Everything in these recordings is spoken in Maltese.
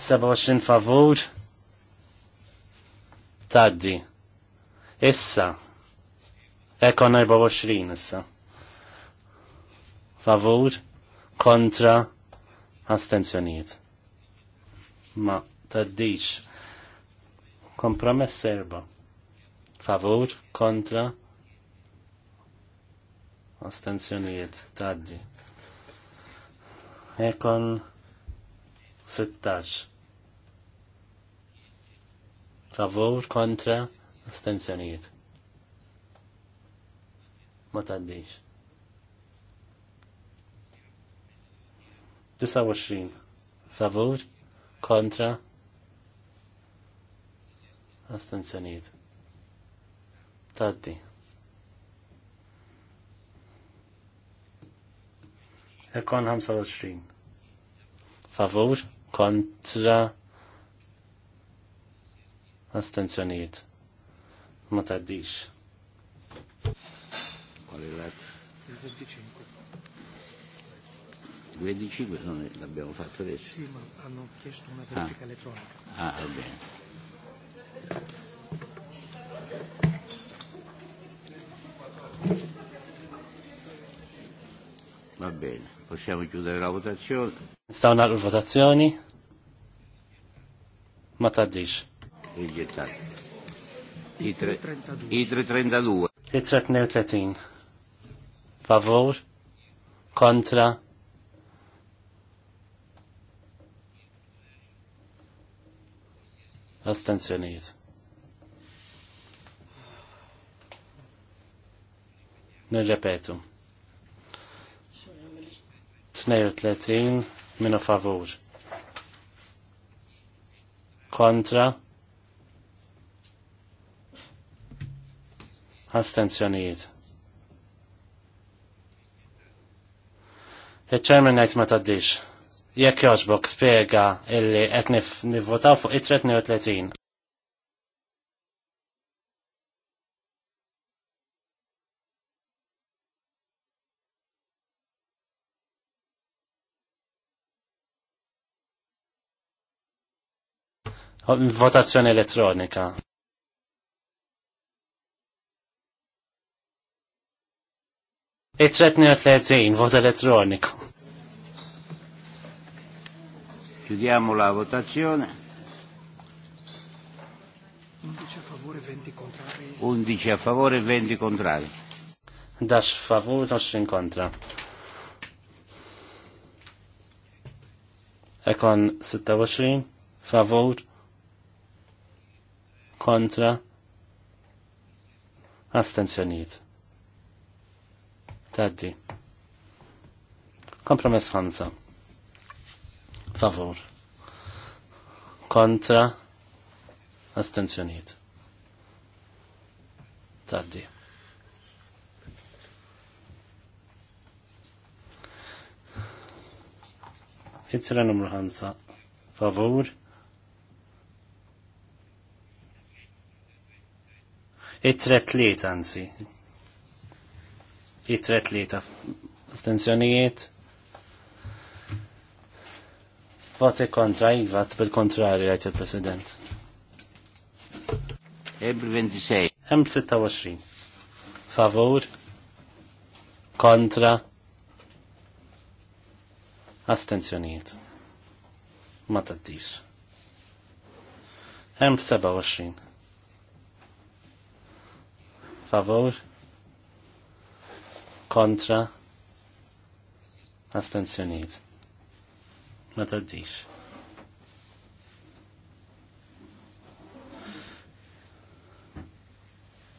27 favur taddi issa ekon 24 issa favur kontra astenzjoniet ma taddiċ kompromess serba favur kontra astenzjonijiet taddi. Ekon 16 favor, kontra astenzjonijiet. Ma taddix. 29 Favor, kontra astenzjonijiet. Taddi. Ekon 25. Favor, kontra, astenzjonijiet ma taddix. Qual Il la... 25 sono, l'abbiamo fatto adesso? Sì, ma hanno chiesto una ah. verifica ah. elettronica. Ah, va bene. Va bene, possiamo chiudere la votazione. Sta una votazioni? Ma taddix. Rigettat. Itre 32. Itre 32. Favor? Kontra? Astenzjoniet. Nirrepetu. 32 minu favur. Kontra? Astenzjonijiet. Il-ċermen najt ma taddix. Jekk joġbok spiega illi qed nivvotaw fuq it-tret 30. Votazzjoni elettronika. it-32 vot elettroniku. Chiudiamo la votazione. 11 a favore, e 20 contrari. 11 a favore, e 20 contrari. Da sfavore non si incontra. E con 26, favore, contra, astenzjoniet. Taddi. Kompromess ħamsa. Favor. Kontra. Astenzjoniet. Taddi. Itzra numru ħamsa. Favur. Itzra tliet anzi. Itret li ta' stenzjonijiet. Voti kontra, jivat bil-kontrarju għajt il-President. Ebr 26. Hem 26. Favur. Kontra. Astenzjonijiet. Ma t taddix. Hem 27. Favor kontra astenzjoniet. Ma taddix.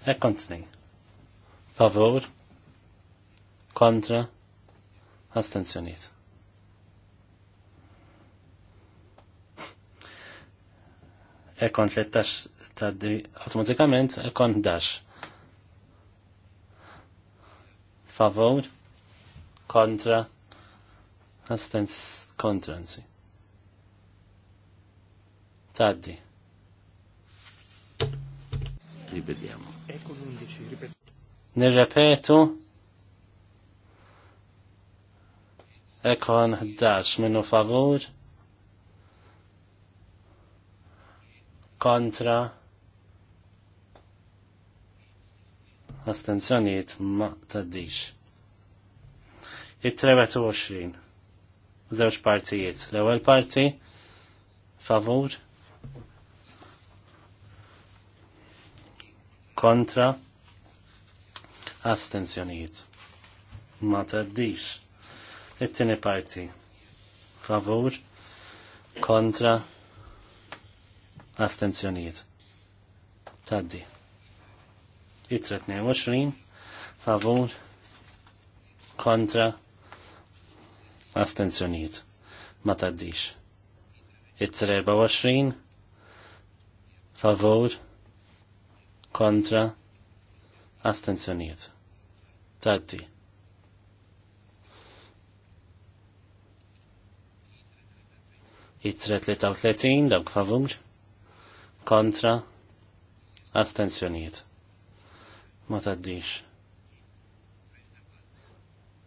E kontni. Favor kontra astenzjoniet. E kont 13 taddi automatikament e kont dash. favor kontra astens nsi. Taddi. Ripetiamo. Ecco l'11, ripeto. un dash meno favor. Contra. Contra. astenzjoniet ma taddix. It-23, żewġ partijiet, l-ewwel parti, favur, kontra, astenzjoniet ma taddix. It-tieni parti, favur, kontra, astenzjoniet. Taddi. Itra 22 favur kontra astenzjoniet ma taddix. Itra 24 favur kontra astenzjoniet. Taddi. Itra 33 dawk favur kontra astenzjoniet ma taddix.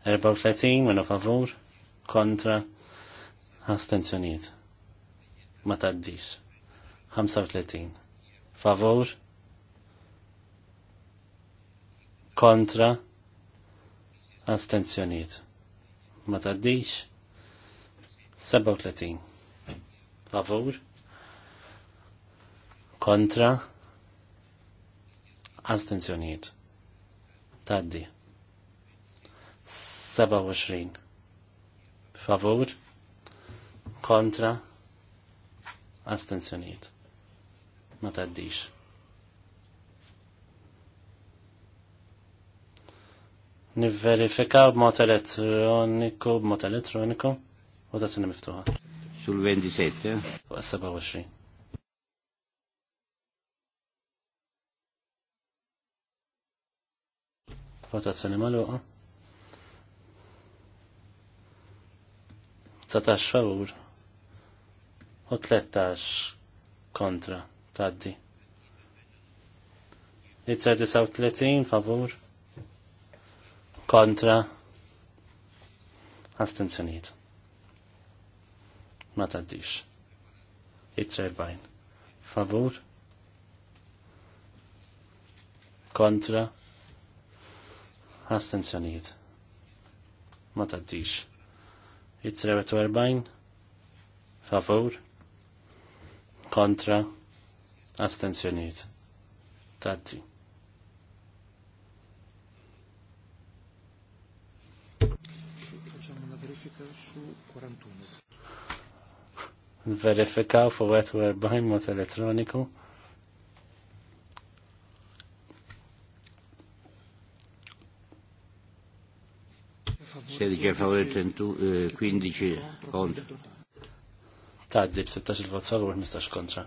34 minu favur kontra astenzjoniet ma taddix. 35 favur kontra astenzjoniet ma taddix. 37 favur kontra astenzjoniet għastenzjoniet. Taddi. 27. Favur. Kontra. Astenzjoniet. Ma taddix. Nivverifika b'mod elettroniku, b'mod elettroniku, u ta' miftuħa. Sul 27. Fuq 27. votazzjoni oqa Tsatax favur u tlettax kontra taddi. Itzer 39 favur kontra astenzjoniet. Ma taddix. Itzer bajn. favur kontra għastenzjoniet. Ma taddix. Jitzrewet u erbajn. Favor. Kontra. Astenzjoniet. Taddi. Verifikaw fuq wet u erbajn mod elettroniku. 16 favore, 15 eh, kontra. Taddi b-16 vot favor, 15 kontra.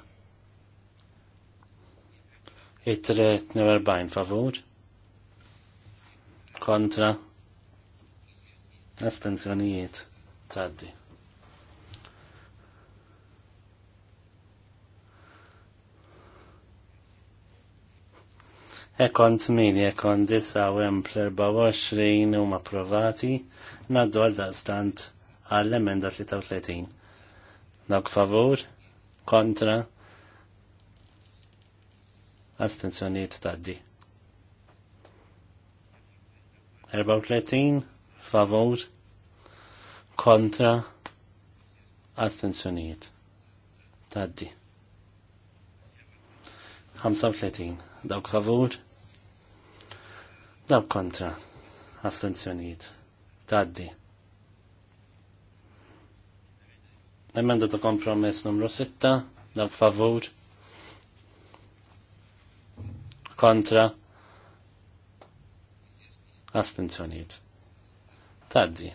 Itre 42 favor. Kontra. Astenzjonijiet. Taddi. Ekon 8, ekon disa u hemm u huma approvati naddu għal daqstant għall emenda 33. Dak favur, kontra, astenzjonijiet taddi. 34 favur kontra astenzjonijiet. Taddi. 35 dawk favur Daw kontra. Astenzjonijiet. Taddi. Emenda ta' kompromess numru 6. Daw favur. Kontra. Astenzjonijiet. Taddi.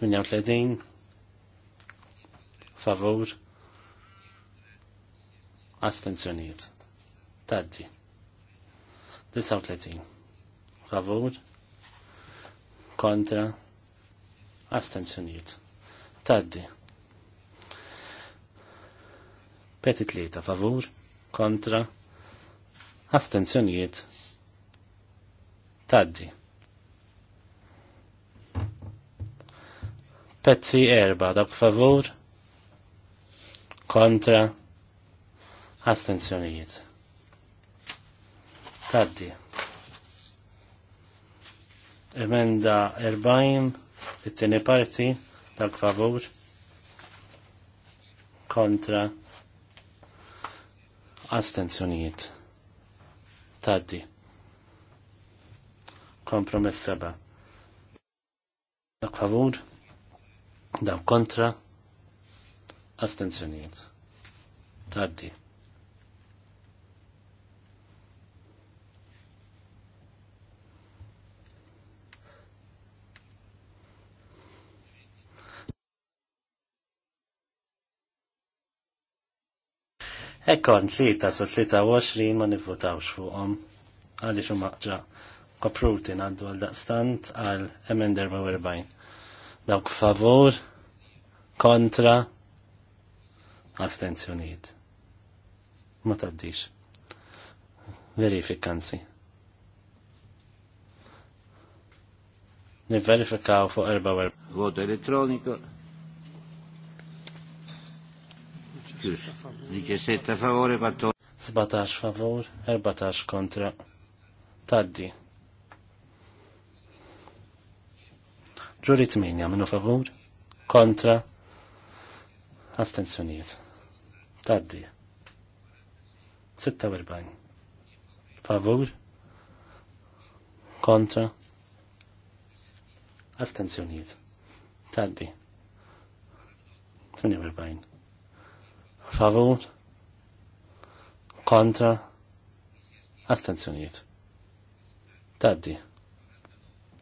38 favor astenzjoniet taddi 39. Favur. Kontra. Astenzjoniet. Taddi. Peti tlieta favur. Kontra. Astenzjoniet. Taddi. Pezzi erba dak favur. Kontra. Astenzjoniet Taddi. Emenda 40, it-tieni parti, dak favur. Kontra. Astenzjonijiet. Taddi. Kompromess seba. Dak favur. Dak kontra. Astenzjonijiet. Taddi. Ekkon tli ta' 23 ma nivvotawx fuqhom għaliex xum maqġa. kopruti għaddu għal daqstant għal emender 44. Dawk favor kontra, astenzjonijiet. Ma taddix. Verifikanzi. Nivverifikaw fuq 44. Voto elettronico. 17 favore, 14. 17 favor, 14 kontra. Taddi. Ġuri 8 minu favur, kontra, astenzjoniet. Taddi. 46. Favor. kontra, astenzjoniet. Taddi. 48 favur kontra astenzjoniet taddi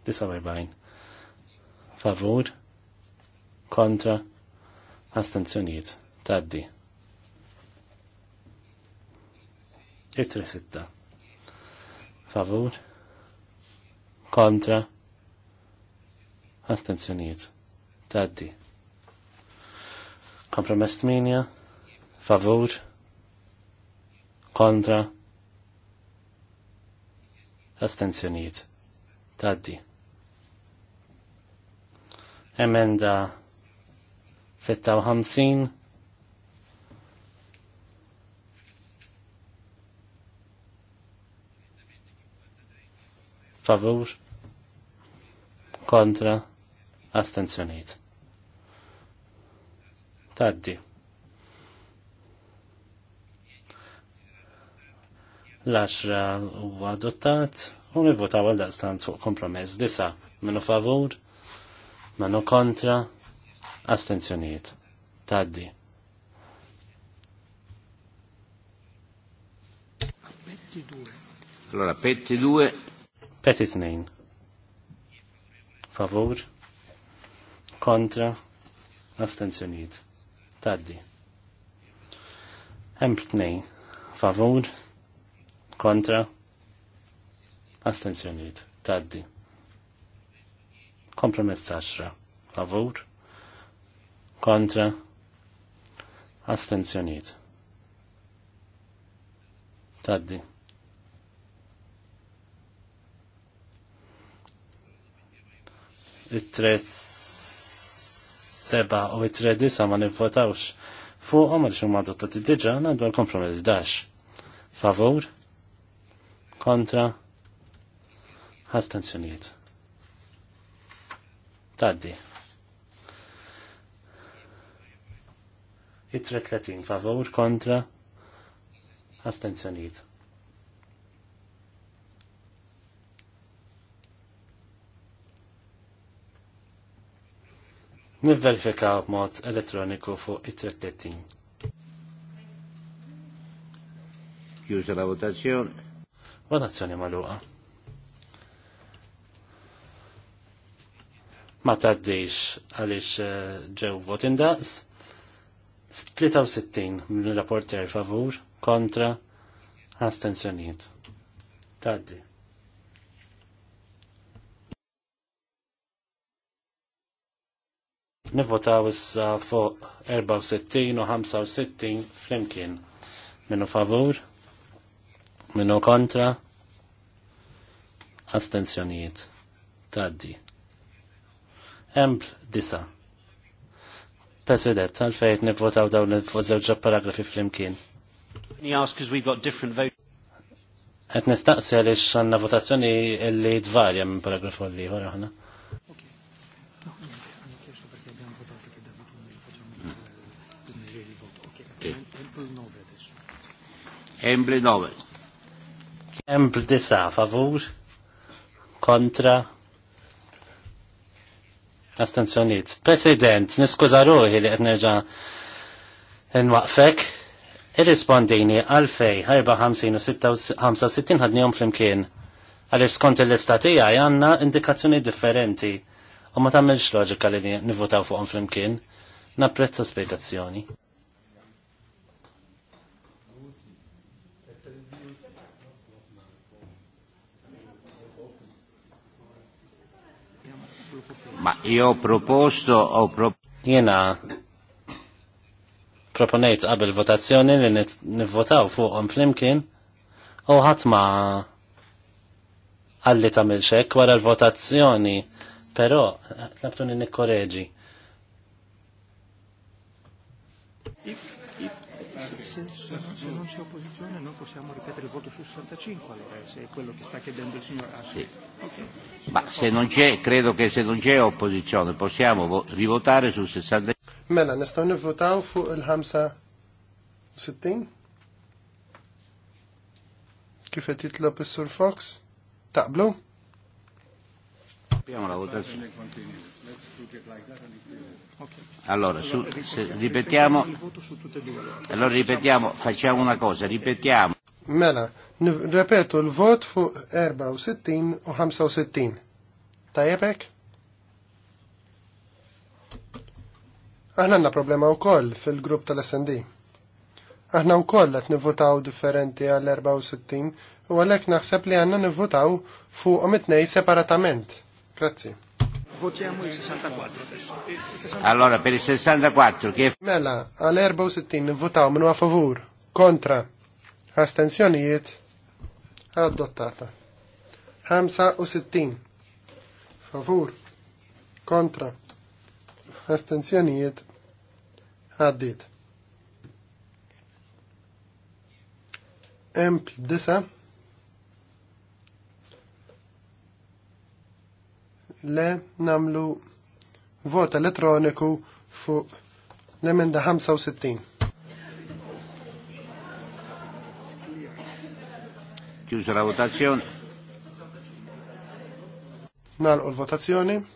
Disa 49 favur kontra astenzjoniet taddi itri sitta favur kontra astenzjoniet taddi kompromess 8 favur, kontra, astenzjoniet, taddi. Emenda 56, favur, kontra, astenzjoniet. Taddi. l-10 huwa adottat u nivvotaw għal daqstant fuq kompromess disa minnu favur, minnu kontra, astenzjoniet, Taddi. Allora, petti due. Petti snein. Favur. Kontra. Astenzjoniet. Taddi. Hemp 2. Favur kontra, astenzjoniet, taddi. Kompromess taċra favur, kontra, astenzjoniet. Taddi. it-tres seba u it-tres disa ma nivvotawx Fu għamal xumma dottati diġa għandu għal-kompromiss dax. Favur? kontra astanzjoniet. Taddi. Itre 30 favur kontra astenzjoniet. Nivverifika b'mod elettroniku fuq it trettettin Chiusa la votazione. Votazzjoni maluqa. ma taddix għalix eh, ġew vot indaqs. 63 mill-rapporter favur kontra astensjoniet. Taddi. Nivvotaw issa fuq 64 u 65 flimkien minnu favur Minu kontra? Astenzjonijiet. Taddi. Empl disa. President, għalfejt nivvotaw dawn il ġo paragrafi fl-imkien. Għet nistaqsi għalix għanna votazzjoni illi tvarja minn paragrafu li għora ħana. Emble 9. Empl disa favur kontra astenzjoniet. President, niskuza ruħi li għednerġa n-waqfek, irrispondini għalfej 54-65 ħadni jom flimkien għalix skont il-listatija għanna indikazzjoni differenti u ma tammilx loġika li nivutaw fuqom flimkien, napprezza spiegazzjoni. Ma io proposto o pro... Jena proponejt qabel votazzjoni li nivvotaw fuqhom flimkien u ħadd ma għalli tagħmel xekk wara l-votazzjoni, però tlabtu nikkoreġi. If, if, se non, c'è opposizione noi possiamo ripetere mela, il voto su 65 allora, se è quello che sta chiedendo il signor Assi. Sì. Okay. Ma se non c'è, credo che se non c'è opposizione possiamo rivotare su 65. Mela, stanno votando fu il-65? Che fa titolo per Sir Fox? Tablo? Abbiamo la votazione. Allora, su, se, ripetiamo, e allora ripetiamo, facciamo una cosa, ripetiamo. Mela, ripeto il-vot fu 64 u 65. Tajepek? Aħna għanna problema u koll fil-grupp tal-SND. Aħna u koll għat nivvotaw differenti għall-64 u għalek naħseb li għanna nivvotaw fuq omitnej separatament. Grazzi. Votiamo il 64 Allora, per il 64 che... Mela, għal-64 votaw minu a contra, kontra, astensjonijiet, adottata. favore, favur, kontra, astensjonijiet, għaddit. Empl 9, le namlu vot elettroniku fu l-emenda 65. Chiusa la votazione. Nalqu l-votazzjoni.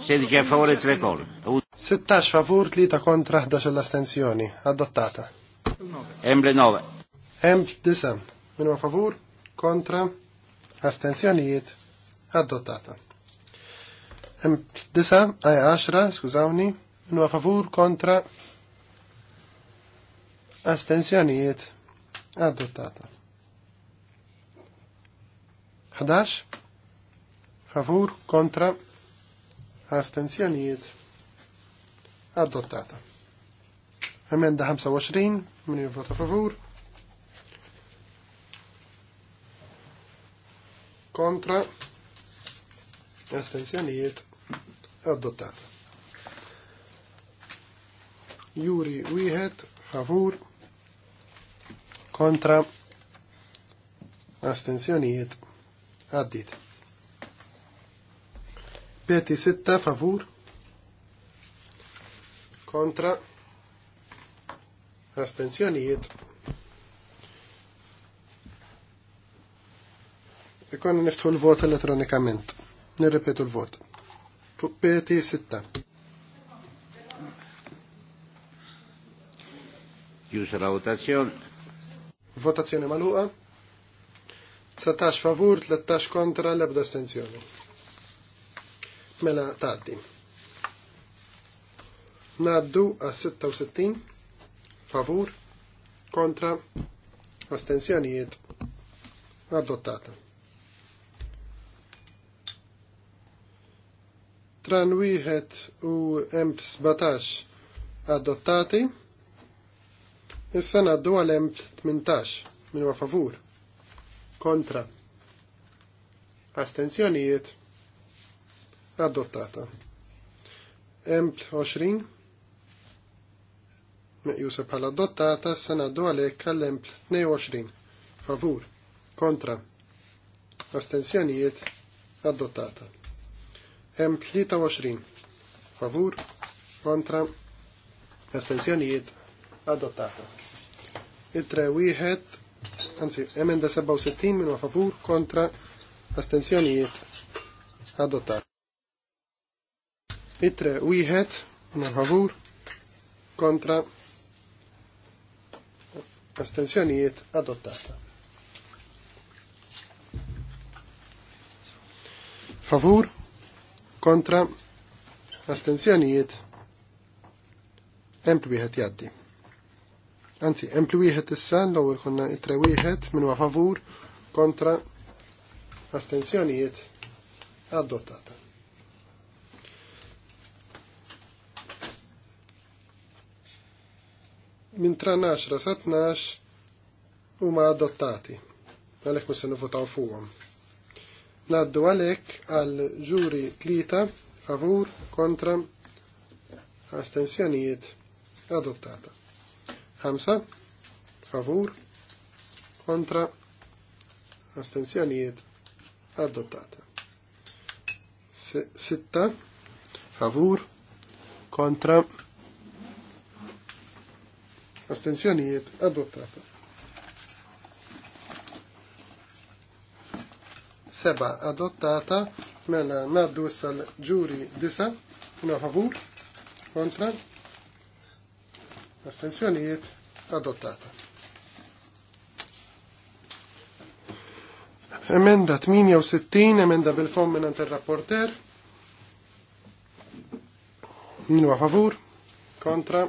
16 a favore 3 e gol. 16 favore, 3 contro, 11 l Adottata. Emble 9. Emble 10. Meno a favore kontra, astensjonijiet, adottata. Disa, għaj ashra, skużawni, minu favur kontra, astensjonijiet, adottata. Hadash. favur kontra, astensjonijiet, adottata. Emenda 25, minu vota favur, kontra astensjonijiet adottata. Juri wieħed favur kontra astensjonijiet għaddit. Peti sitta favur kontra astensjonijiet ikon niftħu l-vot elettronikament. Nirripetu l-vot. Fuq peti sitta. Jusa la votazzjon. Votazzjoni maluqa. 19 favur, 13 kontra, l-ebda astenzjoni. Mela taddi. Naddu għas 66 favur kontra astenzjonijiet adottata. Tran wieħed u emp 17 adottati. Issa naddu għal emp 18 minn favur. Kontra. Astenzjonijiet. Adottata. Emp 20 meqjusa bħala adottata sena naddu għalhekk għal emp 22. Favur. Kontra. Astenzjonijiet. Adottata. M23. Favur, kontra, estensjonijiet adottata. Il-3 wieħed, anzi, emenda 67 minu favur, kontra, estensjonijiet adottata. Il-3 wieħed, minu favur, kontra, estensjonijiet adottata. Favur, kontra astenzjonijiet emplu wieħed jaddi. Anzi, emplu wieħed issa l-ewwel konna tre wieħed minn favur kontra astenzjonijiet adottata. Min tra 10 sa huma adottati għalhekk ma se nivvotaw fuqhom. Naddu għalek għal ġuri tlita favur kontra astensjonijiet adottata. Hamsa favur kontra astensjonijiet adottata. Sitta favur kontra astensjonijiet adottata. seba adottata mela naddu sal ġuri disa no favur kontra astensjonijiet adottata. Emenda 68, emenda bil-fom minn rapporter Minu favur, kontra,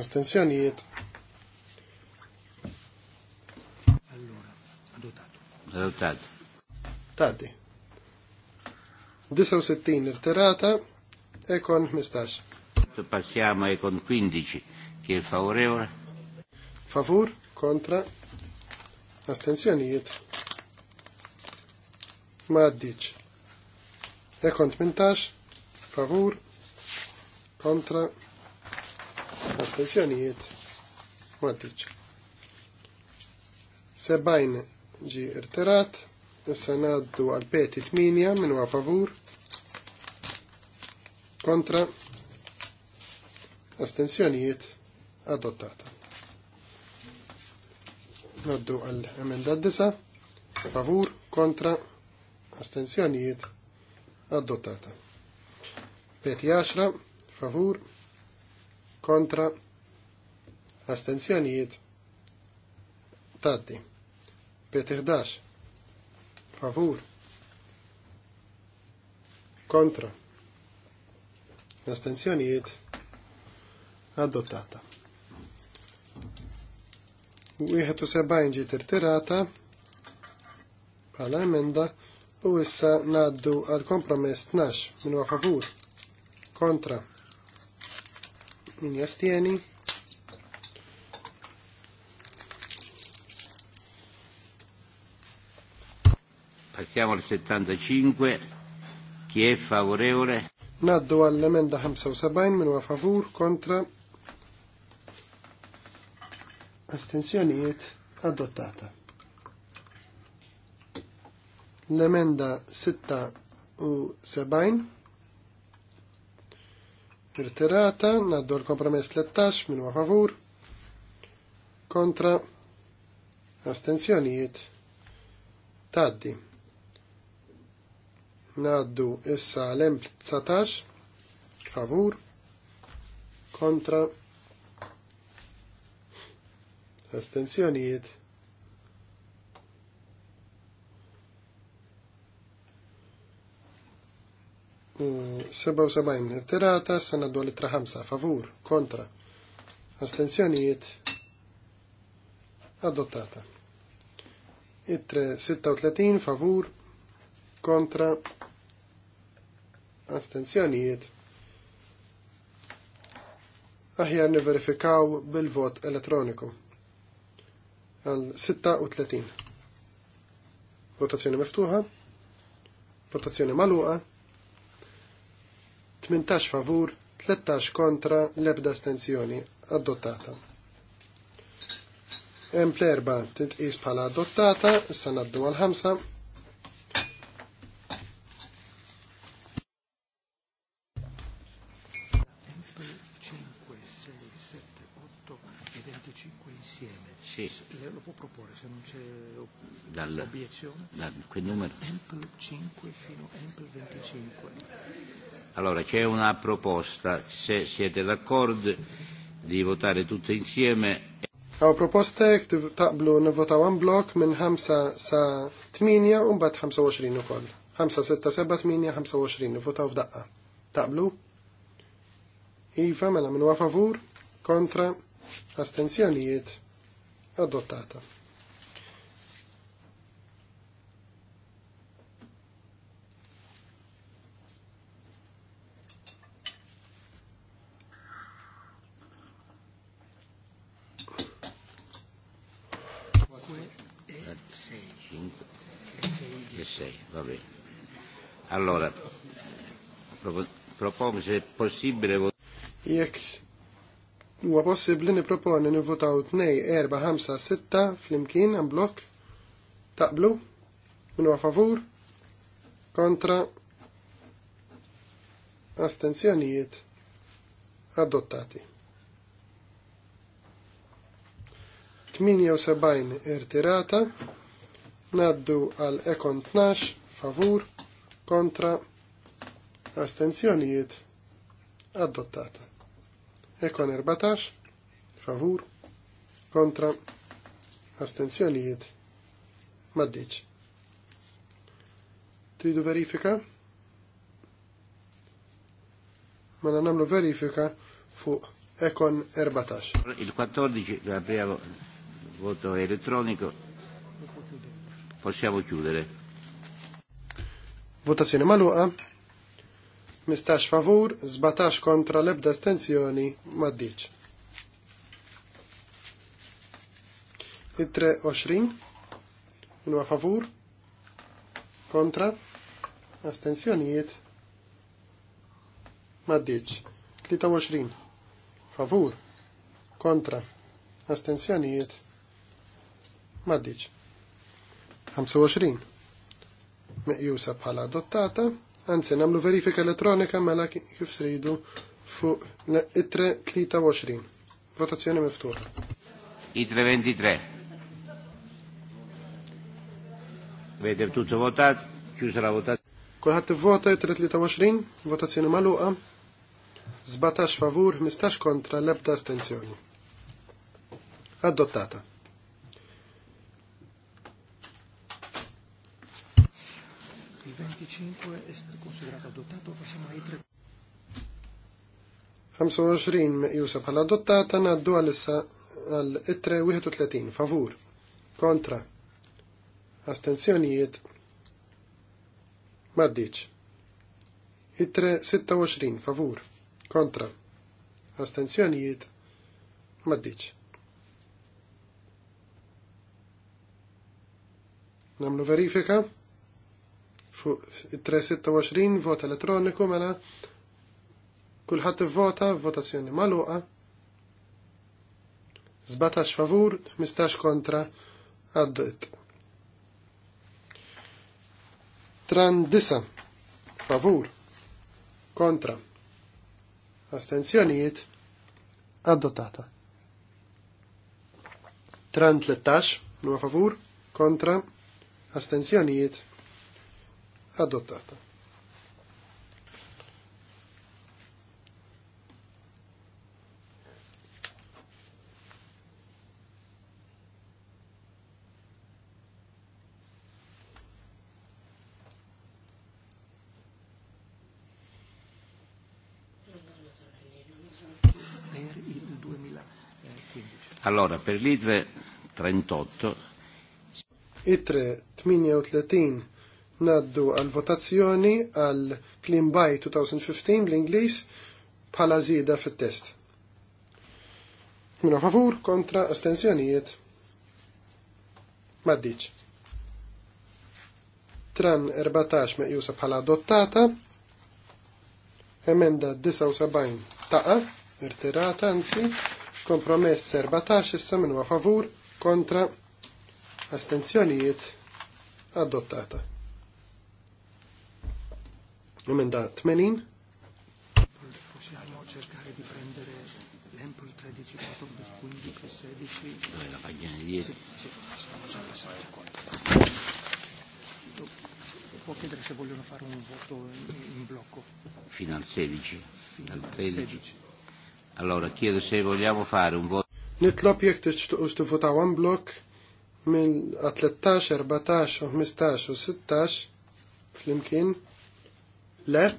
astensjonijiet. Allora, adottato. Adottato. Taddi. 69 irtirata, ekon 15. Passiamo ekon 15, chi è favorevole? Favur, kontra, astenzjonijiet. Ma addiċ. Ekon 18, favur, kontra, astenzjonijiet. Ma Sebain Sebajn ġi Issa ngħaddu għal peti 8 minn huwa favur. Kontra. astensjonijiet adottata. Naddu għal emenda d-disa. Favur, kontra, astenzjonijiet adottata. Peti 10. Favur, kontra, astenzjonijiet taddi. Peti 11 favur kontra l-astenzjonijiet adottata. U sebajn ġiet tirtirata bħala emenda u issa naddu għal kompromess 12 minn għafur kontra min jastieni Siamo al 75. Chi è favorevole? Naddu għall-emenda 75 minn favur kontra astensjonijiet adottata. L-emenda 76 irterata, naddu l-kompromess 13 minn favur kontra astensjonijiet taddi. Naddu issa l emp 19, favur, kontra, astenzjonijiet. U 77 irtirata, naddu l-itra favur, kontra, astenzjonijiet, adottata. Itre 36 favur, kontra astenzjonijiet aħjar niverifikaw bil-vot elettroniku għal 36 votazzjoni miftuħa votazzjoni maluqa 18 favur 13 kontra l-ebda astenzjoni adottata Emplerba t-tqis bħala adottata, issa naddu għal ħamsa Sì. Lo può proporre se non c'è dal, obiezione. Dal, quel numero. Ample 5 fino a Ample 25. Allora c'è una proposta, se siete d'accordo, di votare tutte insieme. Għaw proposta jek taqblu nivvotaw għan block minn 5 sa 8 un bat 25 u koll. 5, 6, 7, 8, 25 nivvotaw f'daqqa. Taqblu? Iva, mela minn favur, kontra, astenzjonijiet adottata. Allora, propongo se è possibile... votare huwa possibbli nipproponi nivvutaw 2, 4, 5, 6 flimkien hemm blokk taqblu min huwa favur kontra astenzjonijiet adottati. 78 irtirata naddu għal ekon 12 favur kontra astenzjonijiet adottata. Ekon 14, favur, kontra, astenzjonijiet, maddiċ. Tridu verifika? Ma mela namlu verifika fu Ekon 14. Il-14 abbiamo voto elettronico. Possiamo chiudere. Votazione maluqa. 15 favur, 17 kontra l-ebda stenzjoni maddiċ. Itre 20, minu favur, kontra, astenzjonijiet, maddiċ. 23, favur, kontra, astenzjonijiet, maddiċ. 25, meqjusa bħala adottata, Anzi, namlu verifika elettronika mela kif sridu fuq it-323. Votazzjoni miftuħa. Itre 323 Vedem tutto votat, chiusa la votat. Kolħat vota i-323, votazzjoni maluqa. Zbatax favur, mistax kontra, lebda astenzjoni. Adottata. 25 meqjusa bħala adottata naddu għal-issa għal-3 31 favur kontra astenzjonijiet maddiċ. Itre 26 favur kontra astenzjonijiet maddiċ. Namlu verifika? fuq 326 vot elettroniku mela kulħadd ivvota votazzjoni magħluqa 17 favur, 15 kontra għaddit. Tran disa favur kontra astenzjonijiet adottata. Tran 13 nuwa favur kontra astenzjonijiet adottata. Allora, per l'ITRE 38... ITRE 38 Naddu għal votazzjoni għal Clean By 2015 l-Inglis bħala zida fit-test. Minu favur kontra astensjonijiet. Maddiċ. Tran 14 meqjusa bħala adottata. Emenda 79 taqa, irtirata anzi, kompromess 14 issa minu favur kontra astenzjonijiet adottata. Emenda 80. cercare di prendere l'Empol 13, 14, 15, 16. Può chiedere se vogliono fare un voto in, blocco. Fino al 16. Fino al 13. Allora, chiedo se vogliamo fare un voto. Nitlob jek tixtuqux tivutaw għan blok mill 13, 14, 15 u 16 flimkien Le?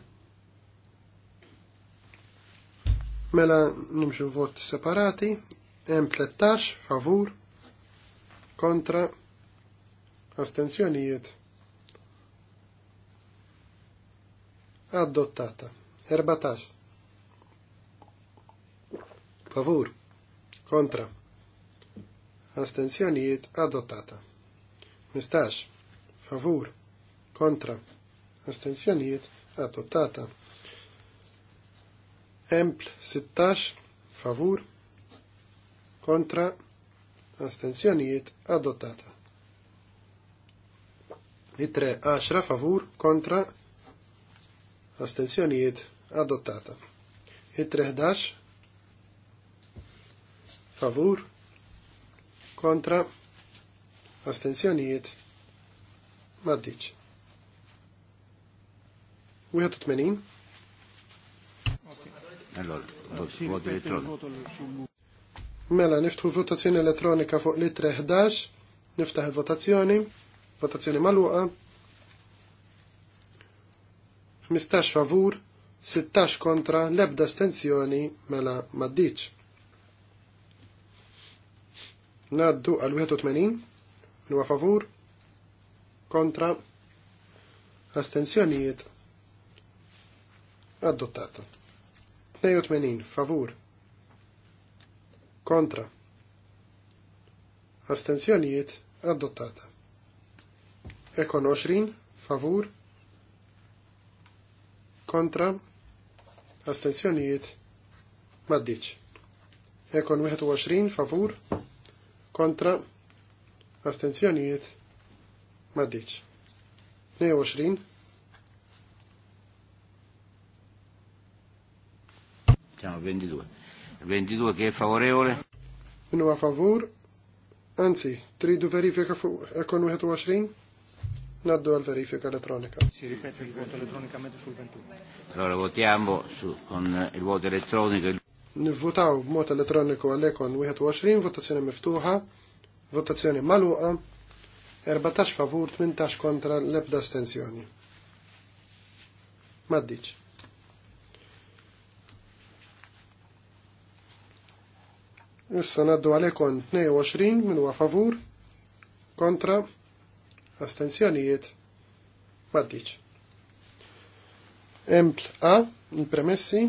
Mela nimxu voti separati. M13 favur kontra astenzjonijiet adottata 14 favur kontra astenzjonijiet adottata 15 favur kontra astenzjonijiet adottata. Empl 16 favur kontra astensjonijiet adottata. Itre 10 favur kontra astensjonijiet adottata. Itre 11 favur kontra astensjonijiet maddiċ. 81. Allora, vot Mela, niftħu votazzjoni elettronika fuq litre 11. Niftaħ il-votazzjoni. Votazzjoni maluqa. 15 favur, 16 kontra, lebda stenzjoni, mela maddiċ. Naddu għal 81. Nuwa favur, kontra, astenzjonijiet Adottato. 82 favur. Kontra. Astenzjonijiet adottata. Ekon 20 favur. Kontra. Astenzjonijiet maddiċ. Ekon 21 favur. Kontra. Astenzjonijiet maddiċ. 22 Siamo 22. Il 22 che è favorevole? Uno a favore. Anzi, tridu verifika fuq kon 21? Naddu għal verifika elettronica. Si ripete il voto elettronicamente sul 21. Allora votiamo su, con il voto elettronico. Nivvotaw b'mod elettroniku għal-ekon 21, votazzjoni miftuħa, votazzjoni maluqa, 14 favur, 18 kontra l-ebda astensjoni. Maddiċ. Issa naddu għalekon 22 minn huwa favur, kontra, astenzjonijiet, maddiċ. Empl A, il-premessi,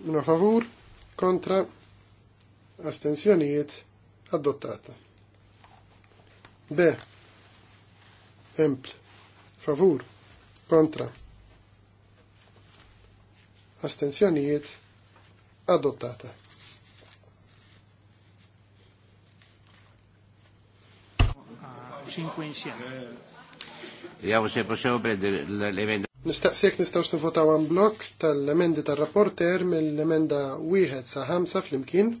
minn huwa favur, kontra, astenzjonijiet, adottata. B, empl, favur, kontra, astenzjonijiet, adottata. 5 insieme. Vediamo se possiamo prendere l'emenda. Nistaqsek nistawx nivotaw għan blok tal-emendi tal-rapporter mill-emenda wieħed sa ħamsa fl-imkien.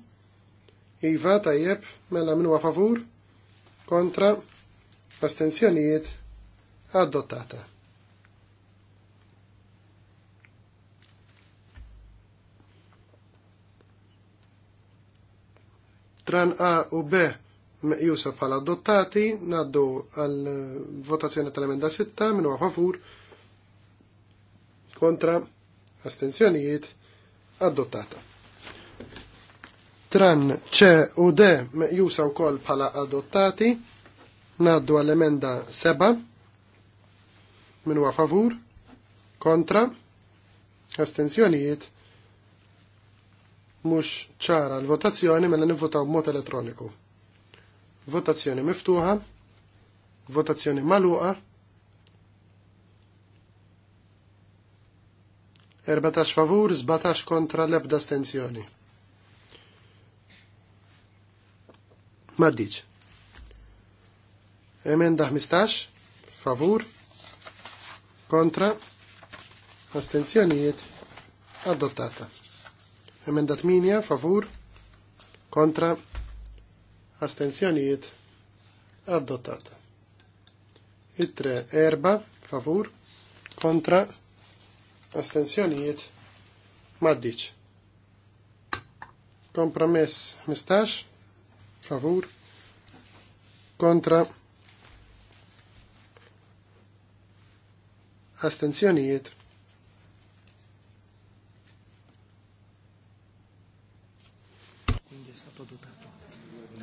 Iva tajjeb mela minu favur kontra astenzjonijiet adottata. Tran A u B meqjusa bħala adottati, naddu għal votazzjoni tal-emenda 6 minn huwa favur kontra astenzjonijiet adottata. Tran C u D meqjusa wkoll bħala adottati, naddu għal emenda 7 minn huwa favur kontra astenzjonijiet mhux ċara l-votazzjoni mela nivvotaw b'mod elettroniku. Votazzjoni miftuħa. Votazzjoni maluqa. 14 favur, 17 kontra l-ebda stenzjoni. Maddiċ. Emenda 15, favur, kontra, astenzjonijiet, adottata. Emenda 8, favur, kontra, astenzjonijiet adottata. Itre erba favur kontra astensjonijiet maddiċ. Kompromess mistax, favur kontra maddiċ.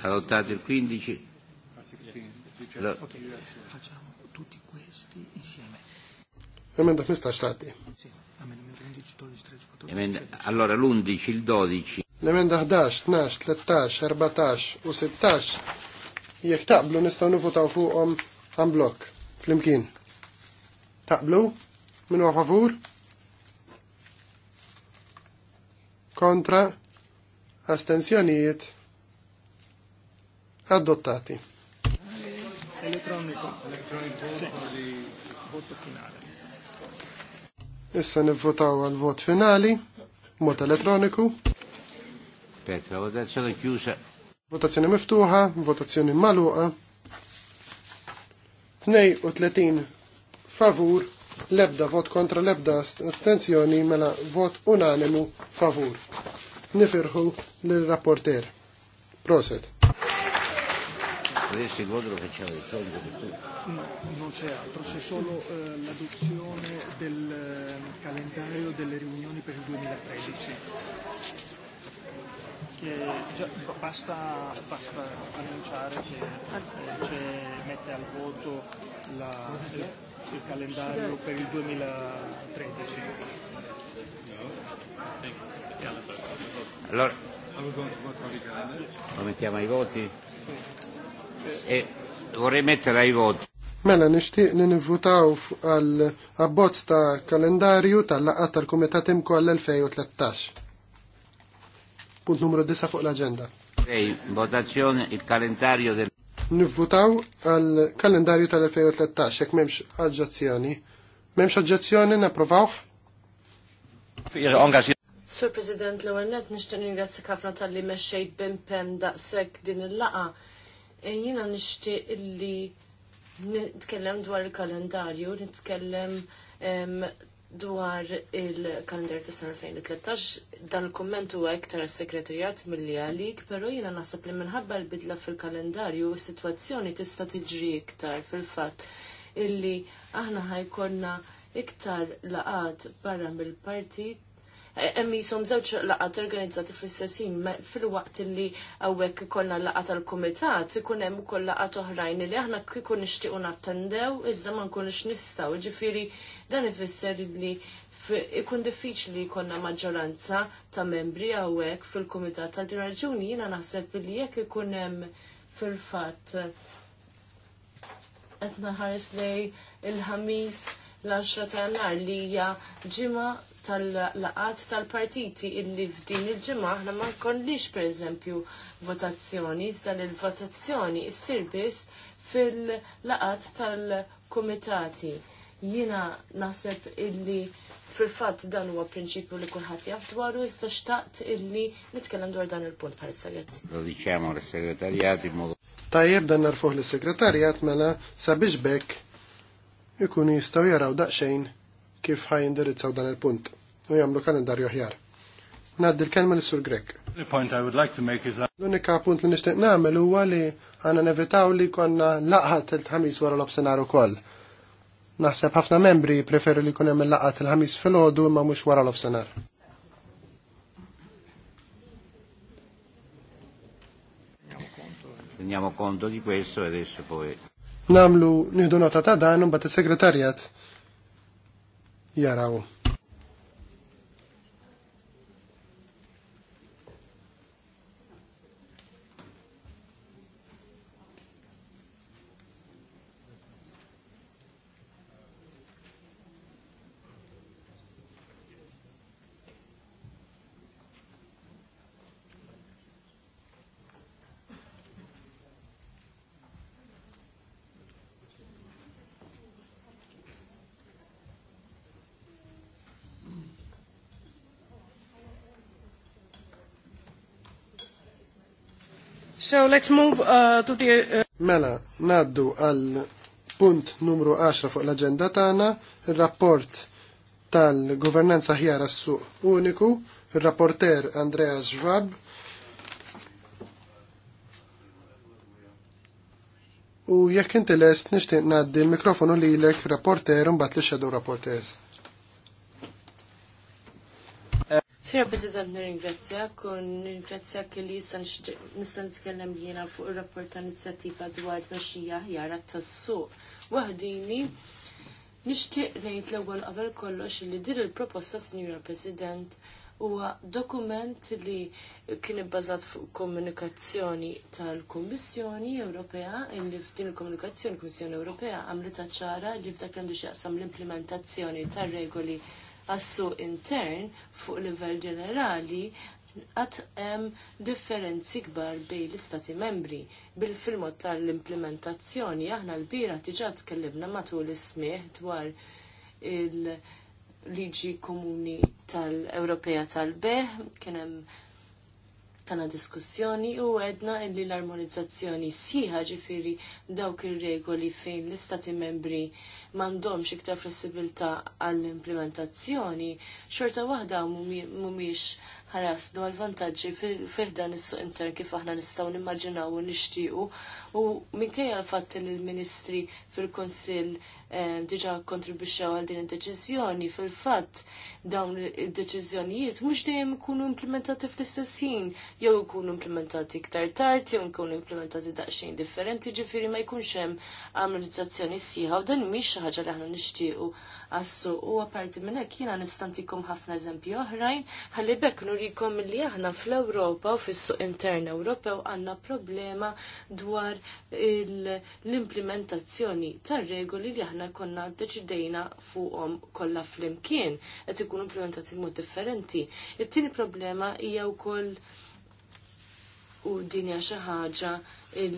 adottato il 15. Allora. Ah, Facciamo tutti questi insieme. Emenda 15 tatti. allora l'11, il 12. L-emenda 11, 12, 13, 14 u 16 jekk taqblu nistgħu nivutaw fuqhom għan blok flimkien. Taqblu? Minu huwa favur? Kontra? Astenzjonijiet? adottati. Elettronico. Elettronico voto finale. Issa nivvotaw għal vot finali, mod elettroniku. Petra, votazzjoni chiusa. Votazzjoni miftuħa, votazzjoni maluqa. 32 favur, lebda vot kontra lebda attenzjoni mela vot unanimu favur. Nifirħu l-rapporter. Proset. Questo incontro lo facciamo il solito per tutti. No, non c'è altro, c'è solo eh, l'adozione del ehm, calendario delle riunioni per il 2013. Che già, basta, basta annunciare che eh, c'è, mette al voto la, il, il calendario per il 2013. Allora, lo mettiamo ai voti? Sì. E, vorrei mettere ai voti. Mela nixtieq li nivvutaw għal abbozz ta' kalendarju tal-laqgħa tal-Kumitat Imko għall-2013. Punt numru 9 fuq l-aġenda. Ej, votazzjoni il-kalendarju del Nivvutaw għal kalendarju tal-2013 jekk m'hemmx aġġazzjoni. M'hemmx aġġazzjoni napprovaw. Sur President l-ewwel nett nixtieq ningrazzjak ħafna tal-li mexxejt bimpem daqshekk din il-laqa E jiena nixtieq illi nitkellem dwar il-kalendarju, nitkellem dwar il kalendarju ta' sena 2013, dan il-komment huwa iktar segretarjat milli għalik, però jiena naħseb li minħabba l-bidla fil-kalendarju is-sitwazzjoni tista' tiġri iktar fil-fatt illi aħna ħajkonna iktar laqad barra mill-partit emmisom żewġ laqat organizzati fil-sessin, fil-waqt li għawek konna laqat għal-komitat, ikun hemm ukoll laqat oħrajn li aħna kikun nixtiequ nattendew iżda ma nkunux nistgħu. Ġifieri dan ifisser li ikun diffiċli li jkollna maġġoranza ta' membri hawnhekk fil-kumitat tal din raġuni jiena naħseb li jekk ikun hemm fil-fatt etna naħares lej il-ħamis l-10 ta' nar li hija ġimgħa tal-laqat tal-partiti illi f'din il-ġimgħa aħna ma nkollix pereżempju votazzjoni, iżda l-votazzjoni issir biss fil-laqat tal-kumitati. Jiena naħseb illi fil-fatt dan huwa prinċipju li kulħadd jaf dwaru iżda xtaqt illi nitkellem dwar dan il-punt bħalissa segretarjat Tajjeb dan narfuħ l-segretarjat mela sabiex bekk ikunu jistgħu jaraw daqsxejn kif ħaj indirizzaw dan il-punt u jagħmlu kalendarju aħjar. Naddi l-kelma li sur Grek. L-unika punt li nixtieq namel huwa li għandna nevitaw li konna laqħat il-ħamis wara l-obsenar ukoll. Naħseb ħafna membri preferu li jkun hemm il-laqgħa il-ħamis filgħodu imma mhux wara l-obsenar. Teniamo conto di questo e adesso poi. Namlu nieħdu nota ta' dan un bat is-segretarjat jaraw So let's move uh, to the... Uh... Mela, naddu għal punt numru 10 fuq l-agenda tagħna, ir-rapport tal-governanza ħjara s-suq uniku, ir-rapporter Andrea Schwab. U jekk inti lest nixtieq ngħaddi il mikrofonu lilek rapporter u mbagħad li shadow rapporters. Sira President, nirringrazzjak u nirringrazzjak li nista' nitkellem jiena fuq ir-rapport ta' inizjattiva dwar tmexxija ħjar tas-suq. Waħdini nixtieq ngħid l-ewwel qabel kollox li din il-proposta Sinjura President huwa dokument li kien ibbażat fuq komunikazzjoni tal-Kummissjoni Ewropea illi f'din il-komunikazzjoni Kummissjoni Ewropea għamlet ċara li f'dak għandu x'jaqsam l-implementazzjoni tar-regoli għassu intern fuq livell ġenerali għat hemm differenzi kbar bej l-istati membri. Bil-filmot tal-implementazzjoni aħna l-bira tiġat tkellimna matul is-smieħ dwar il- liġi komuni tal-Ewropea tal-Beħ, kienem tana diskussjoni u għedna illi l-armonizzazzjoni sħiħa ġifiri dawk ir-regoli fejn l-istati membri mandom iktar flessibilta għall-implementazzjoni, xorta waħda mumiex ħarasnu għal-vantagġi fil-fihdan is-suq intern kif aħna nistgħu nimmaġinaw u nixtiequ u minkejja l-fatt li l-Ministri fil-Kunsill diġa kontribuxxew għal din id-deċiżjoni fil-fatt dawn id-deċiżjonijiet mhux dejjem ikunu implementati fl-istess ħin jew ikunu implementati ktar tard jew ikunu implementati daqsxejn differenti ġifiri ma jkunx hemm amministrazzjoni sieħa u dan mhix xi ħaġa li aħna nixtiequ għassu u għaparti minn hekk jiena nistantikom ħafna eżempju oħrajn ħalli bekk nurikom li aħna fl-Ewropa u fis-suq intern Ewropew għandna problema dwar l-implementazzjoni tar-regoli li aħna aħna konna deċidejna fuqhom kollha flimkien qed ikunu implementati mod differenti. It-tieni problema hija wkoll u din hija xi ħaġa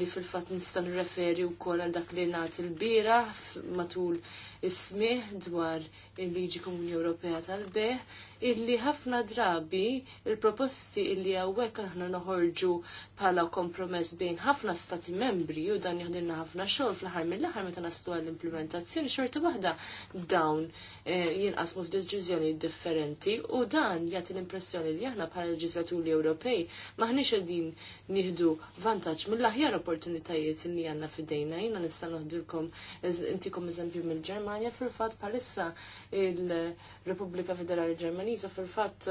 li fil-fatt nista' nirreferi wkoll għal dak li nagħti l bieraħ matul ismih dwar il-liġi Komuni Ewropea tal-beħ, illi ħafna drabi il-proposti illi għawek aħna noħorġu bħala kompromess bejn ħafna stati membri u dan jħdinna ħafna xogħol fl-ħar mill-ħar meta naslu għall-implementazzjoni xorta waħda dawn eh, jinqasmu f'deċiżjoni differenti u dan jagħti l-impressjoni li aħna bħala leġislaturi Ewropej maħniex qegħdin nieħdu vantaġġ mill-aħjar opportunitajiet li għandna f'idejna jiena nista' noħdilkom eh, intikom eżempju mill-Ġermanja Germania fil-fatt bħalissa il-Repubblika Federali Ġermaniża fil-fatt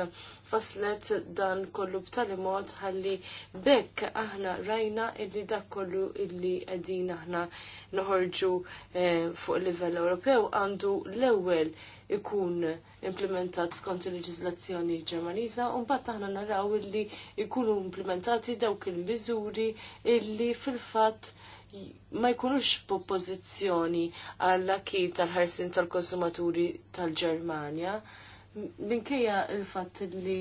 faslet dan kollu b'tali mod ħalli bekk aħna rajna illi dak kollu illi qegħdin aħna noħorġu eh, fuq livell Ewropew għandu l-ewwel ikun implementat skont il-leġislazzjoni ġermaniża u mbagħad aħna naraw illi jkunu implementati dawk il-miżuri illi fil-fatt ma jkunux pożizzjoni għall ki tal-ħarsin tal-konsumaturi tal-Ġermanja minkejja il-fatt li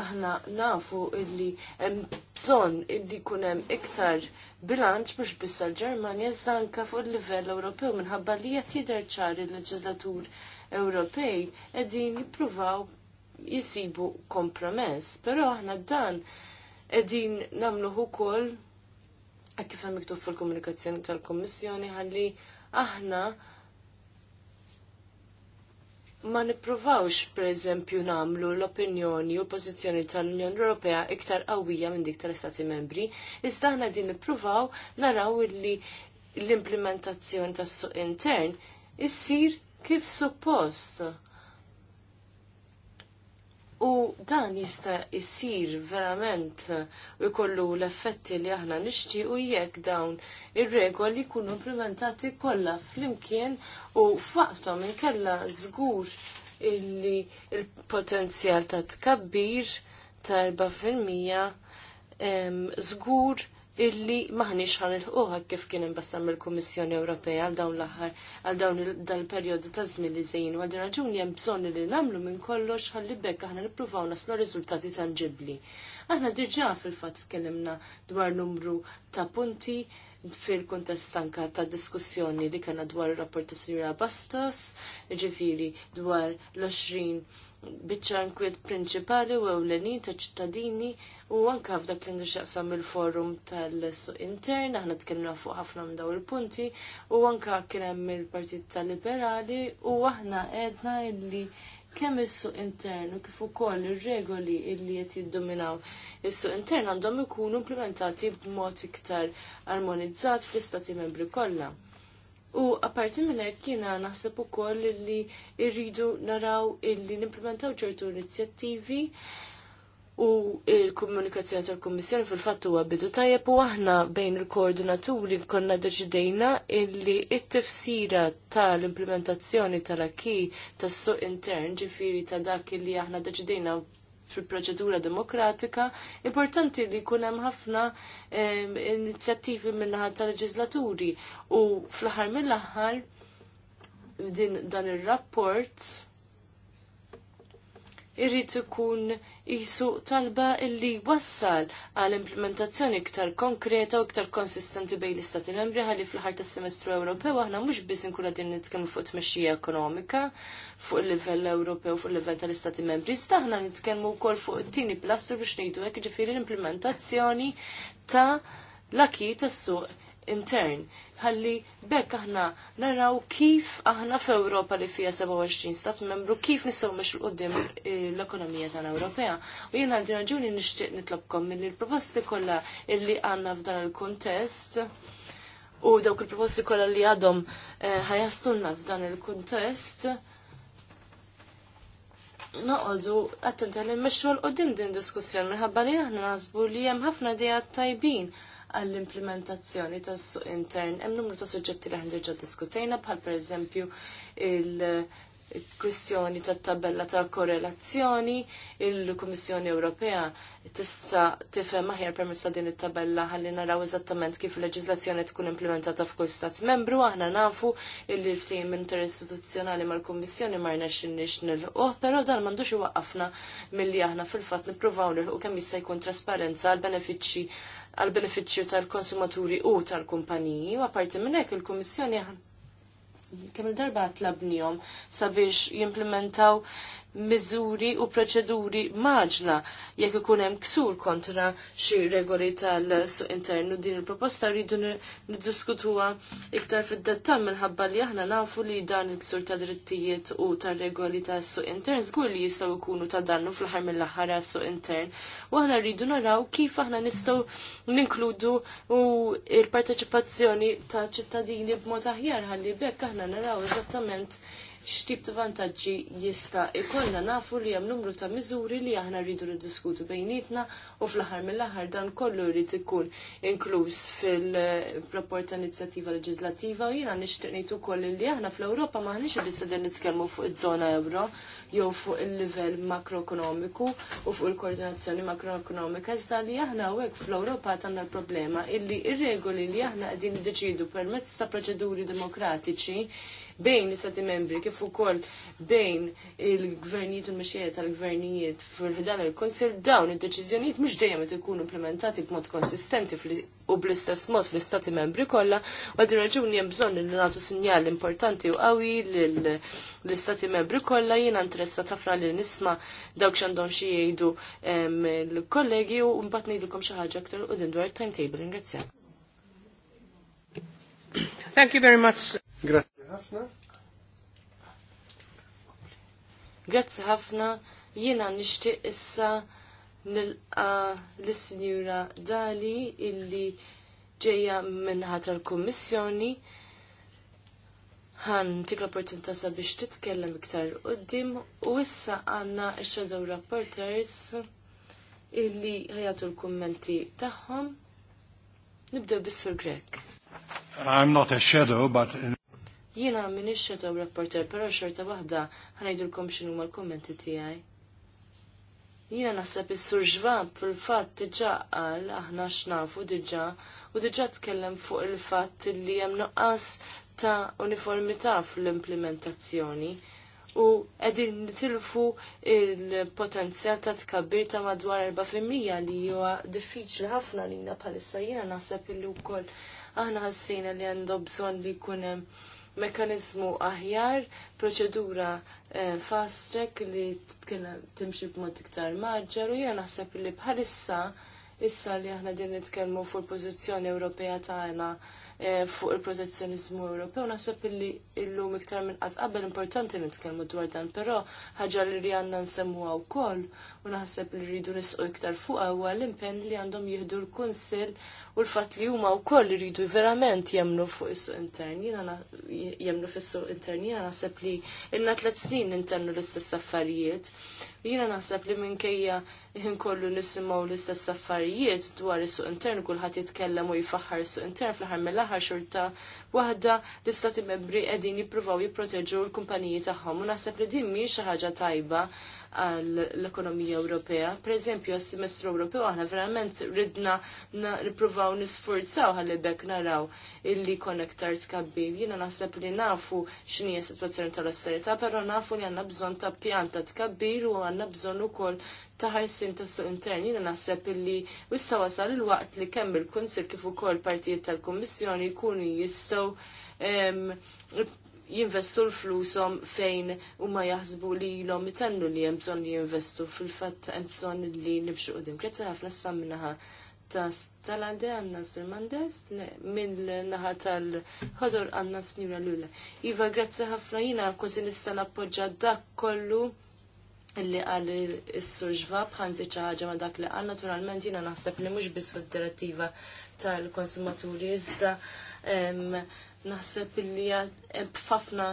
aħna nafu illi hemm bżonn illi jkun hemm iktar bilanċ mhux biss għall-Ġermanja iżda anke fuq il-livell Ewropew minħabba li qed jidher ċar il-leġislatur Ewropej qegħdin jippruvaw jisibu kompromess, però aħna dan qegħdin nagħmluh ukoll kif hemm miktub fil-komunikazzjoni tal-Kommissjoni ħalli aħna ma nippruvawx pereżempju nagħmlu l-opinjoni u l-pożizzjoni tal-Unjoni Ewropea iktar qawwija minn dik tal-Istati Membri, iżda aħna din nippruvaw naraw li l-implementazzjoni tas-suq intern issir kif suppost U dan jista' jsir verament u jkollu l-effetti li aħna nixtiequ u jekk dawn ir-regoli jkunu implementati kollha flimkien u f'waqthom inkella żgur illi il-potenzjal ta' tkabbir ta' 4% żgur illi maħniex ħan il-ħuħa kif kien imbassam il-Kommissjoni Ewropea għal dawn l-aħħar għal dawn dal-perjodu ta' żmien li zejn, għal din raġuni hemm bżonn li nagħmlu minn kollox ħalli bekk aħna nippruvaw naslu riżultati tanġibbli. Aħna diġà fil-fatt tkellimna dwar numru ta' punti fil kontestanka anka ta' diskussjoni li kena dwar ir-rapport ta' Sinjura Bastos, ġifiri dwar l-20 biċċa nkwiet prinċipali u ewleni ta' ċittadini u anke f'dak li nixaqsam il-forum tal-suq intern, aħna tkellimna fuq ħafna minn dawn il-punti u anke kien hemm il-Partit tal-Liberali u aħna għedna illi kemm is-suq intern u kif ukoll ir-regoli illi qed jiddominaw is-suq intern għandhom ikunu implementati b'mod iktar armonizzat fl-istati membri kollha. U apparti minn hekk jiena naħseb ukoll li rridu naraw illi nimplementaw ċertu inizjattivi u il-komunikazzjoni tal-Kummissjoni fil-fatt huwa bidu tajjeb u aħna bejn il-koordinaturi konna deċidejna illi it-tifsira tal-implementazzjoni tal aki tas-suq intern ġifieri ta' dak illi aħna deċidejna fil-proċedura demokratika, importanti li jkun hemm ħafna inizjattivi min-naħa tal-leġislaturi u fl-aħħar mill-aħħar din dan ir-rapport irrid ikun jisu talba illi wassal għal implementazzjoni iktar konkreta u iktar konsistenti bejn l-Istati membri ħalli fl-ħar tas-semestru Ewropew aħna mhux biss inkun qegħdin nitkellmu fuq tmexxija ekonomika fuq il-livell Ewropew fuq il-livell tal-Istati membri, iżda aħna nitkellmu wkoll fuq it-tieni plastru biex ngħidu hekk ġifieri l-implementazzjoni ta' l-aki tas-suq intern. Ħalli bekk aħna naraw kif aħna f'Ewropa li fija 27 stat membru kif nistgħu mhux qudiem eh, l-ekonomija tagħna Ewropea. U jien għandi raġuni nixtieq nitlobkom milli l-proposti kollha illi għandna f'dan il-kuntest u dawk il-proposti kollha li għadhom eh, ħajastulna f'dan il-kuntest noqodu attenta li mmexxu l-qoddim din diskussjon minħabba li aħna naħsbu li hemm ħafna idejat tajbin għall-implementazzjoni tas-suq intern. Hemm numru ta' suġġetti li diġà diskutejna bħal pereżempju il- kwistjoni ta' tabella ta' korrelazzjoni, il-Kummissjoni Ewropea tista' tifhem aħjar permezz ta' din it-tabella ħalli naraw eżattament kif il-leġiżlazzjoni tkun implementata f'kull stat membru, aħna nafu li ftehim interistituzzjonali mal-Kummissjoni ma rnexxinniex nilħuh, però dan m'għandux iwaqqafna milli aħna fil-fatt nippruvaw nilħqu kemm jista' jkun trasparenza għal benefiċċji għal benefiċċju tal-konsumaturi u tal-kumpaniji u apparti minn hekk il-Kummissjoni kemm il-darba tlabnijom sabiex jimplementaw miżuri u proċeduri maġna jekk ikun hemm ksur kontra xi regoli tal-suq internu din il-proposta rridu niddiskutuha iktar fid-dettall minħabba li aħna nafu li dan il-ksur ta' drittijiet u tar regoli tas-suq intern żgur li jistgħu jkunu ta' dannu fl-aħħar mill-aħħar għas-suq intern. U aħna rridu naraw kif aħna nistgħu ninkludu u l-parteċipazzjoni ta' ċittadini b'mod aħjar ħalli bekk aħna naraw eżattament x'tip t vantaġġi jista' ikollna nafu li hemm numru ta' miżuri li aħna rridu niddiskutu bejnietna u fl-aħħar mill-aħħar dan kollu jrid ikun inkluż fil-rapport ta' inizjattiva leġislattiva u jiena nixtieq ngħid ukoll li aħna fl-Ewropa maħniex biss qegħdin nitkellmu fuq iż-żona euro jew fuq il-livell makroekonomiku u fuq il-koordinazzjoni makroekonomika iżda li aħna hawnhekk fl-Ewropa għandna l-problema illi ir-regoli li aħna qegħdin niddeċidu permezz ta' proċeduri demokratiċi bejn l-istati membri kif ukoll bejn il-gvernijiet u l-mexxejja tal-gvernijiet fil-ħdan il-Kunsill dawn id-deċiżjonijiet mhux dejjem qed ikunu implementati b'mod konsistenti u bl-istess mod fl-istati membri kollha, u għaddi raġuni hemm bżonn li nagħtu sinjal importanti u qawwi l-istati membri kollha jiena interessa tafra li nisma' dawk x'għandhom xi jgħidu l-kollegi u mbagħad ngħidilkom xi ħaġa aktar din dwar timetable. Ingrazzjak. Thank you very much. Grazie ħafna. Grazzi ħafna, jiena nixtieq issa nilqa l-Sinjura Dali illi ġejja minnħat tal-Kummissjoni Għan tik l-opportunità sabiex titkellem iktar qoddim u issa għanna shadow reporters illi ħajatu l-kummenti tagħhom. Nibdew bis sur Grek. I'm not a shadow, but... Jiena iċċa xetaw rapporter, pero xorta wahda ħanajdulkom xinu ma l-kommenti tijaj. Jiena naħseb is-sur ġvab fil-fat diġa qal aħna xnafu diġa u diġa tkellem fuq il-fat li hemm nuqqas ta' uniformità fl-implementazzjoni u qegħdin nitilfu il-potenzjal ta' tkabbir ta' madwar 4% li huwa diffiċli ħafna lina bħalissa jiena naħseb illi wkoll aħna ħassina li għandu bżonn li jkun hemm mekanizmu aħjar, proċedura eh, fast track li timxi b'mod iktar maġġar u jiena naħseb li bħalissa issa li aħna din nitkellmu fuq il-pożizzjoni Ewropea tagħna eh, fuq il-protezzjonizmu Ewropew naħseb li llum iktar minn qatt qabel importanti nitkellmu dwar dan, però ħaġa li li għandna nsemmuha wkoll u naħseb li rridu nisqu iktar fuqha huwa l-impenn li għandhom jieħdu l-Kunsill u l fat li huma wkoll iridu verament jemnu fuq is-suq intern. Jiena jemnu fis-suq intern jiena naħseb li ilna tliet snin intennu l-istess affarijiet. Jiena naħseb li minkejja ħin kollu nisimgħu l-istess affarijiet dwar is-suq intern kulħadd jitkellem u jifaħħar is-suq intern fl-aħħar mill-aħħar xorta waħda l-istati membri qegħdin jippruvaw jipproteġu l-kumpaniji tagħhom u naħseb li din mhix xi ħaġa tajba għall-ekonomija Ewropea. Pereżempju għas-semestru Ewropew aħna verament ridna nippruvaw nisforzaw ħalli bekk naraw illi konnektar tkabbir. Jiena naħseb li nafu x'inhi s-sitwazzjoni tal-austerità, però nafu li għandna bżonn ta' pjanta tkabbir u għandna bżonn ukoll ta' ħarsin ta' suq intern. Jiena naħseb illi issa wasal il-waqt li kemm il-Kunsil kif ukoll partijiet tal-Kummissjoni jkunu jistgħu jinvestu l-flusom fejn huma jaħsbu li l-om jitennu li hemm bżonn li jinvestu fil-fatt hemm li li u qudiem. Grazzi ħafna sa minnaħa tal-għalde għanna Mandes minn naħa tal-ħodor għanna Snjura Lula. Iva, grazzi ħafna jina kważi nista' nappoġġa dak kollu li għal s-sur ġvab ħanżi ċaħġa ma dak li għal naturalment jina naħseb li mux bis fil-direttiva tal-konsumaturi iżda naħseb li ħafna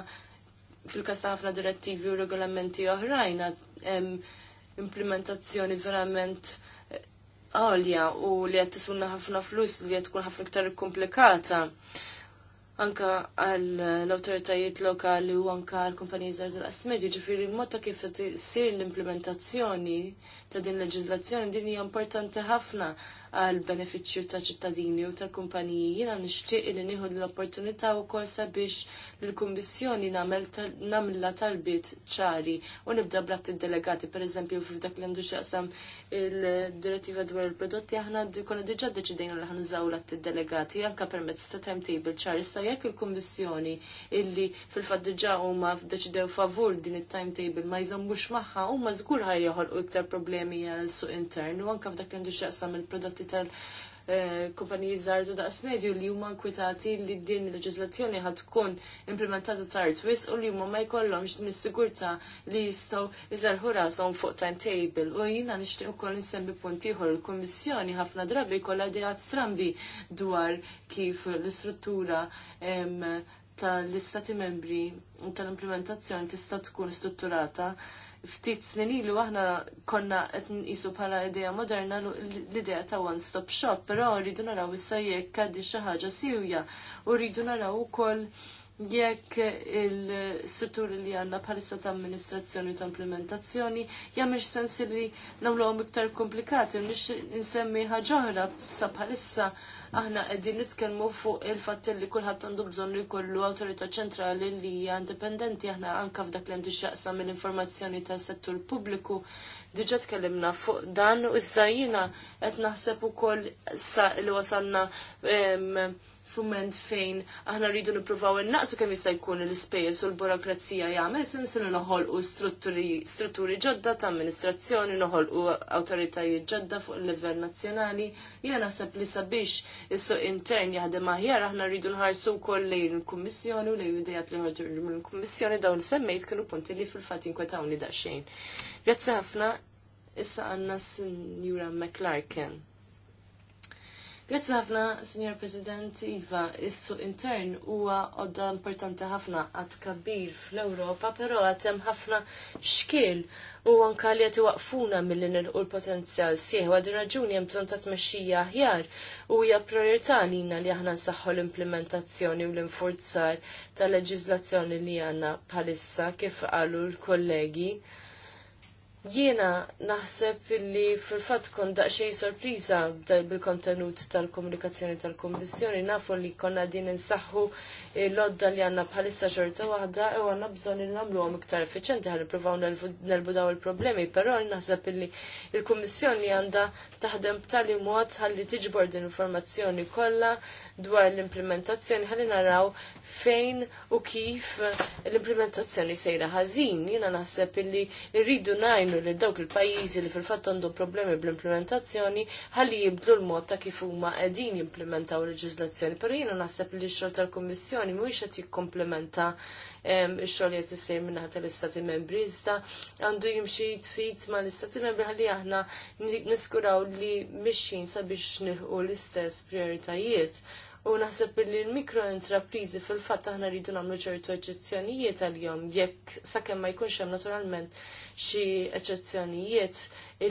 fil-kas ta' ħafna direttivi u regolamenti oħrajn implementazzjoni verament eh, għolja u li qed tisunna ħafna flus u li qed tkun ħafna iktar komplikata anka għal l-autoritajiet lokali u anka għal kumpanijiet żgħar tal-qasmed, ġifieri l-mod ta' kif sir l-implementazzjoni ta' din leġizlazzjoni din hija importanti ħafna għal benefiċċju ta' ċittadini u tal kumpaniji. Jiena nixtieq li nieħu l-opportunità wkoll sabiex lill-Kummissjoni nagħmilha talbiet ċari u nibda blatt id-delegati pereżempju f'dak li għandu x'jaqsam il-direttiva dwar il-prodotti aħna jkunu diġà deċidejna li ħanżaw lat id-delegati anke permezz ta' timetable ċar. Issa jekk il-Kummissjoni illi fil-fatt diġà huma f'deċidew favur din it-timetable ma jżammux magħha huma żgur ħajjoħolqu iktar problemi problemi għal suq internu, anka f'dak li għandu xaqsam il-prodotti tal- kumpaniji zardu daqs medju li huma nkwitati li din il-leġislazzjoni ħad tkun implementata tard wis u li huma ma jkollhomx mis-sigurta li jistgħu iżarħu rashom fuq timetable. U jiena nixtieq ukoll insemmi punt ieħor il-Kummissjoni ħafna drabi jkollha ideat strambi dwar kif l-istruttura tal-istati membri u tal-implementazzjoni tista' tkun strutturata ftit snin ilu aħna konna qed nqisu bħala idea moderna l-idea ta' one stop shop, però rridu naraw issa jekk għaddi xi ħaġa siwja u rridu naraw ukoll jekk il-strutturi li għanna bħalissa ta' amministrazzjoni u ta' implementazzjoni jagħmilx sens li nagħmluhom iktar komplikati nix insemmi ħaġa oħra sa bħalissa aħna qegħdin nitkellmu fuq il-fatt li kulħadd għandu bżonn li jkollu awtorità ċentrali li hija indipendenti aħna anke f'dak li għandu x'jaqsam mill-informazzjoni tas-settur pubbliku. Diġà tkellimna fuq dan u issa jiena qed naħseb ukoll sa li wasalna strument fejn aħna rridu nippruvaw innaqsu kemm jista' jkun l-ispejjeż u l-burokrazija jagħmel sinsin noħolqu strutturi ġodda ta' amministrazzjoni, noħolqu awtoritajiet ġodda fuq il-livell nazzjonali. Jiena naħseb li sabiex is-suq intern jaħdem aħjar aħna rridu nħarsu wkoll lejn il-Kummissjoni u lejn idejat li ħorġu mill-Kummissjoni dawn semmejt kienu punti li fil-fatt jinkwetawni daqsxejn. Grazzi ħafna, issa għandna Sinjura McLarkin. Grazie ħafna, Signor President Iva, issu intern huwa għodda importanti ħafna għad kabir fl-Ewropa, però għad hemm ħafna xkil u anka li għati waqfuna mill-li l-potenzjal sieħ, għad raġuni hemm bżonn ta' tmexxija aħjar u hija priorità lina li aħna nsaħħu l-implementazzjoni u l-infurzar tal-leġiżlazzjoni li għandna bħalissa kif qalu l-kollegi. Jiena naħseb li fil-fatt kon daqxej sorpriża bil-kontenut tal-komunikazzjoni tal-Kommissjoni nafu li konna din insaħħu l-odda li għanna bħalissa xorta waħda u għanna bżon li namlu għom iktar effiċenti għan niprofaw nelbu daw il-problemi, pero naħseb li il-Kommissjoni għanda taħdem b'tali mod għalli tiġbor din informazzjoni kollha dwar l-implementazzjoni ħalli naraw fejn u kif eh, l-implementazzjoni sejra ħażin. Jiena naħseb illi rridu najnu li dawk il-pajjiżi li fil-fatt għandhom problemi bl-implementazzjoni ħalli jibdlu l-mod ta' kif huma qegħdin jimplementaw leġiżlazzjoni. Però jiena naħseb li x-xogħol tal-Kummissjoni mhuwiex qed jikkomplementa ehm, xogħol jgħet jisir minnaħat tal-istati membri, iżda għandu jimxi tfit ma l-istati membri ħalli aħna niskuraw li mixjin sabiex nilħu l-istess prioritajiet. U naħseb li l-mikroentreprizi fil-fatt aħna rridu nagħmlu ċertu eċezzjonijiet għal-jom jekk sakemm ma jkunx hemm naturalment xi eċezzjonijiet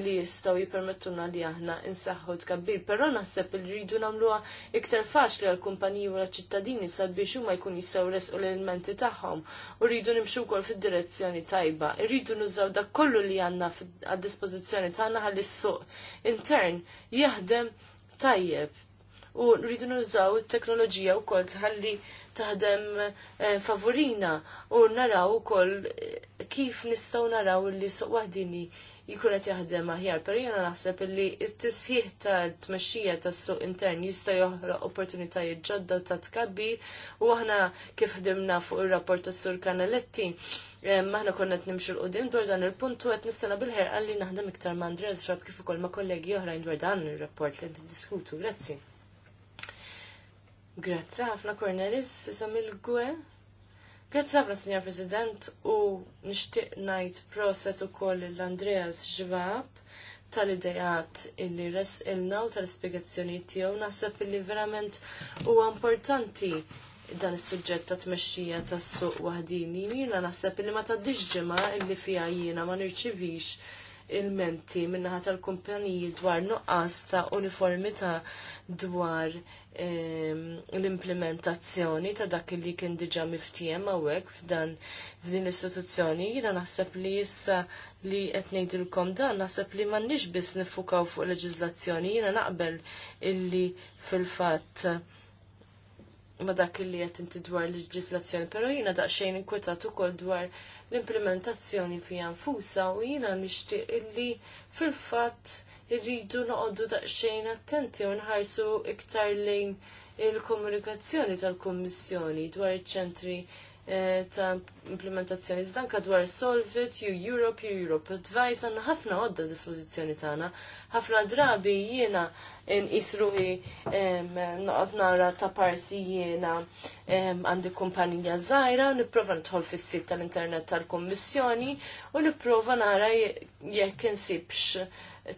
li jistgħu jippermettuna li aħna insaħħu tkabbir. Però naħseb li rridu nagħmluha iktar faċli għal kumpaniji u ċittadini sabiex huma jkun jistgħu resqu l-elementi tagħhom u rridu nimxu wkoll fid-direzzjoni tajba. Irridu nużaw dak kollu li għandna għad-dispożizzjoni tagħna ħalli s-suq intern jaħdem tajjeb u rridu nużaw it-teknoloġija wkoll tħalli taħdem eh, favorina u naraw ukoll eh, kif nistgħu naraw li suq waħdini jkun qed jaħdem aħjar, per jiena naħseb li t-tisħiħ ta' tmexxija tas-suq intern jista' joħloq opportunitajiet ġodda ta' tkabbir u aħna kif ħdimna fuq ir-rapport tas-sur Kanaletti. Maħna eh, konna nimxu l-qudiem dwar dan il-punt u qed nistana bil-ħerqa li naħdem iktar ma' Andres Rab kif ukoll ma' kollegi oħrajn dwar dan ir-rapport li diskutu. Grazzi. Grazzi ħafna Cornelis, isam il-gwe. Grazzi ħafna Signor President u nixtieq ngħid proset ukoll l-Andreas Ġvab tal-idejat illi resqilna u tal-ispjegazzjonijiet tiegħu naħseb illi verament huwa importanti dan is-suġġett ta' tmexxija tas-suq waħdini. Jiena naħseb illi ma tgħaddix ġimgħa illi fiha jiena ma nirċivix il-menti minnaħat tal-kumpaniji dwar nuqqas ta' uniformità dwar ehm, l-implementazzjoni ta' dak li kien diġa miftiem hawnhekk f'dan f'din l-istituzzjoni, jiena naħseb li issa li qed ngħidilkom dan naħseb li m'għandniex biss nifukaw fuq leġiżlazzjoni, jiena naqbel illi fil-fatt ma dak li qed inti dwar l-leġislazzjoni, però jiena daqsxejn inkwetat ukoll dwar l-implementazzjoni fija nfusa u jiena nixtieq li fil-fatt irridu noqogħdu daqsxejn attenti u nħarsu iktar lejn il-komunikazzjoni tal-Kummissjoni dwar iċ-ċentri Eh, ta' implementazzjoni. Zdanka dwar Solvit, U Europe, U Europe Advice, għanna ħafna għodda dispozizjoni tagħna. Ħafna drabi jiena nqisruhi noqgħod nara ta' parsi jiena għandi kumpanija żgħira, nipprova nidħol fis-sit tal-internet tal-Kummissjoni u nipprova nara jekk insibx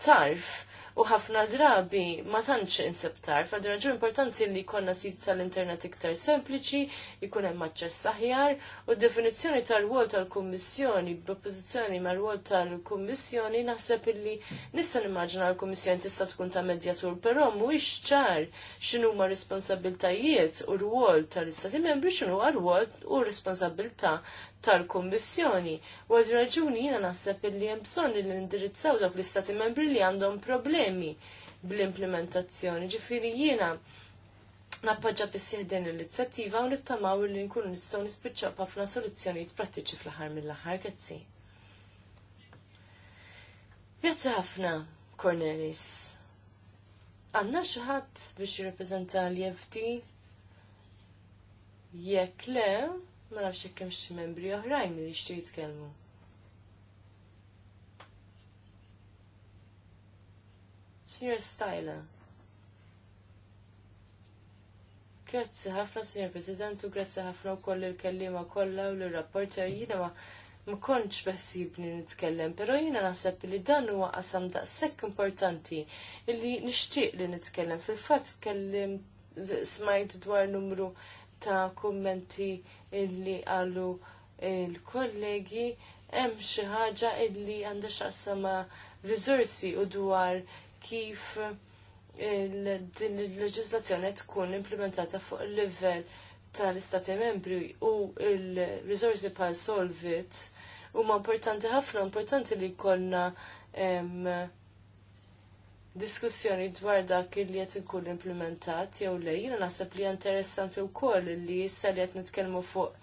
tarf u ħafna drabi ma tantx inseptar, tarf, għadu raġun importanti li jkollna sit tal-internet iktar sempliċi, jkun hemm aċċess aħjar, u d-definizzjoni tal-wol tal-Kummissjoni b'oppożizzjoni mal-wol tal-Kummissjoni naħseb illi nista' nimmaġina l-Kummissjoni tista' tkun ta' medjatur, però mhuwiex ċar x'inhu huma responsabiltajiet u rwol tal-Istati Membri x'inhu rwol u responsabilità tal-Kummissjoni. U għad raġuni jiena naħseb li hemm bżonn li nindirizzaw dawk l-istati membri li għandhom problemi bl-implementazzjoni. Ġifieri jiena nappoġġa bissieħ din l-inizjattiva u nittamaw li nkunu nistgħu nispiċċaw ħafna soluzzjonijiet prattiċi fl-aħħar mill-aħħar. Grazzi. Grazzi ħafna, Cornelis. xi ħadd biex jirrappreżenta l-EFT? Jekk le, ma nafx hekk hemm xi membri oħrajn li jixtiequ jitkellmu. Signor Stajla. Grazzi ħafna, Signor President, u grazzi ħafna wkoll il-kellima kollha u l-rapporter jiena ma ma kontx beħsibni nitkellem, pero jiena naħseb li dan huwa qasam daqshekk importanti illi nixtieq li nitkellem. Fil-fatt tkellim smajt dwar numru ta' kummenti illi għallu il-kollegi hemm xi ħaġa illi għandha x'aqsama riżorsi u dwar kif din il-leġislazzjoni tkun implementata fuq il-livell tal-Istati membri u il-riżorsi bħal Solvit huma importanti ħafna importanti li jkollna diskussjoni dwar dak li qed ikun implementat jew le jiena naħseb li interessanti wkoll li issa li qed nitkellmu fuq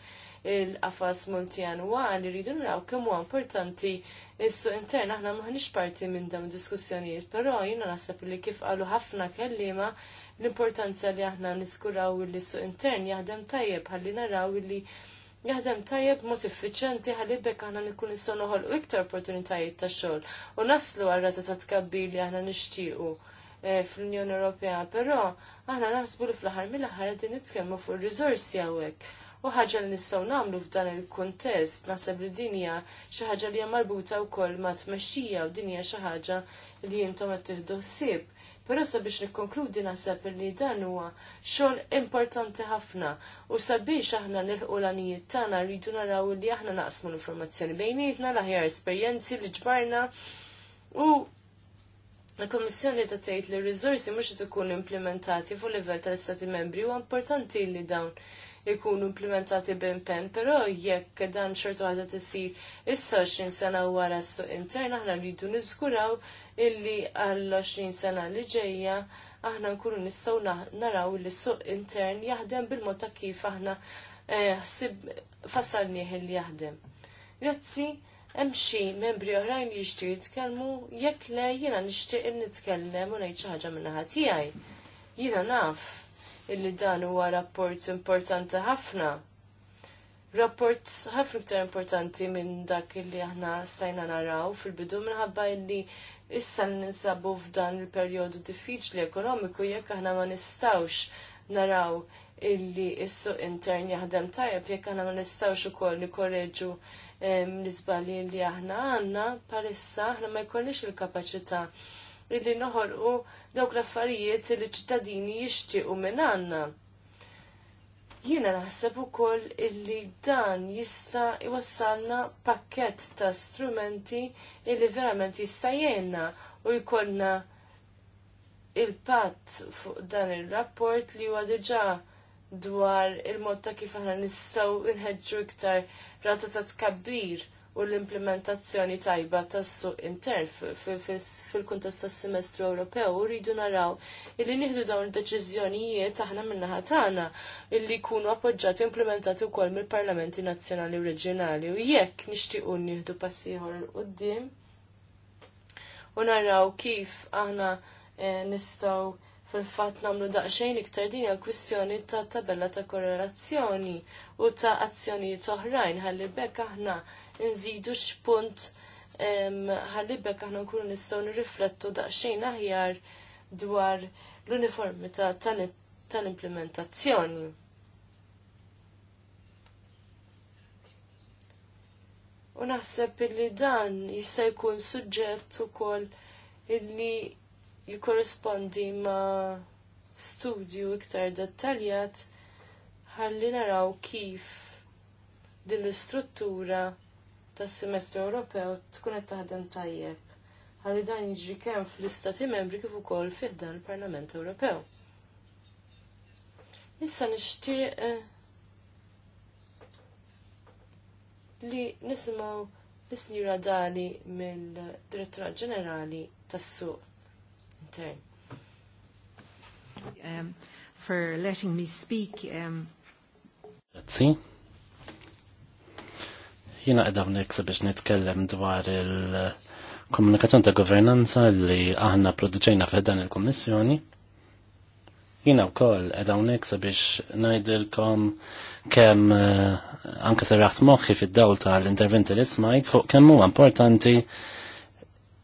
il-qafas multianwali rridu naraw kemm huwa importanti is-suq intern aħna maħniex parti minn dawn diskussjonijiet, però jiena naħseb li kif qalu ħafna kelliema l-importanza li aħna niskuraw li suq intern jaħdem tajjeb ħalli naraw li jaħdem tajjeb mod effiċjenti ħalli bekk aħna nkun nistgħu noħolqu iktar opportunitajiet ta' xogħol u naslu għar rata ta' tkabbir li aħna nixtiequ eh, fl-Unjoni Ewropea, però aħna naħsbu li fl-aħħar mill-aħħar qegħdin nitkellmu fuq ir-riżorsi hawnhekk. U ħaġa li nistgħu nagħmlu f'dan il-kuntest naħseb li din hija xi ħaġa li hija marbuta wkoll ma' tmexxija u din hija xi ħaġa li intom qed tieħdu ħsieb Però sabiex nikkonkludi naħseb li dan huwa xogħol importanti ħafna u sabiex aħna nilħu l għanijiet tagħna rridu naraw li aħna naqsmu l-informazzjoni bejnietna l-aħjar esperjenzi li ġbarna u l kommissjoni ta' tgħid li r-riżorsi mhux qed ikunu implementati fuq livell tal-Istati Membri u importanti li dawn ikunu implementati ben pen, però jekk dan xorta waħda tisir issa 20 sena wara s-suq intern aħna rridu niżguraw illi għall-20 sena li ġejja aħna nkunu nistgħu naraw li suq intern jaħdem bil-mod ta' kif aħna eh, ħsib fassalnieh li jaħdem. Grazzi, hemm xi membri oħrajn li jixtiequ jitkellmu jekk le jiena nixtieq nitkellem u ngħid xi ħaġa minn naħa tiegħi. Jiena naf illi dan huwa rapport importanti ħafna. Rapport ħafna iktar importanti minn dak illi aħna stajna naraw fil-bidu minħabba illi issa ninsabu f'dan il-perjodu diffiċli ekonomiku jekk aħna ma nistawx naraw illi s-suq intern jaħdem tajjeb jekk aħna ma nistawx ukoll nikorreġu l-iżbalji li aħna għandna palissa aħna ma jkollix il-kapaċità illi noħolqu dawk l-affarijiet li ċittadini jixtiequ minn għandna. Jiena naħseb ukoll illi dan jista' iwassalna pakkett ta' strumenti illi verament jista' jgħinna u jkollna il-patt fuq dan ir-rapport li huwa diġà dwar il-mod ta' kif aħna nistgħu nħeġġu iktar rata ta' tkabbir u l-implementazzjoni tajba tas-suq intern fil-kuntest tas-semestru Ewropew rridu naraw illi nieħdu dawn id-deċiżjonijiet aħna min-naħa tagħna illi jkunu appoġġjati u implementati wkoll mill-parlamenti nazzjonali u reġjonali u jekk nixtiequ nieħdu passi ieħor il qudiem u naraw kif aħna eh, nistgħu fil-fatt nagħmlu daqsxejn iktar din hija kwistjoni ta' tabella ta' korrelazzjoni u ta' azzjonijiet oħrajn ħalli bekk aħna nżidu x'punt ħallibek aħna nkunu nistgħu nirriflettu daqsxejn aħjar dwar l-uniformità tal-implementazzjoni. U naħseb illi dan jista' jkun suġġett ukoll illi jikorrispondi ma' studju iktar dettaljat ħalli naraw kif din l-istruttura tas-semestru Ewropew tkun qed taħdem tajjeb. Ħalli dan jiġri kemm fl-istati membri kif ukoll fih dan il-Parlament Ewropew. Issa nixtieq eh, li nisimgħu l-Sinjura Dali mill direttura Ġenerali tas-Suq Intern. Um, for letting me speak. Um... Grazie Jina għedaw neksa biex nitkellem dwar il-komunikazzjoni ta' governanza li aħna produċejna f'edan il-Kommissjoni. Jina wkoll għedaw neksa biex najdilkom kemm uh, anke serraħt moħħi fid-dawl tal-interventi li smajt fuq kemm huwa importanti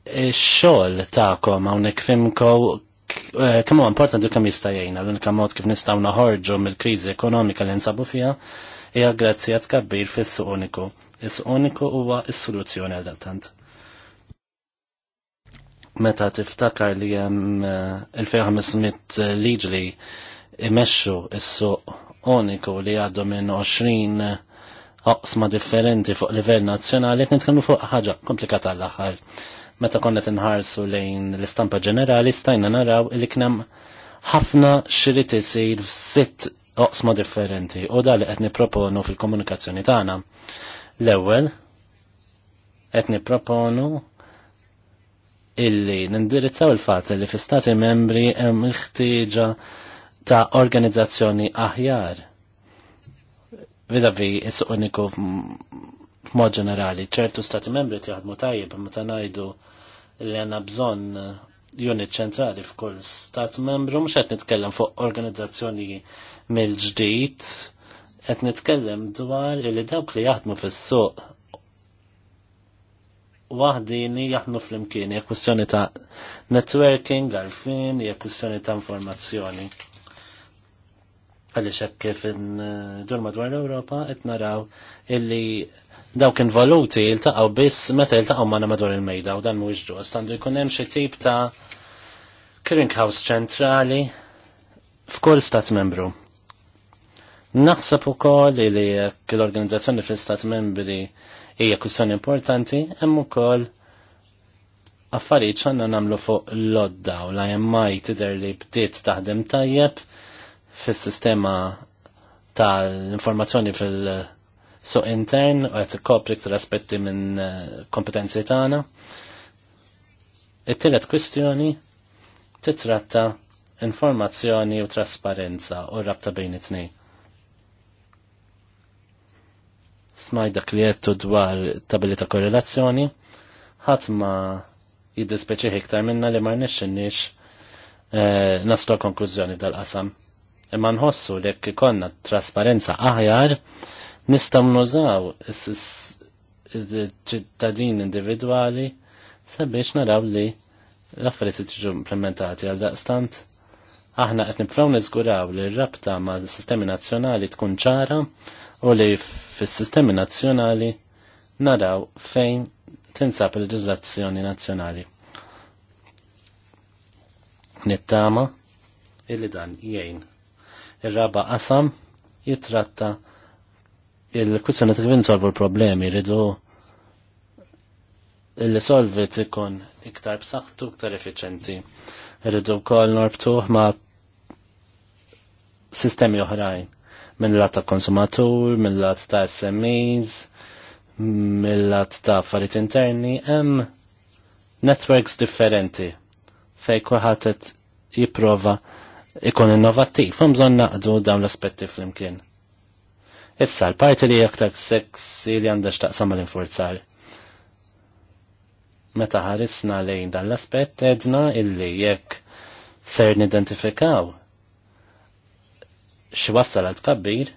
xol xogħol tagħkom hawnhekk fimkow eh, kemm huwa importanti kemm jista' l-unika mod kif nistgħu naħorġu mill-kriżi ekonomika li nsabu fiha hija grazzi għad kabbir fis-suq uniku is uniku huwa is-soluzzjoni għal tant. Meta tiftakar li hemm 2500 liġi li imexxu is-suq uniku li għaddu minn 20 eh, oqsma differenti fuq livell nazzjonali qed nitkellmu fuq ħaġa komplikata l-aħħar. Meta konna tinħarsu lejn l-istampa ġenerali stajna naraw li kien hemm ħafna xirrid isir f'sitt oqsma differenti u dali qed niproponu fil-komunikazzjoni tagħna. L-ewwel qed nipproponu illi nindirizzaw il-fatt li fi stati membri hemm il-ħtieġa ta' organizzazzjoni aħjar. Vidavi is uniku f'mod ġenerali, ċertu stati membri tiħadmu tajjeb meta ngħidu li għandna bżonn unit ċentrali f'kull stat membru, mhux qed nitkellem fuq organizzazzjoni mill-ġdid qed nitkellem dwar li dawk li jaħdmu fis-suq waħdini jaħdmu fl-imkien, hija kwistjoni ta' networking, għalfin, hija kwistjoni ta' informazzjoni. Għaliex hekk kif dur eh, madwar l-Ewropa qed naraw illi dawk involuti jiltaqgħu biss meta jiltaqgħu magħna madwar il-mejda u dan mhuwiex ġost. għandu jkun hemm xi tip ta' clearinghouse ċentrali f'kull stat membru Naħseb ukoll li jekk l-organizzazzjoni fl-Istat membri hija kwistjoni importanti, hemm ukoll affarijiet x'għandna nagħmlu fuq l-odda u la jemmaj tidher li bdiet taħdem tajjeb fis-sistema tal-informazzjoni fil- suq intern u qed kopri ktar aspetti minn eh, kompetenzi tagħna. It-tielet kwistjoni titratta informazzjoni u trasparenza u rabta bejn it-tnejn. smaj dak li jettu dwar tabelli ta' korrelazzjoni, ħadd ma jiddispeċi iktar minna li ma nix eh, naslu konklużjoni dal-qasam. Imma nħossu li jekk trasparenza aħjar, nistgħu nużaw ċittadin individwali sabiex naraw li l-affarijiet tiġu implementati għal daqstant aħna qed nipfraw niżguraw li r-rabta ma' sistemi nazzjonali tkun ċara u li fis-sistemi nazzjonali naraw fejn tinsab il-leġislazzjoni nazzjonali. Nittama illi dan jgħin. Ir-raba qasam jitratta il kwissjoni ta' kif insolvu l-problemi rridu il-solvit ikun iktar b'saħħtu iktar effiċenti. Rridu wkoll norbtuh ma' sistemi oħrajn mill-lat ta' konsumatur, mill-lat ta' SMEs, mill-lat ta' affarijiet interni, hemm networks differenti fej kulħadd qed jipprova ikun innovattiv, u bżonn naqdu dawn l-aspetti flimkien. Issa l-parti li aktar sexy li għandha x'taqsam l-infurzar. Meta ħarisna lejn dan l-aspett edna illi jekk ser nidentifikaw x'wassal għal tkabbir,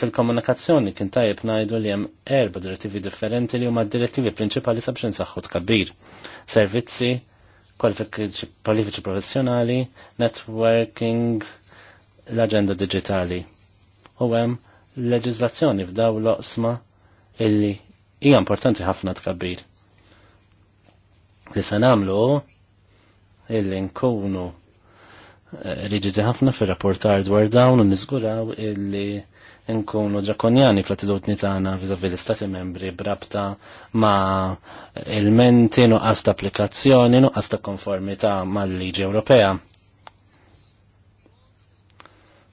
fil-komunikazzjoni kien tajjeb ngħidu li hemm erba direttivi differenti li huma d-direttivi prinċipali sabiex saħħu tkabbir. Servizzi, kwalifiċi professjonali, networking, l-agenda digitali. U hemm leġiżlazzjoni f'daw l-oqsma illi hija importanti ħafna tkabbir. Li se nagħmlu illi nkunu riġidi ħafna fir-rapportar dwar dawn u niżguraw illi nkunu drakonjani fl-attitudni tagħna viżavi l-Istati membri brabta ma' il-menti nuqqas ta' applikazzjoni, nuqqas ta' konformità mal-liġi Ewropea.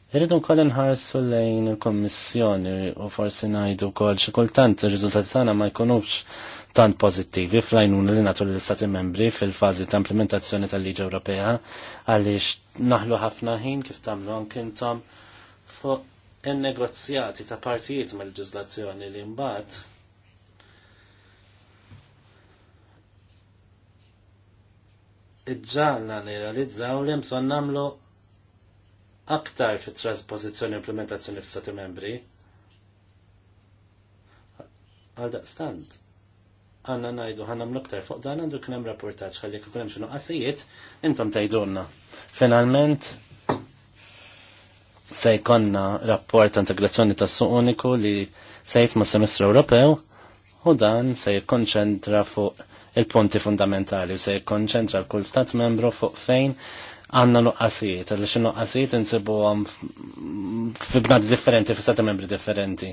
Irridu nkoll nħarsu lejn il-Kommissjoni u forsi ngħidu wkoll xi kultant ir-riżultati tagħna ma jkunux tant pozittivi flajnuna li natu l-Istati membri fil-fazi ta' implementazzjoni tal-Liġi Ewropea għaliex naħlu ħafna ħin kif tamlu kintom fuq in-negozjati ta' partijiet mal leġislazzjoni li mbagħad iġġalla li realizzaw li mson namlu aktar fit trasposizjoni implementazzjoni fil stati membri għal daqstant għanna najdu għanna mloktar fuq dan għandu knem rapportaċ għalli kunem xinu għasijiet intom tajdunna. Finalment se jkonna rapport integrazzjoni ta' suq uniku li sejt ma' semestru Ewropew u dan se jikkonċentra fuq il-punti fundamentali u se jikkonċentra kull stat membru fuq fejn għanna nuqqasijiet, għalli xinu għasijiet insibu għam fi bnad differenti, fi stat membri differenti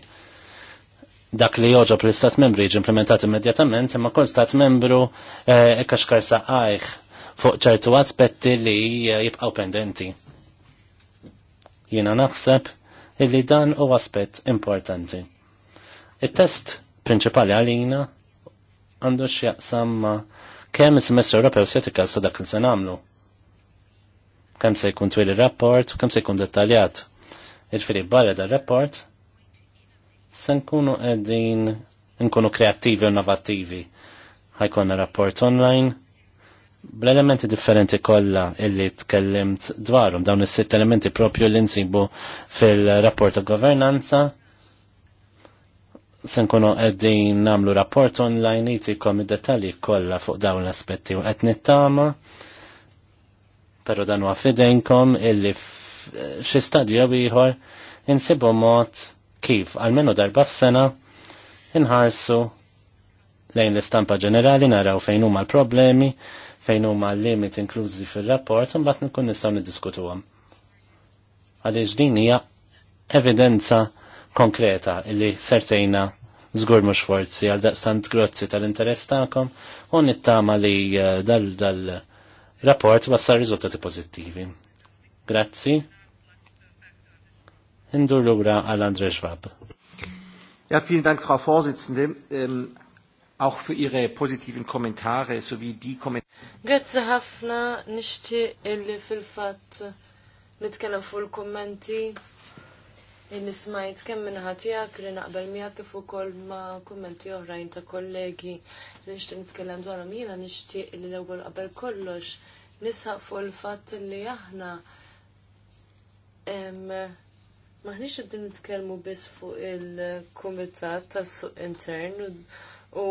dak li joġob l istat membru jiġi implementat immedjatament, imma kull stat membru eh, ikkaxkar xkarsa għajħ fuq ċertu aspetti li eh, jibqaw pendenti. Jiena naħseb illi dan u aspett importanti. Il-test prinċipali għalina għandu x'jaqsam ma' kemm is-semestru Ewropew se tikkassa dak li se nagħmlu. Kemm se jkun twil il rapport kemm se jkun dettaljat. Il-fili jiġifieri barra dar-rapport, se nkunu qegħdin nkunu kreattivi u innovattivi. Ħajkonna rapport online bl-elementi differenti kollha illi tkellimt dwarhom dawn is-sitt elementi propju li nsibu fil-rapport ta' governanza se nkunu qegħdin nagħmlu rapport online jitikom id-dettalji kollha fuq dawn l-aspetti u qed nittama. Però dan huwa għafidejnkom illi xistadju għu ieħor insibu mod kif għalmenu darba f'sena inħarsu lejn l-istampa ġenerali naraw fejn huma l-problemi, fejn huma l-limit inklużi fil-rapport, imbagħad nkun nistgħu niddiskutuhom. Għaliex din hija evidenza konkreta li sertejna zgur mux forzi għal daqstant grozzi tal-interess tagħkom u nittama li eh, dal-rapport wassar rizultati riżultati pożittivi. Grazzi. Indur l-ura għal Andre Schwab. Ja, vielen Dank, Frau Vorsitzende. Ähm, auch für Ihre positiven Kommentare sowie die Kommentare. Grazie Hafna, nishti illi fil-fat nitkellem fuq il-kommenti illi smajt kemm minħat ħatijak li naqbel miegħek kif ukoll ma' kummenti oħrajn ta' kollegi li nixtieq nitkellem dwarhom jiena nixtieq li l-ewwel qabel kollox nisħaq fuq il-fatt li aħna maħniex għeddin nitkellmu biss fuq il-Kumitat tas-Suq Intern u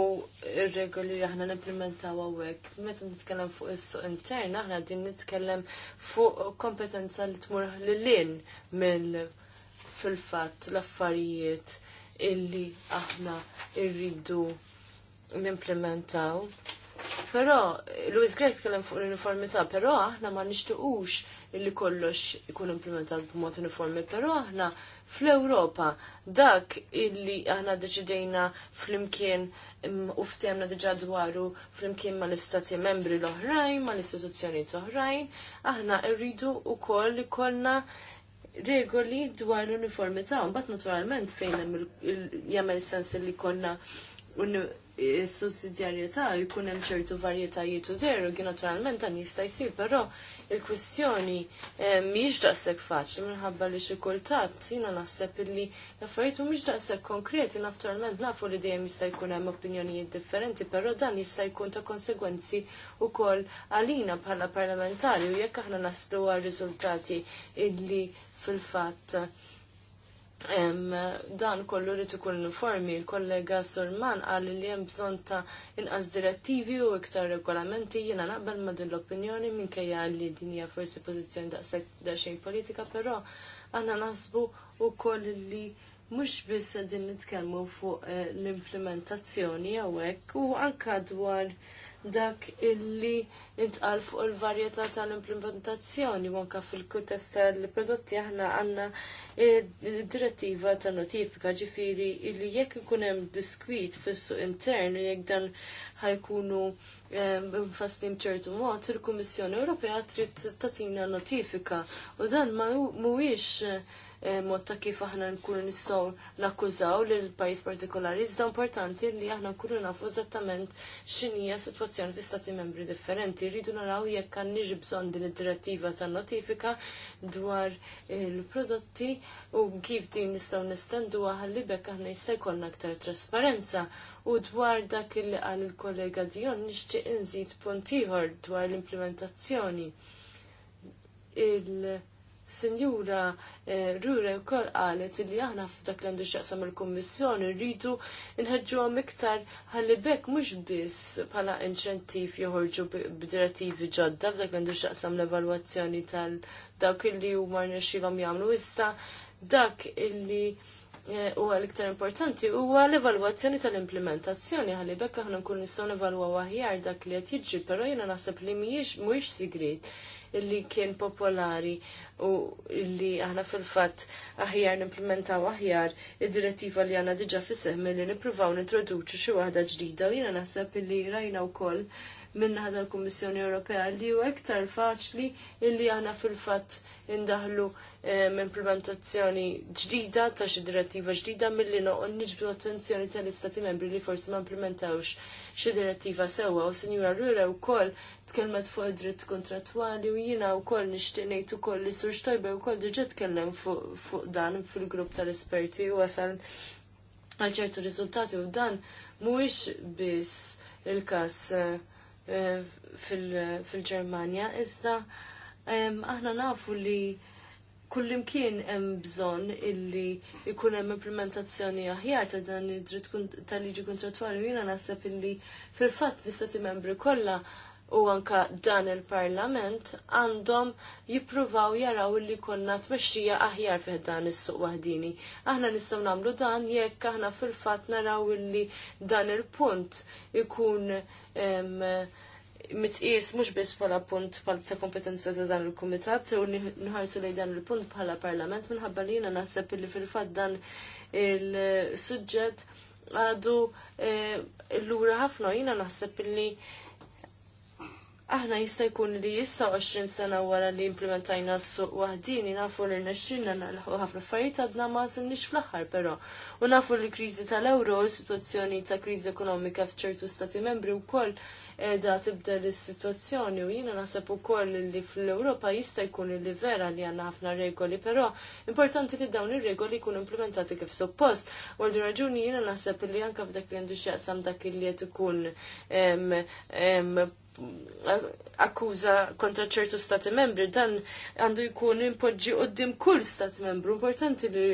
il regoli li aħna nimplementaw għawek. Meta nitkellem fuq is-suq intern aħna din nitkellem fuq kompetenza li tmur lilin mill fil-fatt l-affarijiet illi aħna rridu nimplementaw. Però, Luis Grey tkellem fuq l-uniformità, però aħna ma nixtuqux illi kollox ikun implementat b'mod uniformi, però aħna fl-Ewropa dak illi aħna deċidejna fl-imkien mm, u ftehmna diġà dwaru fl-imkien mal istati membri l-oħrajn, mal istituzzjonijiet oħrajn, aħna rridu wkoll li kollna regoli dwar l-uniformità, mbagħad naturalment fejn jagħmel sens li konna sussidjarjetà jkun hemm ċertu varjetajiet u derogi naturalment dan jista' jsir, però il-kwistjoni eh, mhijiex daqshekk faċli minħabba li xi kultant jiena naħseb illi l-affarijiet mhumiex daqshekk konkreti naturalment nafu li dejjem jista' jkun hemm opinjonijiet differenti, però dan jista' jkun ta' konsegwenzi wkoll għalina bħala parlamentari u jekk aħna naslu għal riżultati illi fil-fatt Em, dan kollu li ikun uniformi. Il-kollega Surman għalli li hemm bżonn ta' inqas direttivi u iktar regolamenti jiena naqbel ma' din l-opinjoni minkejja li din hija forsi pożizzjoni daqshekk xejn politika, però nasbu naħsbu wkoll li mhux biss din nitkellmu fuq eh, l-implementazzjoni għawek u anke dwar dak illi intqal fuq il-varjetà tal-implementazzjoni monka fil-kuntest tal-prodotti aħna għandna eh, direttiva ta' notifika ġifiri illi jekk ikun hemm diskwit fis-suq intern u jekk dan ħajkunu eh, mfasslim ċertu mod, il-Kummissjoni Ewropea trid tatina notifika u dan mhuwiex Eh, mod ta' kif aħna nkunu nistgħu nakkużaw lil pajjiż partikolari. Iżda importanti li aħna nkunu nafu eżattament x'inhija sitwazzjoni fi stati membri differenti. Rridu naraw jekk għandniex bżonn din id-direttiva tan-notifika dwar il-prodotti u kif din nistgħu nistenduha ħalli bekk aħna jista' jkollna aktar trasparenza. U dwar dak li għal il-kollega Dion nixtieq inżid punt ieħor dwar l-implementazzjoni. Il-Sinjura Rura wkoll qalet li aħna f'dak li għandu x'jaqsam il-Kummissjoni rridu għam iktar ħalli bekk mhux biss bħala inċentif joħorġu b'direttivi ġodda f'dak l għandu x'jaqsam l-evalwazzjoni tal-dawk illi huma xilom jagħmlu issa dak illi eh, u l-iktar importanti huwa l-evalwazzjoni tal-implementazzjoni ħalli bekk aħna nkun nistgħu nevalwaw aħjar dak li qed jiġri, però jiena naħseb li mhijiex mhuwiex sigrit illi kien popolari u illi aħna fil-fatt aħjar nimplementaw aħjar id-direttiva li għandna diġà fisseħ milli nippruvaw nintroduċu xi waħda ġdida u jiena naħseb illi rajna wkoll minna ħadha l-Kummissjoni Ewropea li hu iktar faċli illi aħna fil-fatt indaħlu Um, implementazzjoni ġdida ta' xi direttiva ġdida milli noqgħod niġbdu attenzjoni tal-istati membri li forsi ma implementawx xi direttiva sewwa u Sinjura Rura wkoll tkellmet fuq id-dritt kontrattwali u jiena wkoll nixtieq ngħid ukoll li sur xtojba wkoll diġà tkellem fuq dan fil-grupp tal-esperti u wasal għal ċertu riżultati u dan mhuwiex biss il-każ eh, fil-Ġermanja, iżda aħna nafu li kullimkien hemm bżonn illi jkun hemm implementazzjoni aħjar ta' dan id-dritt tal-liġi kontrattwali jiena naħseb illi fil-fatt l-istati membri kollha u anka dan il-parlament għandhom jippruvaw jaraw li konna tmexxija aħjar fih dan is-suq waħdini. Aħna nistgħu nagħmlu dan jekk aħna fil-fatt naraw li dan il-punt ikun mitqis mhux biss bħala punt ta' kompetenza ta' dan il-kumitat u nħarsu lejn dan il-punt bħala parlament minħabba li jiena naħseb li fil-fatt dan il-suġġett għadu l-lura e, ħafna jiena naħseb li aħna jista' jkun li issa 20 sena wara li implementajna s-suq waħdini nafu li nexxinna nalħu ħafna affarijiet għadna ma sinniex fl-aħħar però. U nafu li kriżi tal-euro, situazzjoni ta' kriżi ekonomika f'ċertu stati membri wkoll koll edha tibdel is-sitwazzjoni u jiena naħseb ukoll li fl-Ewropa jista' jkun li vera li għandna ħafna regoli, però importanti li dawn ir-regoli jkunu implementati kif suppost. U għal raġuni jiena naħseb li anke f'dak li għandu x'jaqsam dak li qed ikun akkuża kontra ċertu stati membri, dan għandu jkun impoġġi qoddim kull stati membru. Importanti li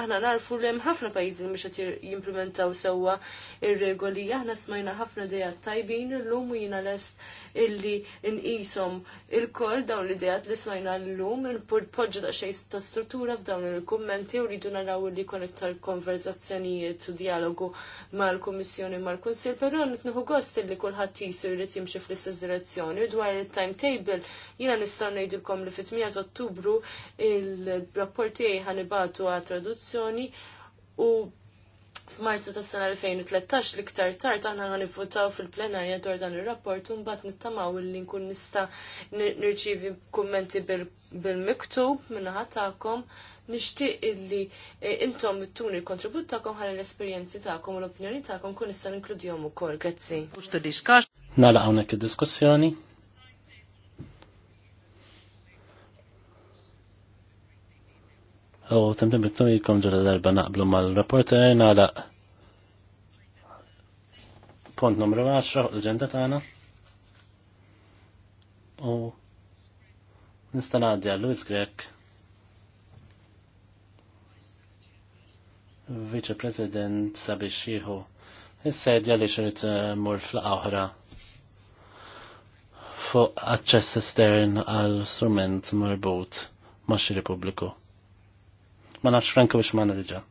aħna narfu li hemm ħafna pajjiżi mhux qed jimplementaw sewwa ir-regoli. Aħna smajna ħafna dejja tajbin illum u jiena lest illi nqishom il-koll dawn l-idejat li sajna l-lum, il-podġu da xej ta' struttura f'dawn il-kummenti u rridu naraw li konektar konverzazzjonijiet u dialogu mal-Kummissjoni mal-Kunsil, però nitnuħu gost illi kulħadd jisu jrid jimxi fl-istess direzzjoni u dwar il-timetable jiena nistgħu ngħidilkom li fit-8 Ottubru il-rapporti ħanibatu għal traduzzjoni u f'Marzu tas-sena 2013 l-iktar tard aħna għan fil-plenarja dwar dan ir-rapport u mbagħad nittamaw li nkun nista' nirċievi kummenti bil-miktub minnaħa tagħkom nixtieq illi e, intom ittuni l-kontribut tagħkom ħalli l-esperjenzi tagħkom u l-opinjoni tagħkom kun nista' ninkludihom ukoll. Grazzi. Nagħlaq hawnhekk id-diskussjoni. U temtem bittum jikom ġala darba naqblu mal-rapporter nalaq pont numru 10 l-ġenda tagħna. U nista' ngħaddi għal Luis Grek. Vice President sabiex jieħu is-sedja li xrid eh, mur flaqa oħra fuq aċċess estern għal strument marbut ma' xi Repubbliku ma nafx Franco biex ma nerġa'.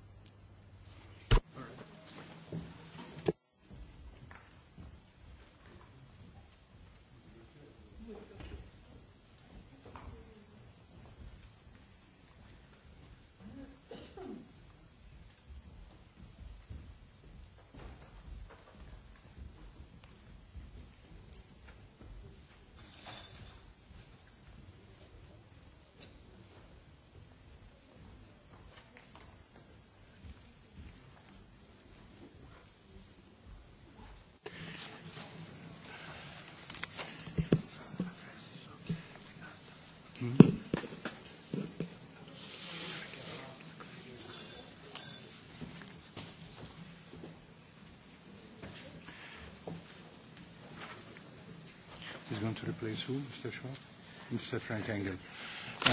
replace who, Mr. Schwab? Mr. Frank Engel.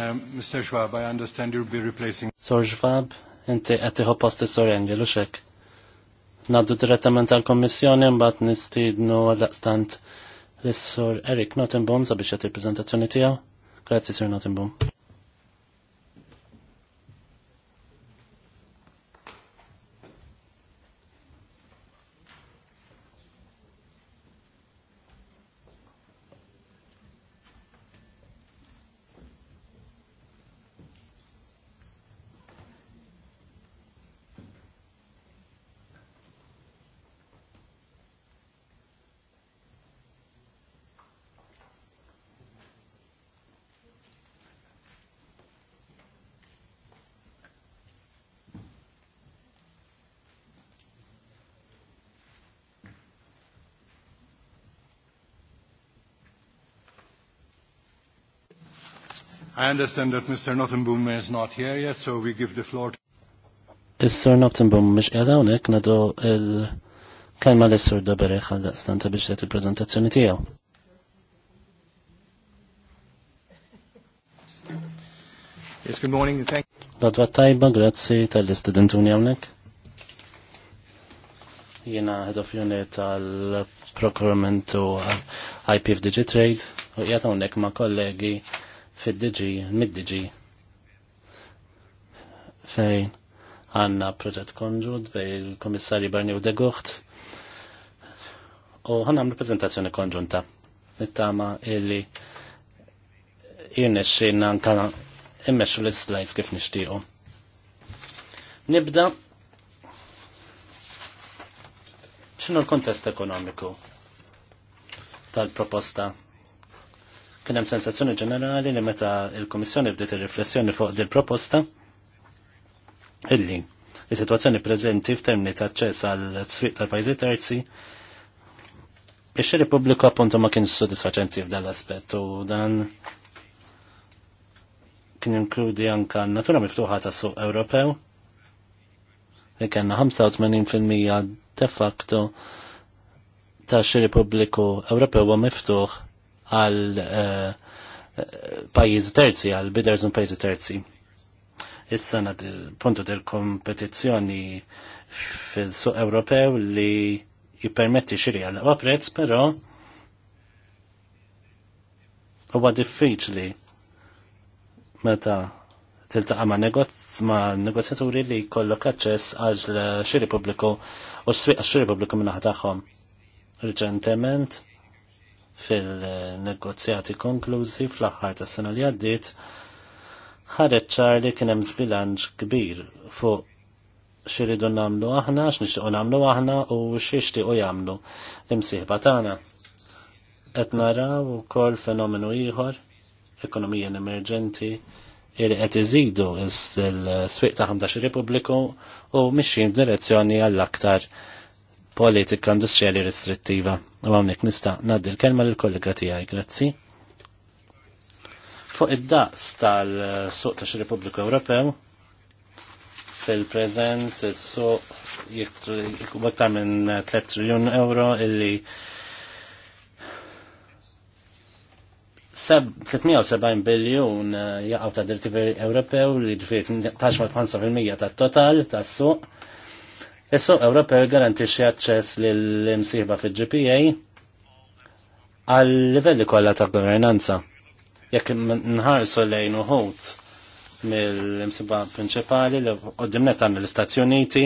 Um, Mr. Schwab, I understand you'll be replacing... Sor Schwab, inti ho posti Sor Engel, uxek. Naddu direttament għal-Kommissjoni, mbat nistidnu għal-daqstant l-Sor Eric Notenbom sabiex għati prezentazzjoni tijaw. Grazie, Sir Notenbom. I understand that Mr. Nottenboom is not here yet, so we give the floor to... Is-Sir Nottenboom biex għedawnek nadu il-kajma l sur Dabereħ għal-stanta biex jgħet il-prezentazzjoni tijaw. Yes, good morning, thank you. tajba, grazzi tal-istudentuni għawnek. Jena head tal-procurement u IPF Digitrade u jgħet ma kollegi fid-diġi, mid-diġi fejn għanna proġett konġud bej il komissari Barnier de Gucht u għanna għamlu prezentazzjoni konġunta nittama illi jirne xin anka immexu l-slides kif nishtiqu. Nibda ċinu l-kontest ekonomiku tal-proposta Kien hemm sensazzjoni ġenerali li meta il-Kummissjoni bdiet ir-riflessjoni fuq din proposta illi is-sitwazzjoni preżenti f'termini ta' aċċess għal swieq tal-pajjiżi terzi ix-xiri pubbliku appuntu ma kienx sodisfaċenti f'dan l-aspett u dan kien inkludi anka natura miftuħa ta' suq Ewropew li kellna 85% de facto ta' xiri pubbliku Ewropew huwa miftuħ għal eh, pajjiżi terzi, għal biders un pajjiżi terzi. Issa nad il-puntu del-kompetizzjoni fil-suq Ewropew li jippermetti xiri għal aqwa prezz, però huwa diffiċli meta tiltaqa ma' ma' negozjaturi li jkollok aċċess għal xiri pubbliku u s-swiq għax xiri pubbliku minnaħa tagħhom. Riċentement fil-negozjati konklużi fl-aħħar tas sena li għaddiet ħareċ ċarli kien hemm żbilanċ kbir fuq xiridu nagħmlu aħna, x'nixtiequ nagħmlu aħna u x'ixtiequ jagħmlu l-imsieħba tagħna. Qed naraw ukoll fenomenu ieħor, ekonomija emerġenti, li qed iżidu il-swieq ta' 15 Repubbliku u mixjin f'direzzjoni għall-aktar politika industrijali restrittiva. U għamnek nista naddi l-kelma l-kollega tijaj, grazzi. Fuq id-daqs tal-suq ta' Repubblika Ewropew, fil-prezent is-suq jiktar minn 3 triljun euro illi 370 biljun jaqaw ta' dirti Ewropew li ġifiet taċma l-5% tat-total tas-suq Is-suq Ewropew garantixxi aċċess lill imsieħba fil-GPA għal livelli kollha ta' governanza. Jekk nħarsu lejn uħut mill-imsiba prinċipali li qoddim net għandna l-Istati Uniti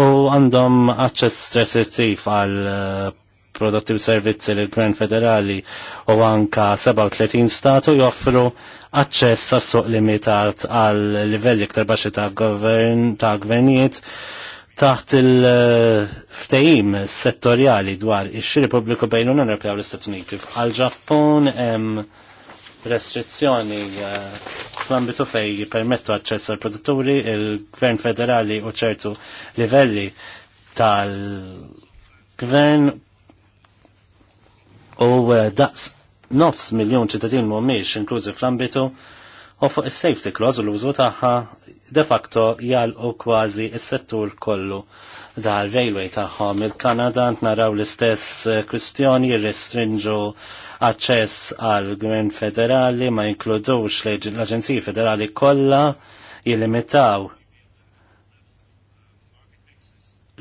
u għandhom aċċess restrittiv għal eh, prodotti u servizzi l gvern federali u anka 37 statu joffru aċċess għas suq limitat għal livelli ktar baxi ta' gvern ta' gvernijiet taħt il-ftajim settorjali dwar ix-xiri pubbliku bejn l-Unjoni Ewropea u l-Istati Uniti. Għal-Ġappun hemm restrizzjoni eh, fl-ambitu fej jipermettu aċċess għal produtturi il-Gvern federali u ċertu livelli tal-Gvern u eh, daqs nofs miljon ċittadin mhumiex inklużi fl-ambitu u fuq is-safety clause u l-użu tagħha de facto jalqu kważi s-settur kollu dar railway tagħhom. Il-Kanada naraw l-istess eh, kwistjoni jirrestrinġu aċċess għal gvern federali ma jinkludux l-Aġenziji Federali kollha jilimitaw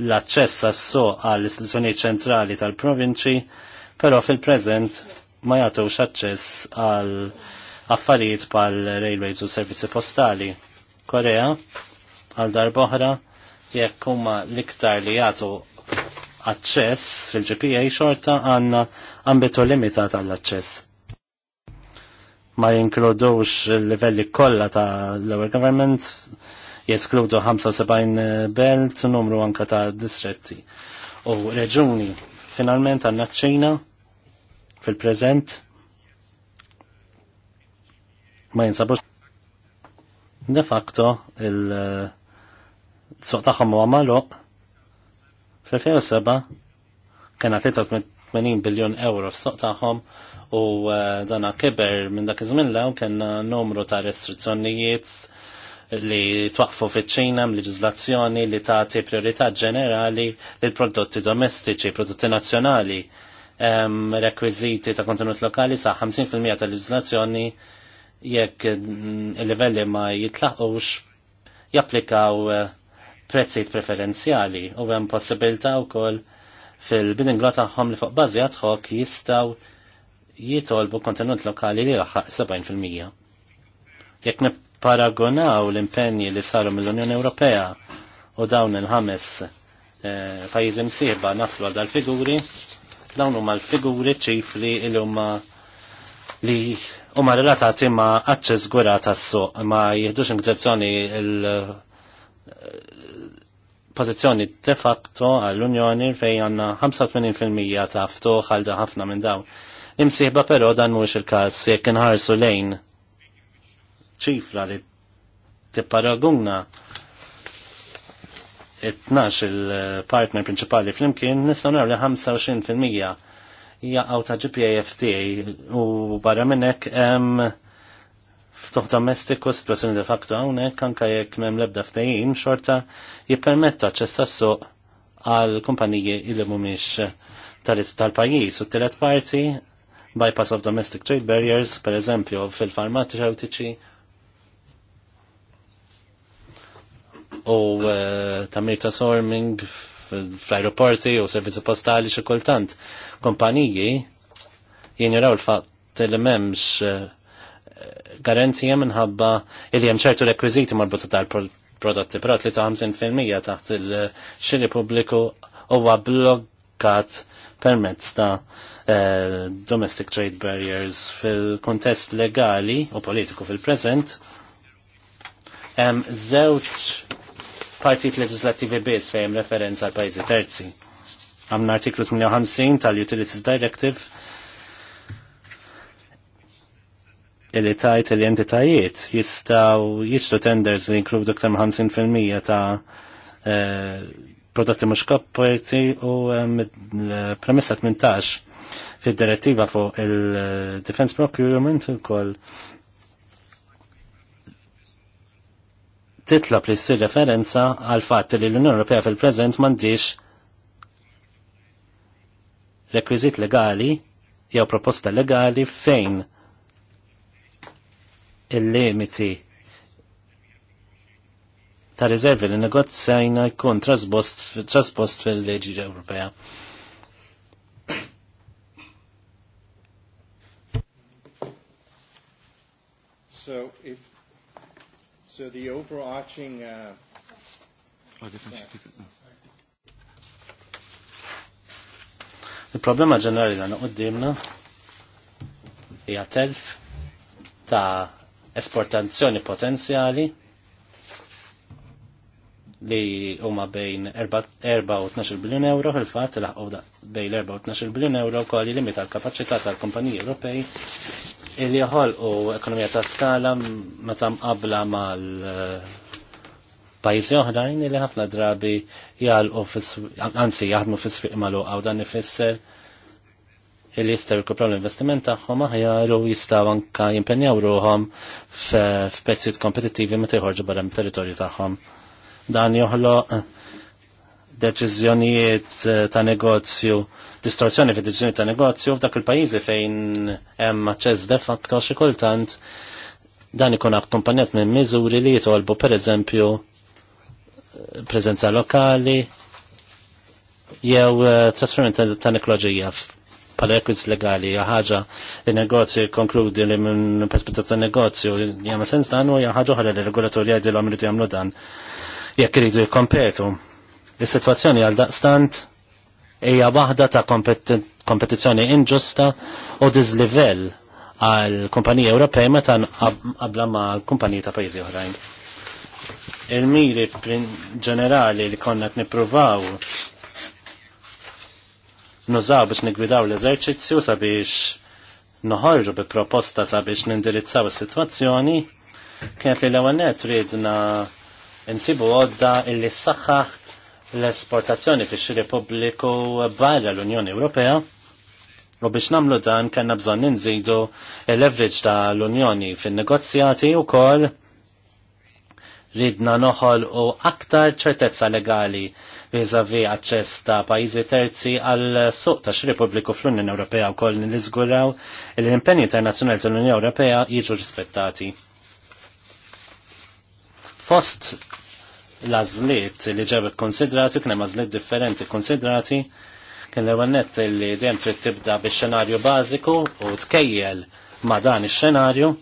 l-aċċess għas-so għall istituzzjonijiet ċentrali tal-provinċi, però fil-preżent ma jagħtux aċċess għal affarijiet pal railways u servizzi postali Korea għal darboħra jekk huma l-iktar li jagħtu aċċess fil-GPA xorta għandna ambitu limitat għall aċċess Ma jinkludux il-livelli kollha ta' lower government, jeskludu 75 belt, numru anka ta' distretti u reġuni. Finalment għandna ċina fil-preżent ma jinsabux De facto, il-suq eh, taħħom u għamaluq fl-2007 kena 80 biljon euro ta khom u eh, dana kiber minn dak iż-żmien lew kien numru ta' restrizzjonijiet li twaqfu fiċ-ċina leġislazzjoni li tagħti priorità ġenerali lil prodotti domestiċi, prodotti nazzjonali, rekwiżiti ta' kontenut lokali sa' 50% tal leġislazzjoni jekk il-livelli ma jitlaqqux japplikaw eh, prezzijiet preferenzjali u hemm u wkoll fil bininglo tagħhom li fuq bażi għadħok jistaw jistgħu jitolbu kontenut lokali li laħħaq 70%. Jekk nipparagonaw l-impenji li saru mill-Unjoni Ewropea u dawn il-ħames eh, pajjiżi msirba naslu għal dal-figuri, dawn huma l-figuri ċifli li huma li u ma relatati ma aċċess gura tas-suq ma jihdux inkutrazzjoni il eh, pozizjoni de facto għall-Unjoni fejn għandna 85% ta' ftuħ għal ħafna minn dawn. Imsieħba però dan mux il-każ jekk inħarsu lejn ċifra li tipparaguna it-12 il-partner prinċipali fl-imkien nistgħu naraw li 25% jaqgħu ta' GPAFT u barra minnek hemm ftuħ domestiku situazzjoni de facto għawnek anke jekk m'hemm lebda ebda xorta jippermetta ċessa suq għal kumpaniji illi mhumiex tal-pajjiż u t-tielet parti bypass of domestic trade barriers, per eżempju, fil farmaceutici u uh, tamir ta' sorming fl-aeroporti u servizzi postali xi kultant. Kompaniji jinjuraw l-fatt li m'hemmx eh, garanzija minħabba li hemm ċertu rekwiżiti marbuta tal-prodotti, però li ta' 50% taħt il-xiri pubbliku huwa blokkat permezz ta' eh, domestic trade barriers fil-kontest legali u politiku fil-prezent hemm żewġ partit leġislattivi biss fejn referenza għal pajjiżi terzi. Għamna artiklu 58 tal-Utilities Directive illi tajt li entitajiet jistaw jiċlu tenders li jinkludu ktar 50% ta' eh, prodotti mux kopperti u eh, eh, premessa 18 fil-direttiva fuq il-Defense Procurement u koll Titlob li ssir referenza għal fatt li l-Unjoni Ewropea fil-preżent m'għandix rekwiżit legali jew proposta legali fejn il-limiti ta' riservi li negozzajna jkun traspost fil-leġi Ewropea. So the overarching... Uh, oh, Il-problema ġenerali għana għoddimna hija telf ta' esportazzjoni potenzjali li huma bejn 4 u biljun euro fil-fatt laħqu bejn 4 u biljun euro kolli limita l-kapaċità tal-kumpaniji Ewropej il u ekonomija ta' skala meta qabla mal eh, pajjiżi oħrajn li ħafna drabi jgħalqu anzi jaħdmu fis-swieq magħluqa u dan ifisser il jistaw jkupraw l-investiment tagħhom aħjar u jistaw anka jimpenjaw ruhom f'pezzijiet kompetittivi meta jħorġu barra territorju tagħhom. Dan joħloq deċiżjonijiet eh, ta' negozju, distorzjoni fi deċiżjoni ta' negozju f'dak il-pajjiżi fejn hemm aċċess de facto xi kultant dan ikun akkumpanjat minn miżuri li jitolbu pereżempju preżenza lokali jew eh, trasferiment ta' nekloġija pala legali ħaġa li negozju konkludi li minn perspettiva ta' negozju jagħmel sens dan u hija ħaġa li regolatorji jgħidilhom li jagħmlu dan jekk iridu jikkompetu Is-sitwazzjoni għal daqstant hija waħda ta' kompetizzjoni inġusta u diżlivell għal kumpaniji Ewropej meta qabla ma' kumpaniji ta' pajjiżi oħrajn. Il-miri ġenerali li konna nippruvaw nużaw biex nigwidaw l-eżerċizzju sabiex noħorġu bi proposta sabiex nindirizzaw is-sitwazzjoni kienet li l-ewwel net ridna insibu għodda illi s l-esportazzjoni fi xiri pubbliku barra l-Unjoni Ewropea u biex namlu dan kanna bżon ninżidu l-leverage ta' l-Unjoni fin-negozjati u kol ridna noħol u aktar ċertezza legali vizavi aċċess ta' pajizi terzi għal suq ta' xri publiku fl-Unjoni Ewropea u kol nil-izguraw l-impenni internazzjonali tal-Unjoni Ewropea jiġu rispettati. Fost l-azliet li ġew konsidrati, kien hemm azliet differenti konsidrati, kien l-ewwel nett li dejjem trid tibda bix-xenarju bażiku u tkejjel ma' dan ix-xenarju.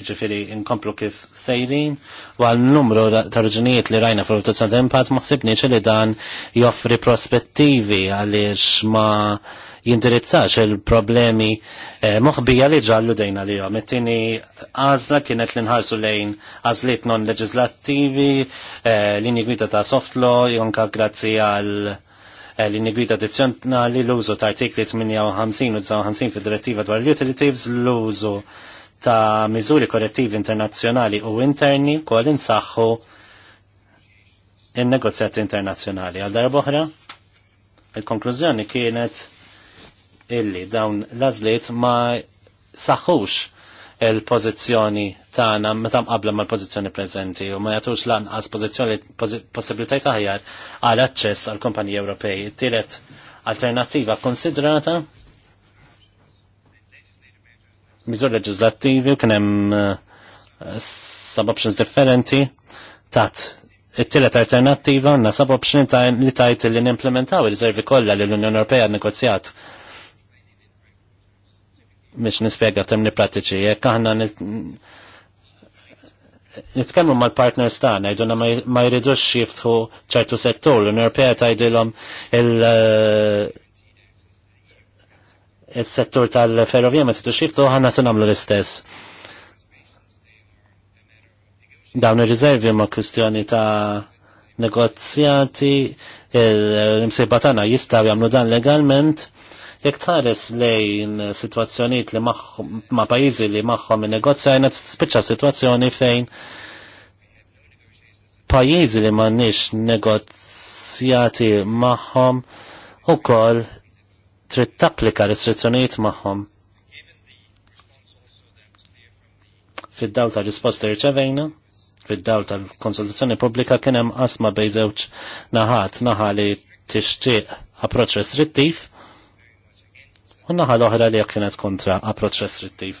Ġifiri, inkomplu kif sejrin, u għal numru ta' raġunijiet li rajna fil rotazzjoni ta' impatt maħsibniex li dan joffri prospettivi għaliex ma' jindirizzax il-problemi eh, moħbija li ġallu dejna li jom. Mettini għazla kienet l-inħarsu lejn għazliet non-leġislattivi, eh, l gwida ta' soft law, jonka grazzi għal eh, linji gwida addizzjonali l-użu ta' artikli 58 u 59 fil-direttiva dwar l-utilities, l-użu ta' miżuri korrettivi internazzjonali u interni kol insaħħu il negozjati internazzjonali. Għal darba il-konklużjoni kienet illi dawn l-azliet ma saħħux il-pozizjoni tagħna meta mqabla mal-pożizzjoni preżenti u ma jagħtux lanqas pożizzjoni possibilitajiet aħjar għal aċċess għal kumpaniji Ewropej. Tielet alternattiva konsidrata miżur leġislattivi u kien hemm eh, sub options differenti tat it-tielet alternattiva għandna sub option li tajt li nimplementaw il-riservi kollha li l-Unjoni Ewropea negozjat biex nispjega f'termini pratiċi, jekk aħna nitkellmu mal-partners tagħna jgħidulna ma jridux jiftħu ċertu settur, l-Unjoni Ewropea tgħidilhom eh, il-settur tal-ferrovija ma tridux jiftħu ħanna se nagħmlu l-istess. Dawn il riservi ma kustjoni ta' negozjati, l-imsejba jistaw jistgħu dan legalment Jek tħares lejn situazzjoniet li ma' pajizi li maħħom il-negozjajna t-spicċa situazzjoni fejn pajizi li ma' nix negozjati maħħom u kol trid tapplika restrizzjonijiet magħhom. Fid-dawl ta' risposta rċevejna, fid-dawl tal-konsultazzjoni pubblika kien hemm qasma bejn żewġ naħat naħa li tixtieq approċċ restrittiv Unnaħa naħa l-oħra li kienet kontra approċ restrittiv.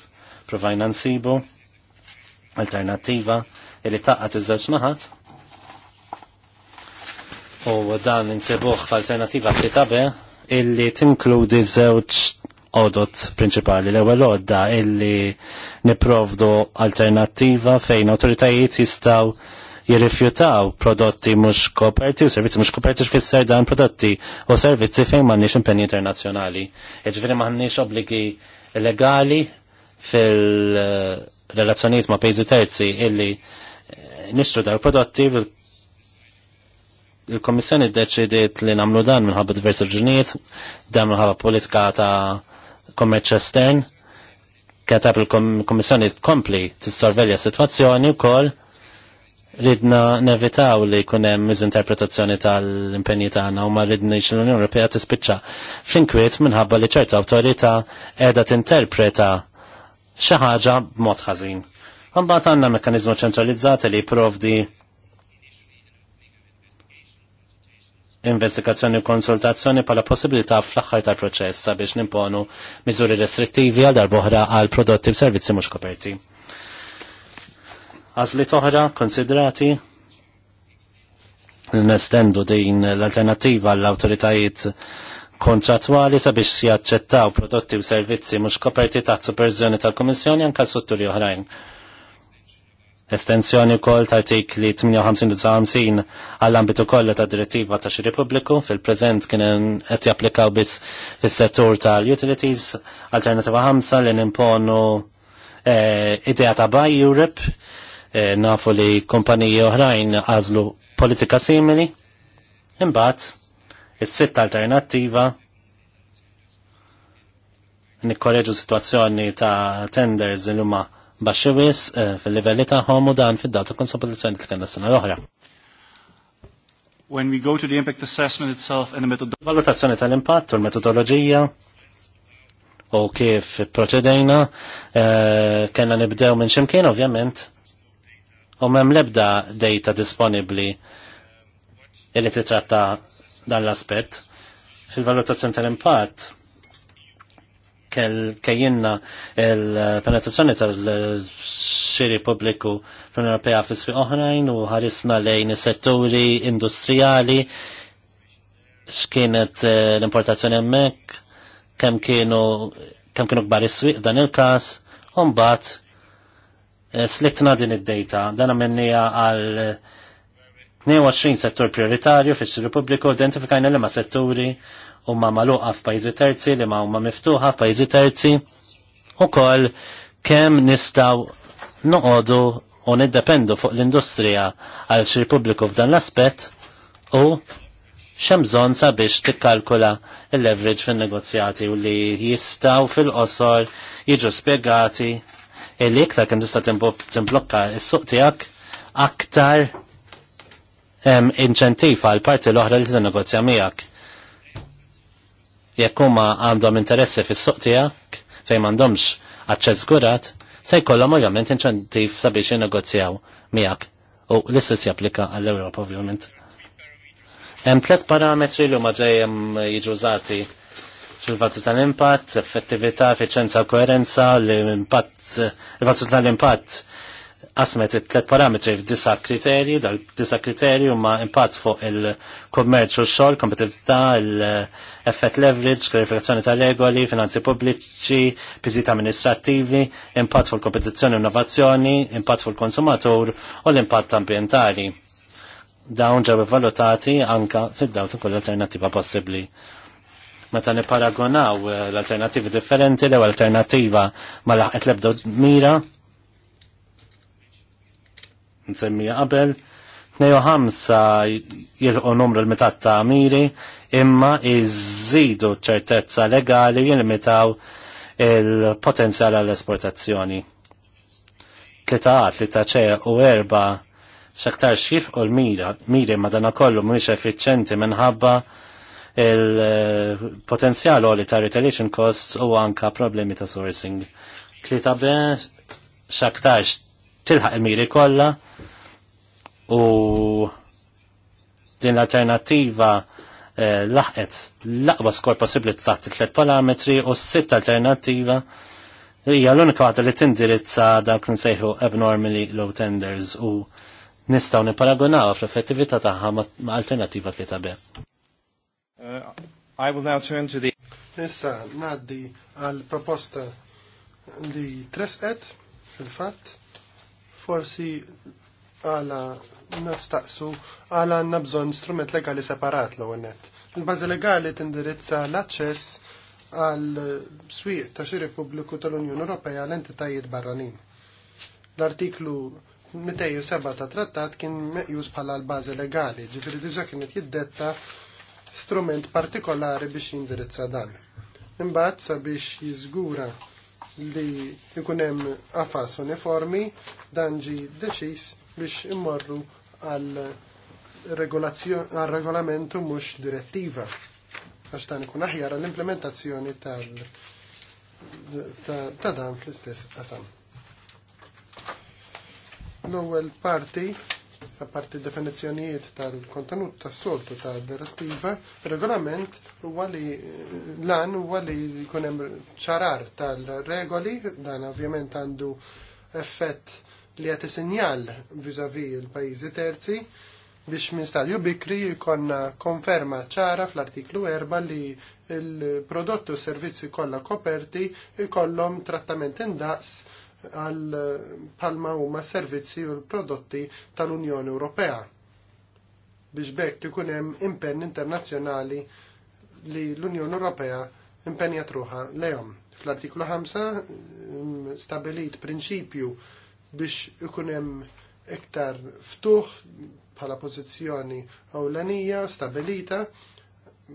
Provajna nsibu alternativa illi taqqat iż-żewġ naħat u dan nsibuħ f'alternativa kitabe illi tinkludi żewġ odot prinċipali. L-ewwel odda illi niprovdu alternativa fejn awtoritajiet jistgħu jirrifjutaw prodotti mhux koperti u servizzi mhux koperti x'fisser dan prodotti u servizzi fejn m'għandniex impenni internazzjonali. ma' jiġifieri m'għandniex obbligi legali fil-relazzjonijiet ma' pejzi terzi illi eh, nixtru daw prodotti il-Komissjoni deċidiet li namlu dan minħabba diversi ġunijiet, dan minħabba politika ta' kommerċ estern, kħetab il-Komissjoni tkompli tissorvelja situazzjoni u koll ridna nevitaw li kunem mizinterpretazzjoni tal-impenji tagħna u ma ridni l-Unjoni Ewropea tispiċċa f'inkwiet minħabba li ċerta awtorità qiegħda tinterpreta xi ħaġa b'mod ħażin. Imbagħad għandna mekkaniżmu ċentralizzati li jipprovdi investigazzjoni u konsultazzjoni pala possibilità fl-aħħar tal-proċess sabiex nimponu miżuri restrittivi għal darbohra għal prodotti u servizzi mhux koperti. Għazli toħra konsidrati nestendu din l-alternativa l-autoritajiet kontratwali sabiex jaċċettaw prodotti u servizzi mhux koperti ta' superżjoni tal-Kummissjoni s-sutturi oħrajn. Estensjoni wkoll ta' artikli 58-59 għall-ambitu kollha ta' direttiva ta' xiri pubbliku fil-preżent kien qed japplikaw biss fis-settur tal-utilities alternativa 5 li nimponu eh, idea ta' Buy Europe Eh, nafu li kompaniji oħrajn għażlu politika simili. Imbagħad is-sitt alternattiva nikkorreġu situazzjoni ta' tenders li huma baxxi wis eh, fil-livelli tagħhom u dan fid-data konsolidazzjoni li kellna s-sena l-oħra. When we go to the impact assessment itself and the methodology. Valutazzjoni tal-impatt u l-metodoloġija u kif proċedejna, eh, kellna nibdew minn ximkien ovvjament u mem lebda data disponibli illi titratta dan l-aspet. Fil-valutazzjoni tal-impatt kejjinna il-penetrazzjoni tal-xiri pubbliku fl-Unjoni fis sfi oħrajn u ħarisna lejn is-setturi industrijali x'kienet eh, l-importazzjoni hemmhekk, kemm kienu kemm kienu kbar is-swieq dan il-każ, u mbagħad Eh, Slittna din id-data. Dan għamennija għal 22 eh, settur prioritarju fix Republiku identifikajna li ma setturi u ma maluqa f'pajzi terzi li ma huma miftuħa f'pajzi terzi u kol kem nistaw noqodu u niddependu fuq l-industrija għal xi pubbliku f'dan l-aspett u xemżon sabiex tikkalkula il-leverage fin negozjati u li jistaw fil-qosor jiġu spiegati illi iktar kem tista' timblokka s-suq tiegħek aktar inċentif għal parti l-oħra li tinnegozja miegħek. Jekk huma għandhom interessi fis-suq tiegħek fejn m'għandhomx aċċess gurat, se jkollhom ovvjament inċentiv sabiex jinnegozjaw miegħek. U l-istess japplika għall-Ewropa ovvjament. Hemm tliet parametri li huma ġejjem jiġu fil fazzu tal-impatt, effettività, efficienza u koerenza, l-impatt, il fazzu tal-impatt asmet it-tlet parametri f'disa kriterji, dal-disa kriterji huma impatt fuq il-kommerċ u x-xogħol, kompetitività, l-effett leverage, klarifikazzjoni ta' regoli, finanzi pubbliċi, piżit amministrattivi, impatt fuq kompetizzjoni u innovazzjoni, impatt fuq il-konsumatur u l-impatt ambjentali. Dawn ġew valutati anka fid dawtu kull alternattiva possibbli meta niparagonaw eh, l-alternativi differenti l alternativa ma mela laħqet lebda mira nsemmija qabel 25 jilqu numru l-mitat ta' miri imma iżidu ċertezza legali jilmitaw il-potenzjal għall-esportazzjoni. Tlita li ta' C u erba xaktar u l-mira, miri madana kollu mhuwiex effiċenti minħabba il-potenzjal li ta' retaliation cost u anka problemi ta' sourcing. Klita ben xaktarx tilħaq il-miri kolla u din l-alternativa eh, laħqet l-aqwa skor possibli taħt tliet parametri u s-sitt alternativa hija l-unika waħda li tindirizza dak li nsejħu abnormally low tenders u nistgħu nipparagunaw fl-effettività tagħha ma' alternativa tlieta B. Uh, I will now turn to the... naddi għal proposta li tresqet, fil-fat, forsi għala nastaqsu għala nabżon strument legali separat l net. Il-bazi legali tindirizza l-access għal swieq ta' xiri publiku tal-Unjoni Ewropea għal entitajiet barranin. L-artiklu 207 ta' trattat kien meqjus bħala l-bazi legali, ġifiri diġa kienet jiddetta strument partikolari biex jindirizza dan. Imbagħad sabiex jiżgura li jkun hemm qafas uniformi dan ġi deċiż biex immorru għal regolamentu mhux direttiva għax dan ikun aħjar l-implementazzjoni tal ta' dan fl-istess qasam. L-ewwel parti parti definizzjonijiet tal-kontenut tas-soltu ta' direttiva, regolament u għali lan u għali jkun hemm ċarar tal-regoli, dan ovvjament għandu effett li għati a vi l-pajjiżi terzi biex minn stadju bikri jkollna konferma ċara fl-artiklu 4 li l-prodotti u servizzi kollha koperti jkollhom trattament indaqs għal palma huma servizzi u l-prodotti tal-Unjoni Ewropea biex bekk ikun hemm impenn internazzjonali li l-Unjoni Ewropea impenja truħa lejom. Fl-artiklu 5 mm, stabilit prinċipju biex ikun hemm iktar ftuħ bħala pożizzjoni ewlenija stabilita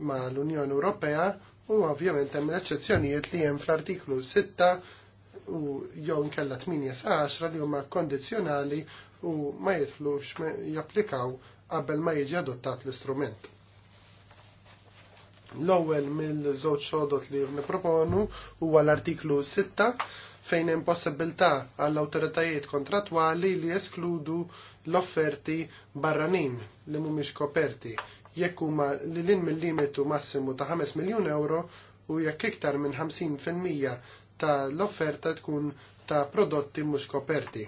ma' l-Unjoni Ewropea u ovvjament hemm l-eċċezzjonijiet li hemm fl-artiklu 6 u jew nkella 8 sa 10 li huma kondizzjonali u ma jitlux japplikaw qabel ma jiġi adottat l-istrument l-ewwel mill-żewġ xodot li nipproponu huwa l-artiklu 6 fejn hemm possibilità għall awtoritajiet kontratwali li jeskludu l-offerti barranin li mhumiex koperti jekk huma lil mill-limitu massimu ta' 5 miljun euro u jekk iktar minn 50% tal-offerta tkun ta' prodotti mhux koperti.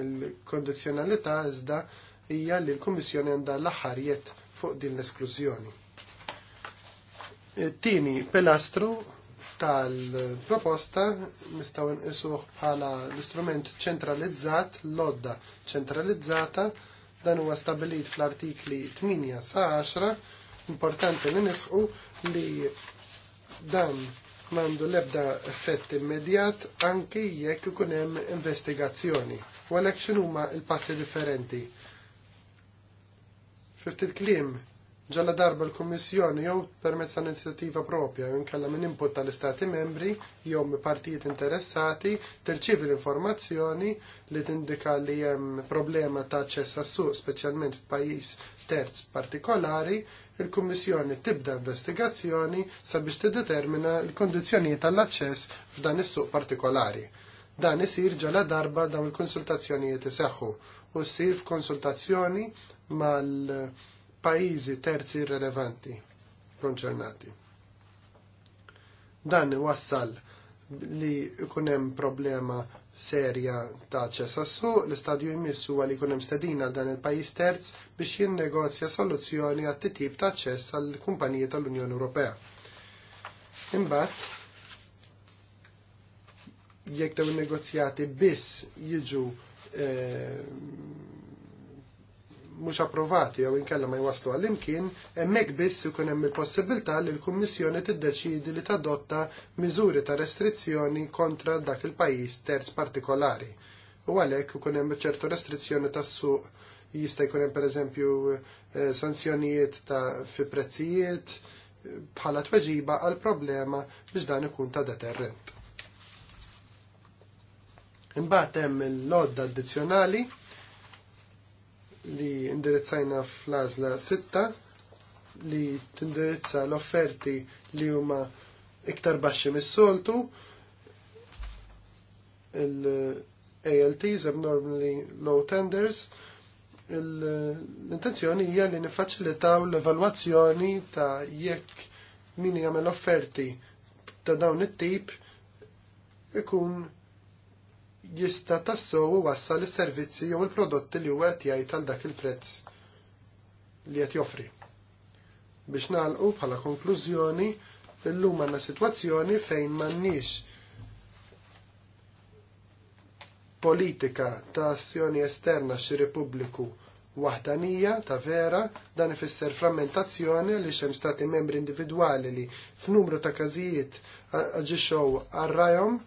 Il-kondizjonalità iżda hija li l-Kummissjoni għandha l-aħħarijiet fuq din l-esklużjoni. Tini pilastru tal-proposta nistgħu nqisuh bħala l-istrument ċentralizzat, l-odda ċentralizzata, dan huwa stabilit fl-artikli 8 sa 10, importanti li nisħu li dan mandu lebda effett immedjat anki jekk ikun hemm investigazzjoni. U għalhekk x'inhuma l-passi differenti. Fiftit klim ġalla darba l-Kommissjoni jew permezz tal inizjattiva propja jew inkella minn input tal-Istati membri jew partijiet interessati terċivi l-informazzjoni li tindika li hemm problema ta' aċċess għas-suq speċjalment f'pajjiż terz partikolari il-Kummissjoni tibda investigazzjoni sabiex tiddetermina l-kondizzjoni tal-aċċess f'dan is-suq partikolari. Dan isir ġala darba dawn il-konsultazzjonijiet iseħħu u ssir f'konsultazzjoni mal-pajjiżi terzi rilevanti konċernati. Dan wassal li ikun hemm problema serja ta' ċess għas-suq, l-istadju jmissu għal ikunem hemm stedina dan il-pajjiż terz biex jinnegozja soluzzjoni għat tip ta' ċess għall kumpaniji tal-Unjoni Ewropea. Imbagħad jek daw negozjati biss jiġu eh, mhux approvati jew inkella ma jwaslu għall-imkien, hemmhekk biss ikun hemm il-possibilità li l-Kummissjoni deċidi li tadotta miżuri ta' restrizzjoni kontra dak il-pajjiż terz partikolari. U għalhekk ikun hemm ċertu restrizzjoni tas-suq jista' jkun hemm pereżempju eh, sanzjonijiet ta' fi prezzijiet eh, bħala tweġiba għal problema biex dan ikun ta' deterrent. Imbagħad hemm il-lodda addizzjonali li indirizzajna fl-azla sitta li tindirizza l-offerti li huma iktar baxxi mis-soltu il-ALTs abnormally low tenders l-intenzjoni hija li nifaċilitaw l-evalwazzjoni ta' jekk min jagħmel offerti ta' dawn it-tip ikun jista tassow u wassal is-servizzi jew il-prodotti li huwa qed jgħid għal dak il-prezz li qed joffri. Biex nagħlqu bħala konklużjoni illum għandna sitwazzjoni fejn m'għandniex politika ta' azzjoni esterna xi Repubbliku waħdanija ta' vera dan ifisser frammentazzjoni li xem stati membri individwali li f'numru ta' każijiet aġixxew rajhom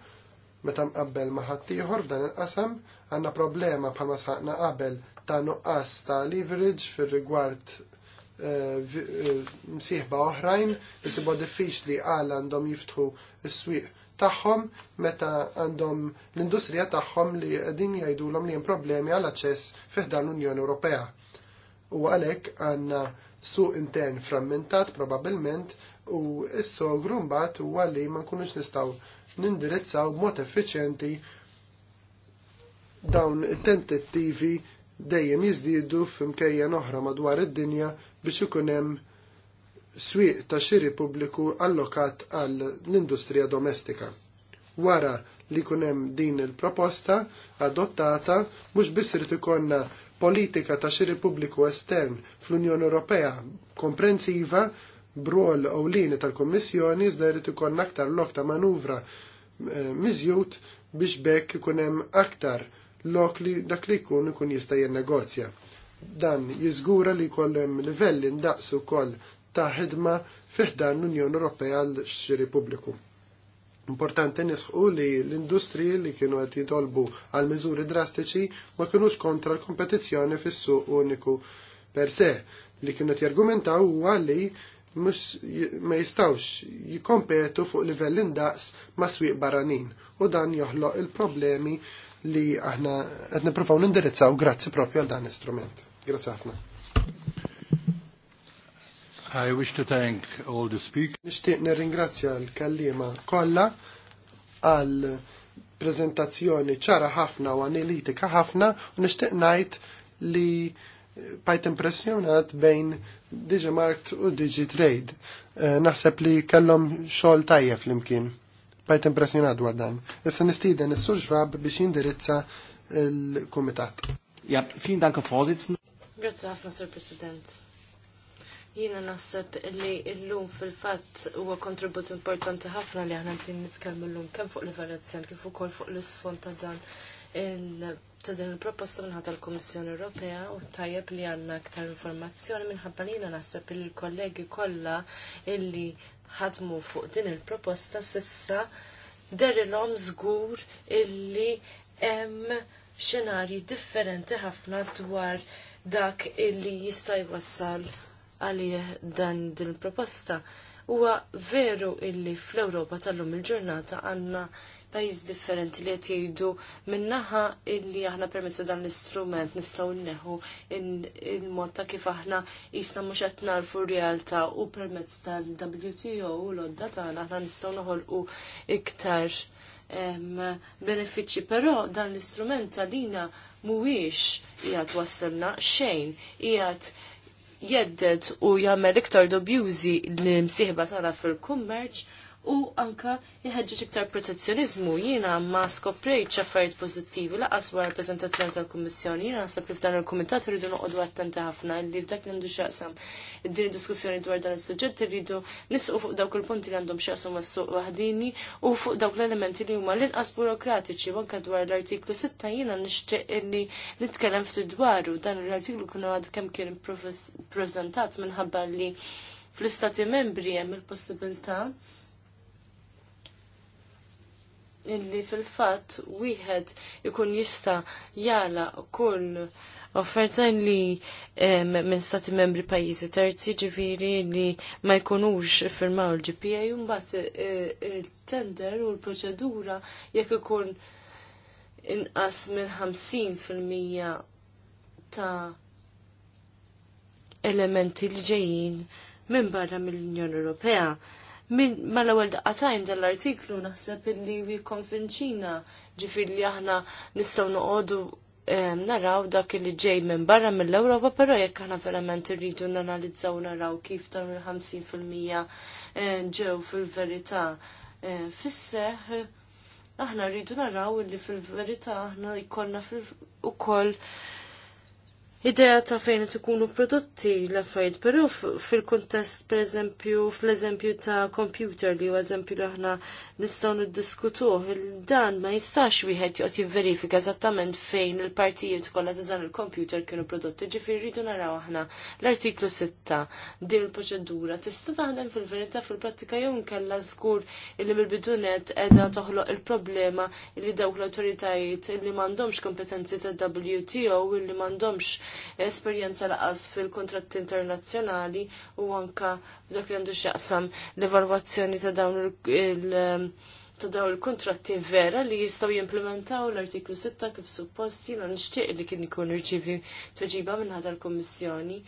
meta mqabbel ma' ħaddieħor f'dan il-qasam għandna problema bħalma saqna qabel ta' nuqqas ta' leverage fir-rigward eh, eh, msieħba oħrajn li sibu diffiċli għal għandhom jiftħu s-swieq tagħhom meta għandhom l-industrija tagħhom li qegħdin jgħidulhom li hemm problemi għal aċċess fih dan l-Unjoni Ewropea. U għalhekk għandna suq intern frammentat probabbilment u s-sogru mbagħad huwa li ma nkunux nistgħu nindirizzaw mod effiċjenti dawn it-tentattivi dejjem jiżdiedu f'imkejja oħra madwar id-dinja biex ikun hemm swieq ta' xiri pubbliku allokat għall industrija domestika. Wara li kun hemm din il-proposta adottata mhux biss irid ikollna politika ta' xiri pubbliku estern fl-Unjoni Ewropea komprensiva brol ewlieni tal-Kummissjoni iżda jrid ikollna aktar lok ta' manuvra Eh, miżjud biex bekk ikun hemm aktar lok li dak li jkun ikun jista' negozja. Dan jiżgura li kollem livelli ndaqsu wkoll ta' ħidma fiħdan l-Unjoni Ewropea għal xiri pubbliku. Importanti nisħu li l-industriji li kienu qed jitolbu għal miżuri drastiċi ma kinux kontra l-kompetizzjoni fis-suq uniku per se li kienu għati jargumentaw huwa mux ma jistawx jikompetu fuq livell indaqs ma' swieq barranin u dan joħloq il-problemi li aħna qed nippruvaw nindirizzaw grazzi propju għal dan l-istrument. Grazzi ħafna. I wish to thank all the speakers. Nixtieq nirringrazzja l-kallima kollha għal prezentazzjoni ċara ħafna u analitika ħafna u nixtieq ngħid li bajt impressjonat bejn Digimarkt u Digitrade. Eh, naħseb li kellom xol tajjef tajjeb flimkien. Bajt impressjonat dwar dan. Issa nistiden is-Sur biex jindirizza l komitat Ja, fin danka Vorsitzende. Grazie ħafna, Sur President. Jiena naħseb li llum fil-fatt huwa kontribut importanti ħafna li aħna qegħdin nitkellmu llum kemm fuq l-evaluazzjoni kif ukoll fuq l-isfond ta' dan ta' din il-proposta minħata tal kummissjoni Ewropea u tajjeb li għandna aktar informazzjoni minħabba li jiena naħseb li l-kollegi kollha illi ħadmu fuq din il-proposta sissa l-om żgur illi hemm xenarji differenti ħafna dwar dak illi jista' jwassal għalih dan din proposta. Huwa veru illi fl-Ewropa tal-lum il-ġurnata għandna pajjiż differenti li qed jgħidu minnaħa illi aħna permezz dan l-istrument nistgħu nneħħu il-mod ta' kif aħna qisna mhux qed narfu r-realtà u permezz tal-WTO u l-odda tagħna aħna nistgħu noħolqu iktar benefiċċji, però dan l-istrument għalina mhuwiex qiegħed wasselna xejn, qiegħed jeddet u jagħmel iktar dobjużi l-imsieħba tagħna fil-kummerċ, u anka jħedġiġ iktar protezzjonizmu. Jina ma skoprejt ċaffariet pozittivi laqas wara rappresentazzjoni tal-Kummissjoni. Jina għasab li f'dan il komitat rridu noqogħdu attenti ħafna li f'dak li għandu x'jaqsam id-din diskussjoni dwar dan is sujġet rridu nisqu fuq dawk il-punti li għandhom x'jaqsam mas-suq waħdini u fuq dawk l-elementi li huma l-inqas burokratiċi anke dwar l-artiklu 6 jiena nixtieq li nitkellem ftit dan l-artiklu kienu għad kemm kien prezentat minħabba li fl-istati membri hemm il-possibilità illi fil-fatt wieħed ikun jista' jala kull offerta li minn stati membri pajjiżi terzi ġifiri li ma jkunux firmaw l ġipija mbagħad e, il-tender u l-proċedura jekk ikun inqas minn 50% ta' elementi li ġejjin minn barra mill-Unjoni Ewropea. Min mal-ewwel daqatajn dal-artiklu naħseb illi jikkonvinċina ġifieri li aħna nistgħu noqogħdu naraw dak li ġej minn barra mill-Ewropa, però jekk aħna verament irridu nanalizzaw naraw kif dawn il-50% ġew fil-verità fisseħ, aħna rridu naraw li fil-verità aħna jkollna ukoll idea ta' fejn qed ikunu prodotti l-affarijiet, però fil-kuntest pereżempju fl-eżempju ta' computer li huwa eżempju li aħna nistgħu niddiskutuh, dan ma jistax wieħed joqgħod jivverifika eżattament fejn il-partijiet kollha ta' dan il-computer kienu prodotti. Ġifieri rridu naraw aħna l-artiklu 6 din il-proċedura tista' taħdem fil-verità fil-prattika jew nkella żgur illi mill-bidunet qiegħda toħloq il-problema illi dawk l-awtoritajiet illi m'għandhomx kompetenzi ta' WTO illi m'għandhomx esperjenza laqas fil-kontratti internazzjonali u anka dak li għandu x'jaqsam l-evalwazzjoni ta' dawn il- ta' daw il-kontratti vera li jistaw jimplementaw l-artiklu 6 kif supposti, ma nishtiq li kien ikun irċivi tweġiba minn ħadar kommissjoni.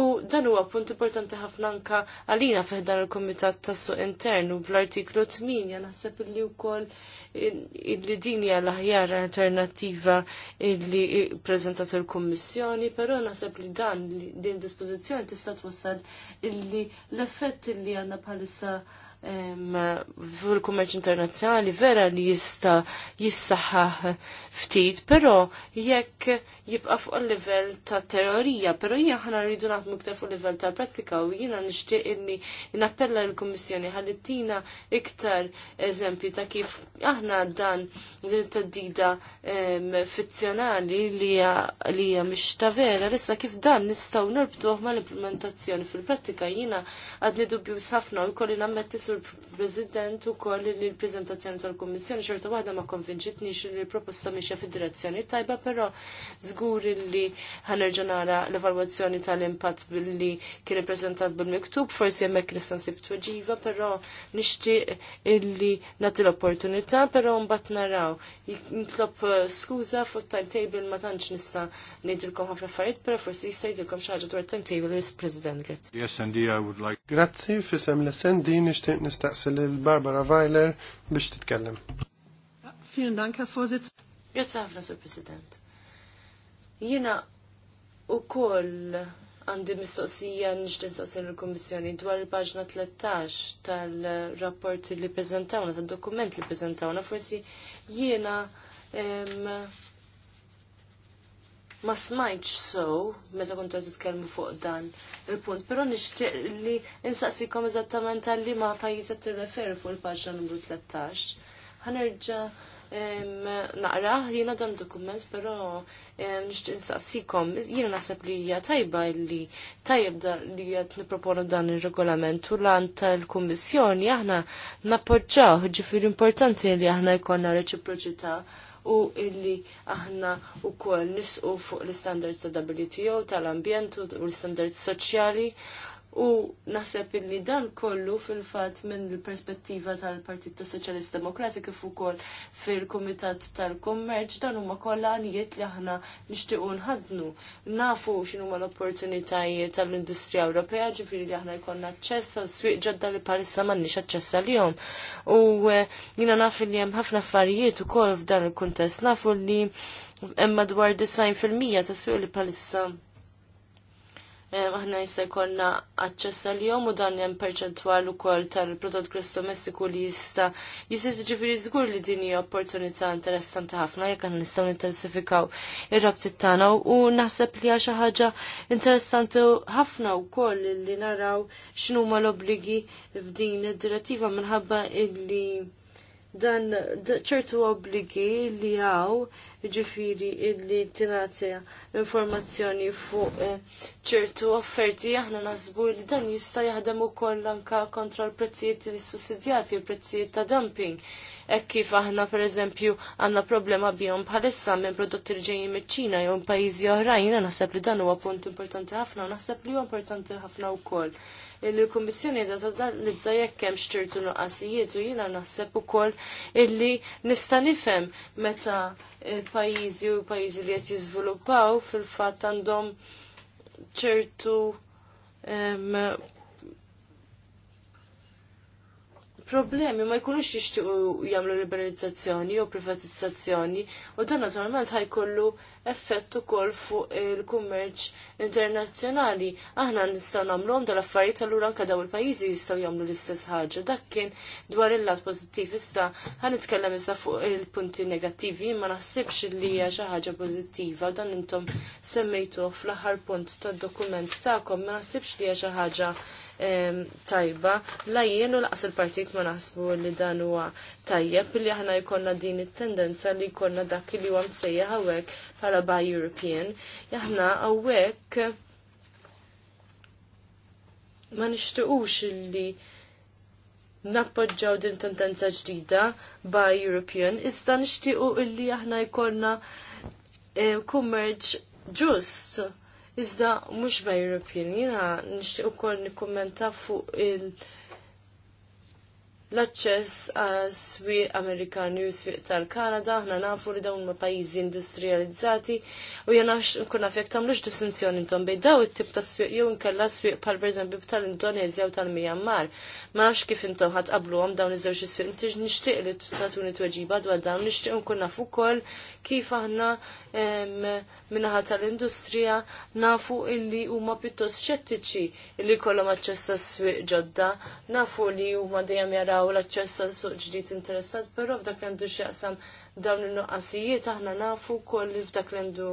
U dan huwa punt importanti ħafna anka għalina dan il-Komitat ta' Suq Internu bl-artiklu 8 naħseb li wkoll illi din hija l-aħjar alternattiva illi preżentat il-Kummissjoni, però naħseb li dan din dispożizzjoni tista' twassal illi l-effett li għandna bħalissa fil-kummerċ internazzjonali vera li jista jissaħħaħ ftit, però jekk jibqa' fuq il-livell ta' teorija, però jien aħna rridu naħdmu iktar fuq il-livell ta' prattika u jiena nixtieq inni nappella l-Kummissjoni ħalli tina iktar eżempju ta' kif aħna dan din tad fizzjonali li hija mhix ta' vera issa kif dan nistgħu nirbtuh mal-implementazzjoni fil-prattika jiena għadni dubju ħafna u jkolli nammetti sur President ukoll li l-preżentazzjoni tal-Kummissjoni xorta waħda ma konvinċitnix li l-proposta mhix fid-direzzjoni tajba, però żgur illi ħanerġa' nara l-evalwazzjoni tal-impatt billi kien ippreżentat bil-miktub, forsi hemmhekk nista' nsib tweġiva, però nixtieq illi nagħti l-opportunità, però mbagħad naraw. Nitlob eh, skuża fuq timetable ma tantx nista' ngħidilkom ħafna affarijiet, però forsi jista' jgħidilkom xi ħaġa dwar timetable is President Grazzi. Yes, and I would like. Grazzi, fisem l sendi nixtieq nistaqsi lil Barbara Weiler biex titkellem. Vielen Dank, Herr Vorsitzender. Jetzt auf, Herr Präsident. Jiena ukoll għandi mistoqsija nixtieq nsaqsil il-Kummissjoni dwar il-paġna 13 tal-rapport li prezentawna, tad-dokument li prezentawna, forsi jiena ma smajtx so meta kontu għazit titkellmu fuq dan il-punt, però nixtieq li insaqsikom eżattament għal ma pajjiż il tirreferi fuq il-paġna numru 13. Għanerġa naqra, jiena dan dokument, pero nixtieq insaqsikom, jiena naħseb li hija tajba li tajjeb li qed nipproponu dan ir-regolament u lan tal-Kummissjoni aħna nappoġġaw, ġifieri importanti li aħna jkollna reċiproċità u illi aħna u koll nisqu fuq l-standards ta' WTO, tal-ambjent u l-standards soċjali U naħseb illi dan kollu fil-fatt minn il-perspettiva tal-Partit Soċjalist Demokratiku kif ukoll fil-Kumitat tal-Kummerċ dan huma kollha għanijiet li aħna nixtiequ nħadnu. Nafu x'inhu l-opportunitajiet tal-Industrija Ewropea ġifieri li aħna jkollna aċċess għal swieq ġodda li bħalissa m'għandniex aċċess għalihom. U eh, jiena naf li hemm ħafna affarijiet ukoll f'dan il-kuntest nafu li hemm madwar 90% ta' swieq li bħalissa Eh, aħna jissa jkollna aċċessa li jom u dan hemm perċentwal ukoll tal-prodott gross domestiku li jista' jisir ġifieri żgur li din hija opportunità interessanti ħafna jekk nistaw nistgħu il ir t tagħna u naħseb li għaxa xi ħaġa interessanti ħafna kol li naraw ma l-obbligi f'din id-direttiva minħabba illi dan ċertu obbligi li għaw ġifiri illi tinatja informazzjoni fuq eh, ċertu offerti aħna nasbu li dan jista jaħdem ukoll anka kontra l-prezzijiet li sussidjati, l-prezzijiet ta' dumping. Ek kif aħna pereżempju għandna problema bihom bħalissa minn prodotti li ġejjin miċ-Ċina jew pajjiżi oħrajn, naħseb li dan huwa punt importanti ħafna u naħseb li huwa importanti ħafna wkoll il-Kummissjoni da ta' dan li tzajek kem xċertu nuqqasijiet u jiena naħseb ukoll illi nista' nifhem meta il-pajizi u pajizi li qed jiżviluppaw fil-fatt għandhom ċertu problemi ma jkunux jixtiequ jagħmlu liberalizzazzjoni jew privatizzazzjoni u dan naturalment ħajkollu effett ukoll fuq il-kummerċ internazzjonali. Aħna nistgħu nagħmluhom dal-affarijiet allura anke daw il-pajjiżi jistgħu jagħmlu l-istess ħaġa. Dak kien dwar il-lat pożittiv issa ħanitkellem issa fuq il-punti negattivi ma naħsibx li hija xi ħaġa pożittiva dan intom semmejtuh fl-aħħar punt tad-dokument tagħkom ma naħsibx li hija xi ħaġa tajba. La jien u laqas il-partit ma naħsbu li dan huwa tajjeb li aħna jkollna din it-tendenza li jkollna dak li huwa msejjaħ hawnhekk bħala by European. Aħna hawnhekk ma nixtiqux li nappoġġaw din tendenza ġdida by European, iżda nixtiequ illi aħna jkollna eh, kummerġ ġust Iżda mhux ma' European, jiena nixtieq ukoll nikkumenta fuq il- l-aċċess għas swieq Amerikani u swieq tal-Kanada, aħna nafu li dawn ma' pajjiżi industrializzati u jena nkun naf jekk tagħmlux distinzjoni intom bejn daw it-tip ta' swieq jew nkella swieq bħal pereżempju tal-Indonezja u tal-Myanmar. Ma nafx kif intom ħadd qabluhom dawn iż-żewġ iswieq, inti nixtieq li tagħtuni tweġiba dwar dawn, nixtieq nkun naf ukoll kif aħna minnaħa tal-industrija nafu illi huma pjuttost xettiċi li kollom aċċess s swieq ġodda, nafu li huma dejjem jaraw l-aċċess s suq ġdid interessat, però f'dak l għandu x'jaqsam dawn il-nuqqasijiet aħna nafu koll f'dak l-endu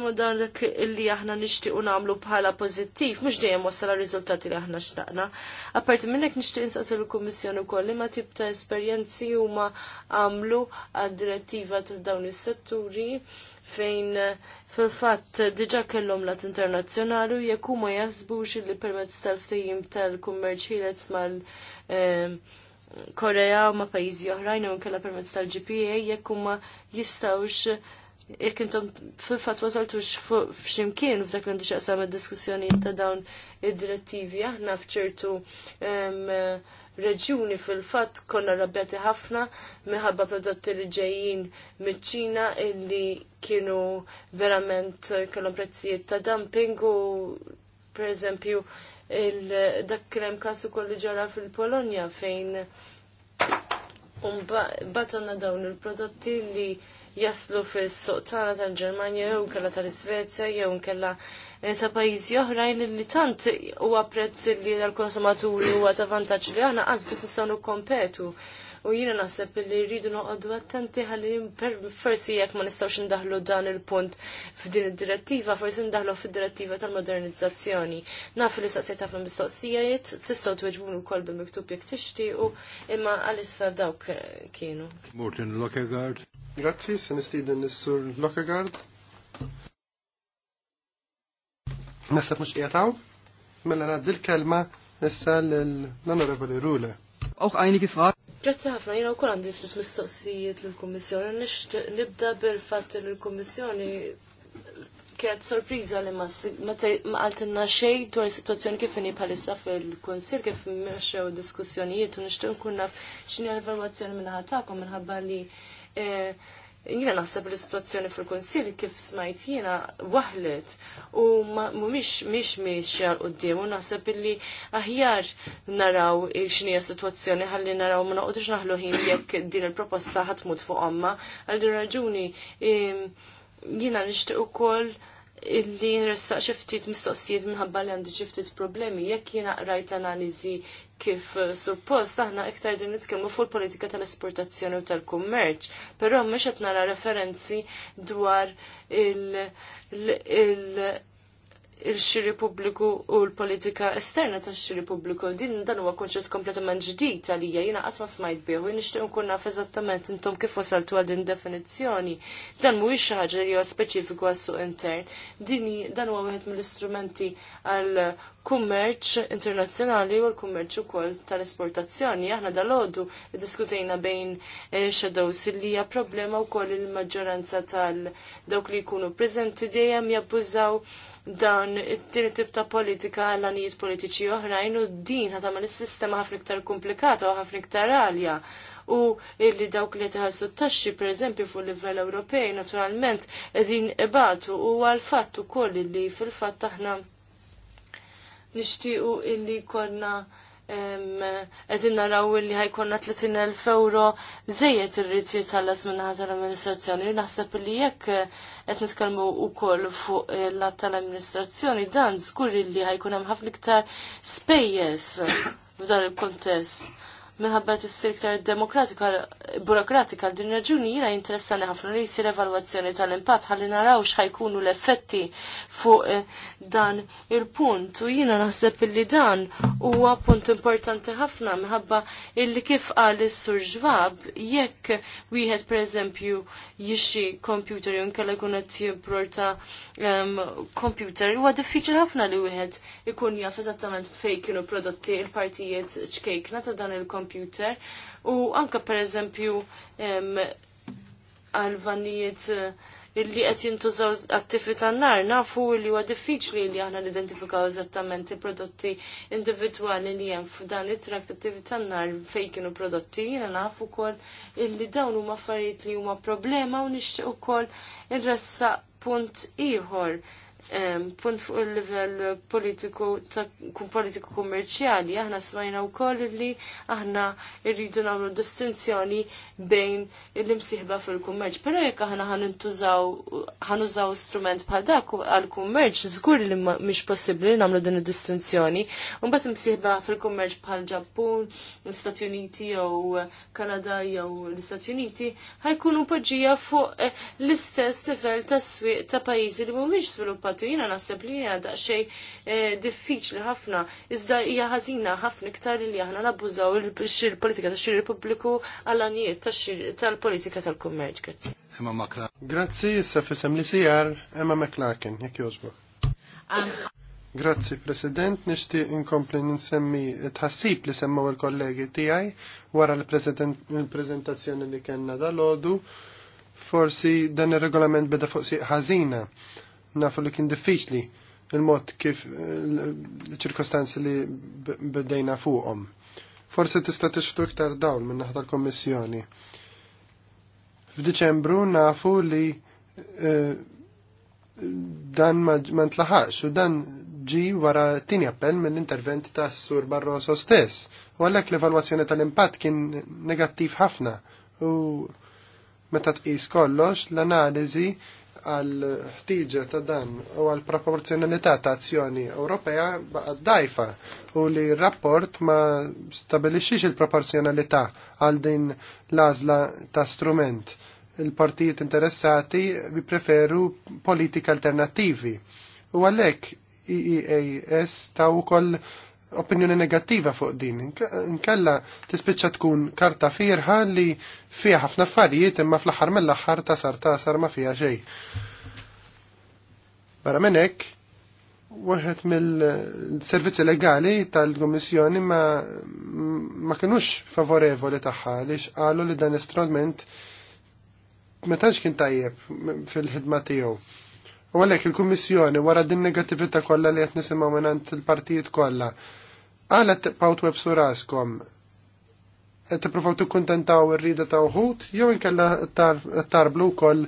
ma dan dak li aħna nixtiequ nagħmlu bħala pozittiv mhux dejjem wassal riżultati li aħna xtaqna. Apparti minnek nishtiq nixtieq insaqsel il-Kummissjoni wkoll ma tip ta' esperjenzi huma għamlu għad-direttiva ta' dawn is-setturi fejn Fil-fatt, diġa kellhom lat internazzjonali jekk huma jaħsbux li permezz tal-ftehim tal-kummerċ ħieles mal ehm, Korea ma' pajjiżi oħrajn u kella permezz tal-GPA jekk huma jistgħux jekk intom fil-fatt wasaltux f'ximkien f'dak li għandu xaqsam il diskussjoni ta' dawn id-direttivi aħna f'ċertu reġjuni fil-fatt konna rabjati ħafna minħabba prodotti li ġejjin miċ-Ċina illi kienu verament kellhom prezzijiet ta' dumping u pereżempju dak krem kasu kolli ġara fil-Polonja fejn un um, bat dawn il-prodotti li jaslu fil-suq tal-Ġermanja jew nkella tal-Iżvezja jew nkella eh, ta' pajjiżi oħrajn li tant huwa prezz li l-konsumaturi huwa ta' vantaġġ li aħna qas biss nistgħu nikkompetu. U jiena naħseb li rridu noqogħdu attenti ħalli forsi jekk ma nistgħux ndaħlu dan il-punt f'din id-direttiva, forsi ndaħlu fid-direttiva tal-modernizzazzjoni. Naf li saqsejt ħafna mistoqsijiet, tistgħu tweġbun wkoll bil-miktub jekk tixtiequ, imma għalissa dawk kienu. Morten Lockegaard. Grazzi, se nistiden nissur Lockegard. Nasab mux iħataw, mela naddi l-kelma nessa l-Onorevoli Rule. Auch einige fra. Grazzi ħafna, jina u kolandi għandi ftit mistoqsijiet l-Kommissjoni. nibda bil-fat l-Kommissjoni kienet sorpriza li ma għaltinna xej dwar situazzjoni kif inhi bħalissa fil-Kunsil kif mexxew diskussjonijiet u nixtieq nkun naf x'inhi l-evalwazzjoni minn ħatakom minħabba li Eh, jiena naħseb li situazzjoni fil-Kunsill kif smajt jina waħlet u mhumiex mhix mhix għal qudiem u naħseb illi aħjar naraw x'nija situazzjoni ħalli naraw ma noqgħodux naħlu ħin jekk din il-proposta ħadd tmut fuq omma għal din raġuni jiena nixtieq ukoll illi nressaq xi ftit mistoqsijiet minħabba li għandi xi ftit problemi jekk jiena rajt l-analiżi kif eh, suppost aħna iktar din nitkellmu fuq politika tal-esportazzjoni u tal-kummerċ, però mhux qed nara referenzi dwar il-, il il-xiri pubbliku u l-politika esterna ta' xiri pubbliku. Din dan huwa konċett kompletament ġdid għalija jiena qatt ma smajt bih u nixtieq nkun naf eżattament intom kif wasaltu għal din definizzjoni. Dan mhuwiex xi ħaġa li huwa speċifiku għas-suq intern. Din dan huwa wieħed mill-istrumenti għal kummerċ internazzjonali u l-kummerċ ukoll tal-esportazzjoni. Aħna dal-għodu diskutejna bejn eh, shadows li hija problema wkoll il-maġġoranza tal-dawk li jkunu preżenti dejjem jabbużaw dan din tip ta' politika għal anijiet politiċi oħrajn u din ħatamel is-sistema ħafna iktar komplikata u ħafna iktar għalja u illi dawk li tħassu taxxi per eżempju fuq livell Ewropej naturalment din ibatu u għal-fatt ukoll illi fil-fatt aħna nixtiequ illi konna għedin naraw illi ħajkonna 30.000 euro zejet irrit jitħallas minnaħat tal-amministrazzjoni. Naħseb li jekk qed nitkellmu wkoll fuq l-att tal-amministrazzjoni dan żgur li ħajkun hemm ħafna iktar spejjeż f'dan il-kontest minħabba tissir iktar demokratika burokratika din raġuni jiena interessani ħafna li jsir evalwazzjoni tal-impatt ħalli naraw x'ħajkunu l-effetti fuq eh, dan il-punt u jiena naħseb li dan huwa punt importanti ħafna minħabba illi kif qal is-sur ġwab jekk wieħed pereżempju jixi kompjuter jew inkella jkun qed jimporta ehm, computer huwa diffiċli ħafna li wieħed ikun jaf eżattament fejn kienu prodotti il-partijiet ċkejkna ta' dan il kompjuter computer u anka per eżempju għal-vanijiet eh, illi qed jintużaw attività tan-nar nafu li huwa diffiċli li aħna nidentifikaw eżattament il-prodotti individwali li hemm f'dan it-trakt attività tan-nar fejn kienu prodotti jiena nafu wkoll illi dawn huma affarijiet li huma problema u nixtieq ukoll irressa punt ieħor punt fuq il-livell politiku politiku kummerċjali, aħna smajna u koll li aħna irridu nagħmlu distinzjoni bejn il-imsiħba fil-kummerċ. Pero jekk aħna użaw strument bħal dak għal-kummerċ, żgur li mhix possibbli li nagħmlu din id-distinzjoni. Mbagħad imsiħba fil-kummerċ bħal Ġappun, l-Istati Uniti jew Kanada jew l-Istati Uniti ħajkunu poġġija fuq l-istess livell ta' swieq ta' pajjiżi li mhumiex żviluppati għaddu jina nasib li jina da xej eh, diffiċ li ħafna, izda hija ħazina ħafna iktar li aħna nabbużaw il-politika ta' xir Republiku għal-għaniet ta' xir tal-politika tal kummerġ Grazzi. Emma McClarkin. Grazzi, issa fisem li sijar Emma McClarkin, jek jozbu. Grazzi, President. Nishti inkompli ninsemmi tħassib li semmaw il-kollegi tijaj wara l-prezentazzjoni li kena dal-ħodu forsi dan il-regolament beda fuq siq ħażina nafu li kien diffiċli il-mod kif l-ċirkostanzi li bdejna fuqhom. Forse tista' tixtru iktar dawl minn naħa tal-Kommissjoni. F'Diċembru nafu li e, dan ma ntlaħax u dan ġi wara tini appell mill-intervent ta' Sur Barroso stess. U għalhekk l-evalwazzjoni tal-impatt kien negattiv ħafna u meta tqis kollox l-analiżi għal ħtiġa ta' dan u għal proporzjonalità ta' azzjoni Ewropea baqgħet dajfa u li r-rapport ma stabilixxix il-proporzjonalità għal din l-għażla ta' strument. Il-partijiet interessati preferu politika alternattivi u għalhekk EEAS ta' wkoll koll opinjoni negattiva fuq din. Nkella tispiċċa tkun karta firħa li fiha ħafna affarijiet imma fl-aħħar mill-aħħar tasar tasar ma fiha xejn. Barra minn hekk, wieħed mill-servizzi legali tal-Kummissjoni ma, ma kienux favorevoli tagħha għaliex qalu li dan l-istrument ma tantx kien tajjeb fil-ħidma tiegħu U għalhekk il-Kummissjoni wara din negattività kollha li qed nisimgħu minn il-partijiet kollha. Għala tibqgħu tweb suraskom qed tippruvaw tikkuntentaw ir rida ta' uħud jew inkella tarblu wkoll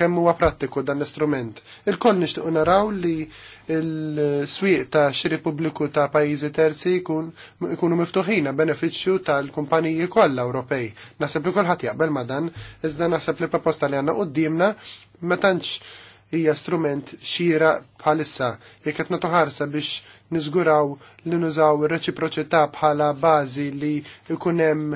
kemm huwa prattiku dan l-istrument. Il-koll nixtiequ naraw li l-swieq ta' xiri pubbliku ta' pajjiżi terzi jkunu miftuħina benefiċċju tal-kumpaniji kollha Ewropej. Naħseb li kulħadd jaqbel ma' dan, iżda naħseb li proposta li għandna qudiemna ma tantx hija strument xira bħalissa jekk qed nagħtu ħarsa biex niżguraw li nużaw ir-reċiproċità bħala bażi li jkun hemm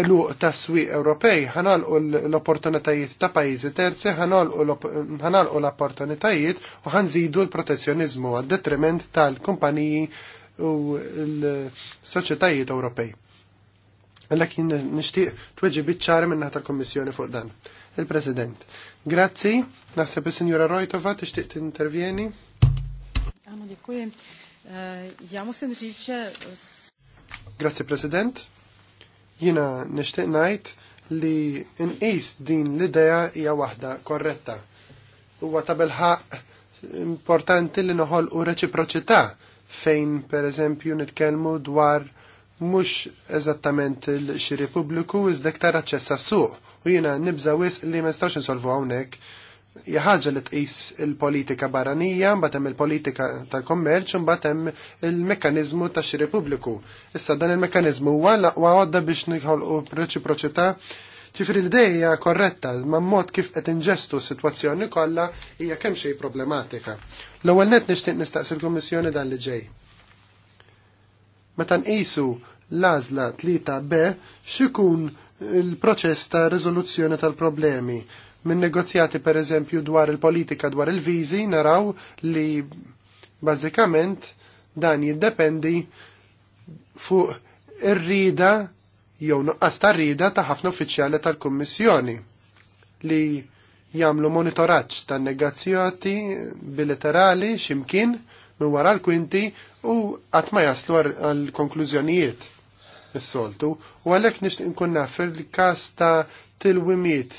eluq ta' swieq Ewropej ħanalqu l-opportunitajiet ta' pajjiżi terzi, ħanalqu l-opportunitajiet u ħanżidu l-protezzjonizmu għad detriment tal-kumpaniji u l-soċjetajiet Ewropej. Għallak nishtiq t-weġi bitċar minna tal-Kommissjoni fuq dan. Il-President, Grazzi, naħseb il-Sinjura Rojtova tixtieq tintervjeni. Għamu dziękuję. E, ja musim ġiċe. Grazzi, President. Jina nishtiq najt li nqis din l-idea hija waħda korretta. Huwa ta' ħaq importanti li noħol u reċiproċità fejn per eżempju nitkellmu dwar mhux eżattament l-xiri pubbliku iżda aktar aċċess għas-suq u jiena nibża wis li ma nistax insolvu hawnhekk ħaġa li tqis il-politika barranija, mbagħad hemm il-politika tal-kommerċ, mbagħad hemm il-mekkaniżmu ta' xiri repubbliku. Issa dan il-mekkaniżmu huwa laqwa għodda biex nħolqu reċiproċità Ġifri l-ideja korretta, ma mod kif qed inġestu s-sitwazzjoni kollha hija kemm xejn problematika. L-ewwel net nixtieq nistaqsi l-Kummissjoni dan li ġej. Meta nqisu l-għażla tlieta B x'ikun il-proċess ta' riżoluzzjoni tal-problemi. Min negozjati per eżempju dwar il-politika dwar il-viżi naraw li bażikament dan jiddependi fuq ir-rida jew nuqqas ta' rida ta' ħafna uffiċjali tal-Kummissjoni li jagħmlu monitoraġġ tan negozjati bilaterali x'imkien minn wara l-kwinti u qatt ma jaslu għal konklużjonijiet s-soltu, u għalek nixtieq inkun naffer li kas ta' til-wimiet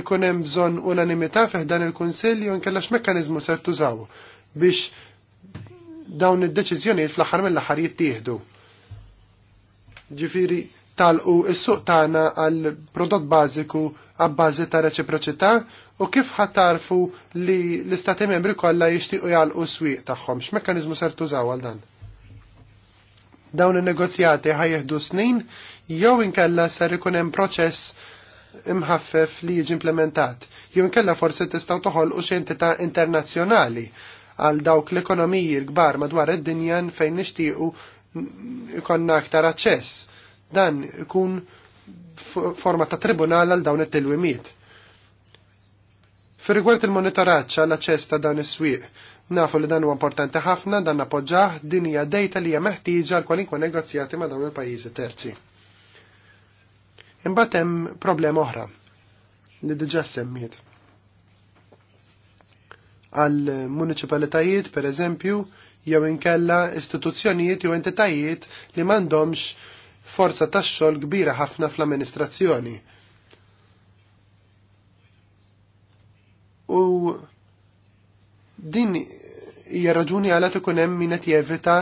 ikun hemm bżonn unanimità fih dan il-Kunsill u nkellax mekkaniżmu ser tużaw biex dawn id-deċiżjonijiet fl-aħħar mill-aħħar jittieħdu. Ġifieri talqu is-suq tagħna għal prodott bażiku għabbażi ta' reċiproċità u kif ħatarfu li l-istati membri kollha jixtiequ jgħalqu swieq tagħhom x'mekkaniżmu ser tużaw għal dan? Dawn in-negozjati ħajjeħdu snin jew inkella ser ikun hemm proċess imħaffef li jiġi implementat. Jew inkella forsi tistgħu toħolqu u xentita internazzjonali għal dawk l-ekonomiji l-kbar madwar id-dinja fejn nixtiequ ikonna aktar aċċess. Dan ikun forma ta' tribunal għal dawn it-tilwimiet. Fir rigward il monitoraċċa għall aċċess ta' dawn is-swieq, Nafu li dan huwa importanti ħafna, dan appoġġaħ din hija dejta li hija meħtieġa għal kwalinkwa negozjati ma' dawn il-pajjiżi terzi. Imbagħad hemm problema oħra li diġà semmiet. Għal municipalitajiet, per eżempju, jew inkella istituzzjonijiet jew entitajiet li m'għandhomx forza tax-xogħol kbira ħafna fl-amministrazzjoni. U Din hija raġuni għala ikun hemm min qed jevita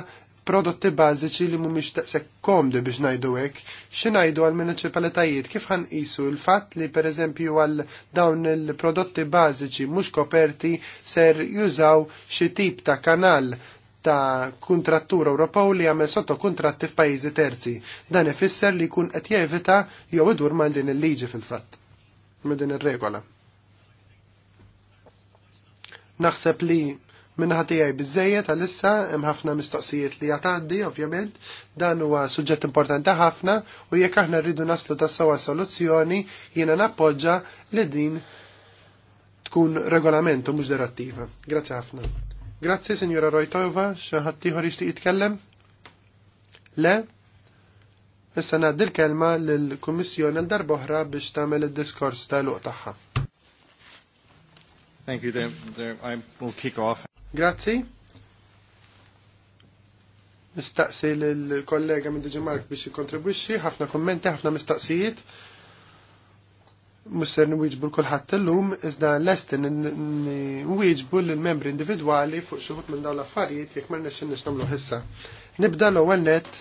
prodotti bażiċi li mhumiex taqsek komdi biex ngħidu hekk. X'ingħidu għall municipalitajiet kif ħanqisu l-fatt li pereżempju għal dawn il-prodotti bażiċi mhux koperti ser jużaw xi tip ta' kanal ta' kontrattur Ewropew li għamel sotto kontratti f'pajjiżi terzi. Dan ifisser li jkun qed jevita jew idur mal din il-liġi fil-fatt. Ma' din ir-regola. Naħseb li minnaħat tijaj bizzejiet għalissa hemm ħafna mistoqsijiet li jataddi, ovvjament, dan huwa suġġett importanti ħafna u jekk aħna rridu naslu ta' sewa soluzzjoni jiena nappoġġa li din tkun regolamentu mux mhux direttiva. Grazzi ħafna. Grazzi, Sinjora Rojtova, xi ħadd ieħor jitkellem? Le? Issa ngħaddi l-kelma lill-Kummissjoni l darboħra biex tagħmel id-diskors tal-luq tagħha. Thank you. There, there, I will kick off. Grazzi. Nistaqsi l-kollega minn Mark biex jikkontribwixxi. ħafna kommenti, ħafna mistaqsijiet. Musser nwieġbu l-kulħadd illum, iżda lestin nwieġbu l-membri individwali fuq xi minn dawn l-affarijiet jekk ma rnexxinniex nagħmlu ħissa. Nibda l-ewwel net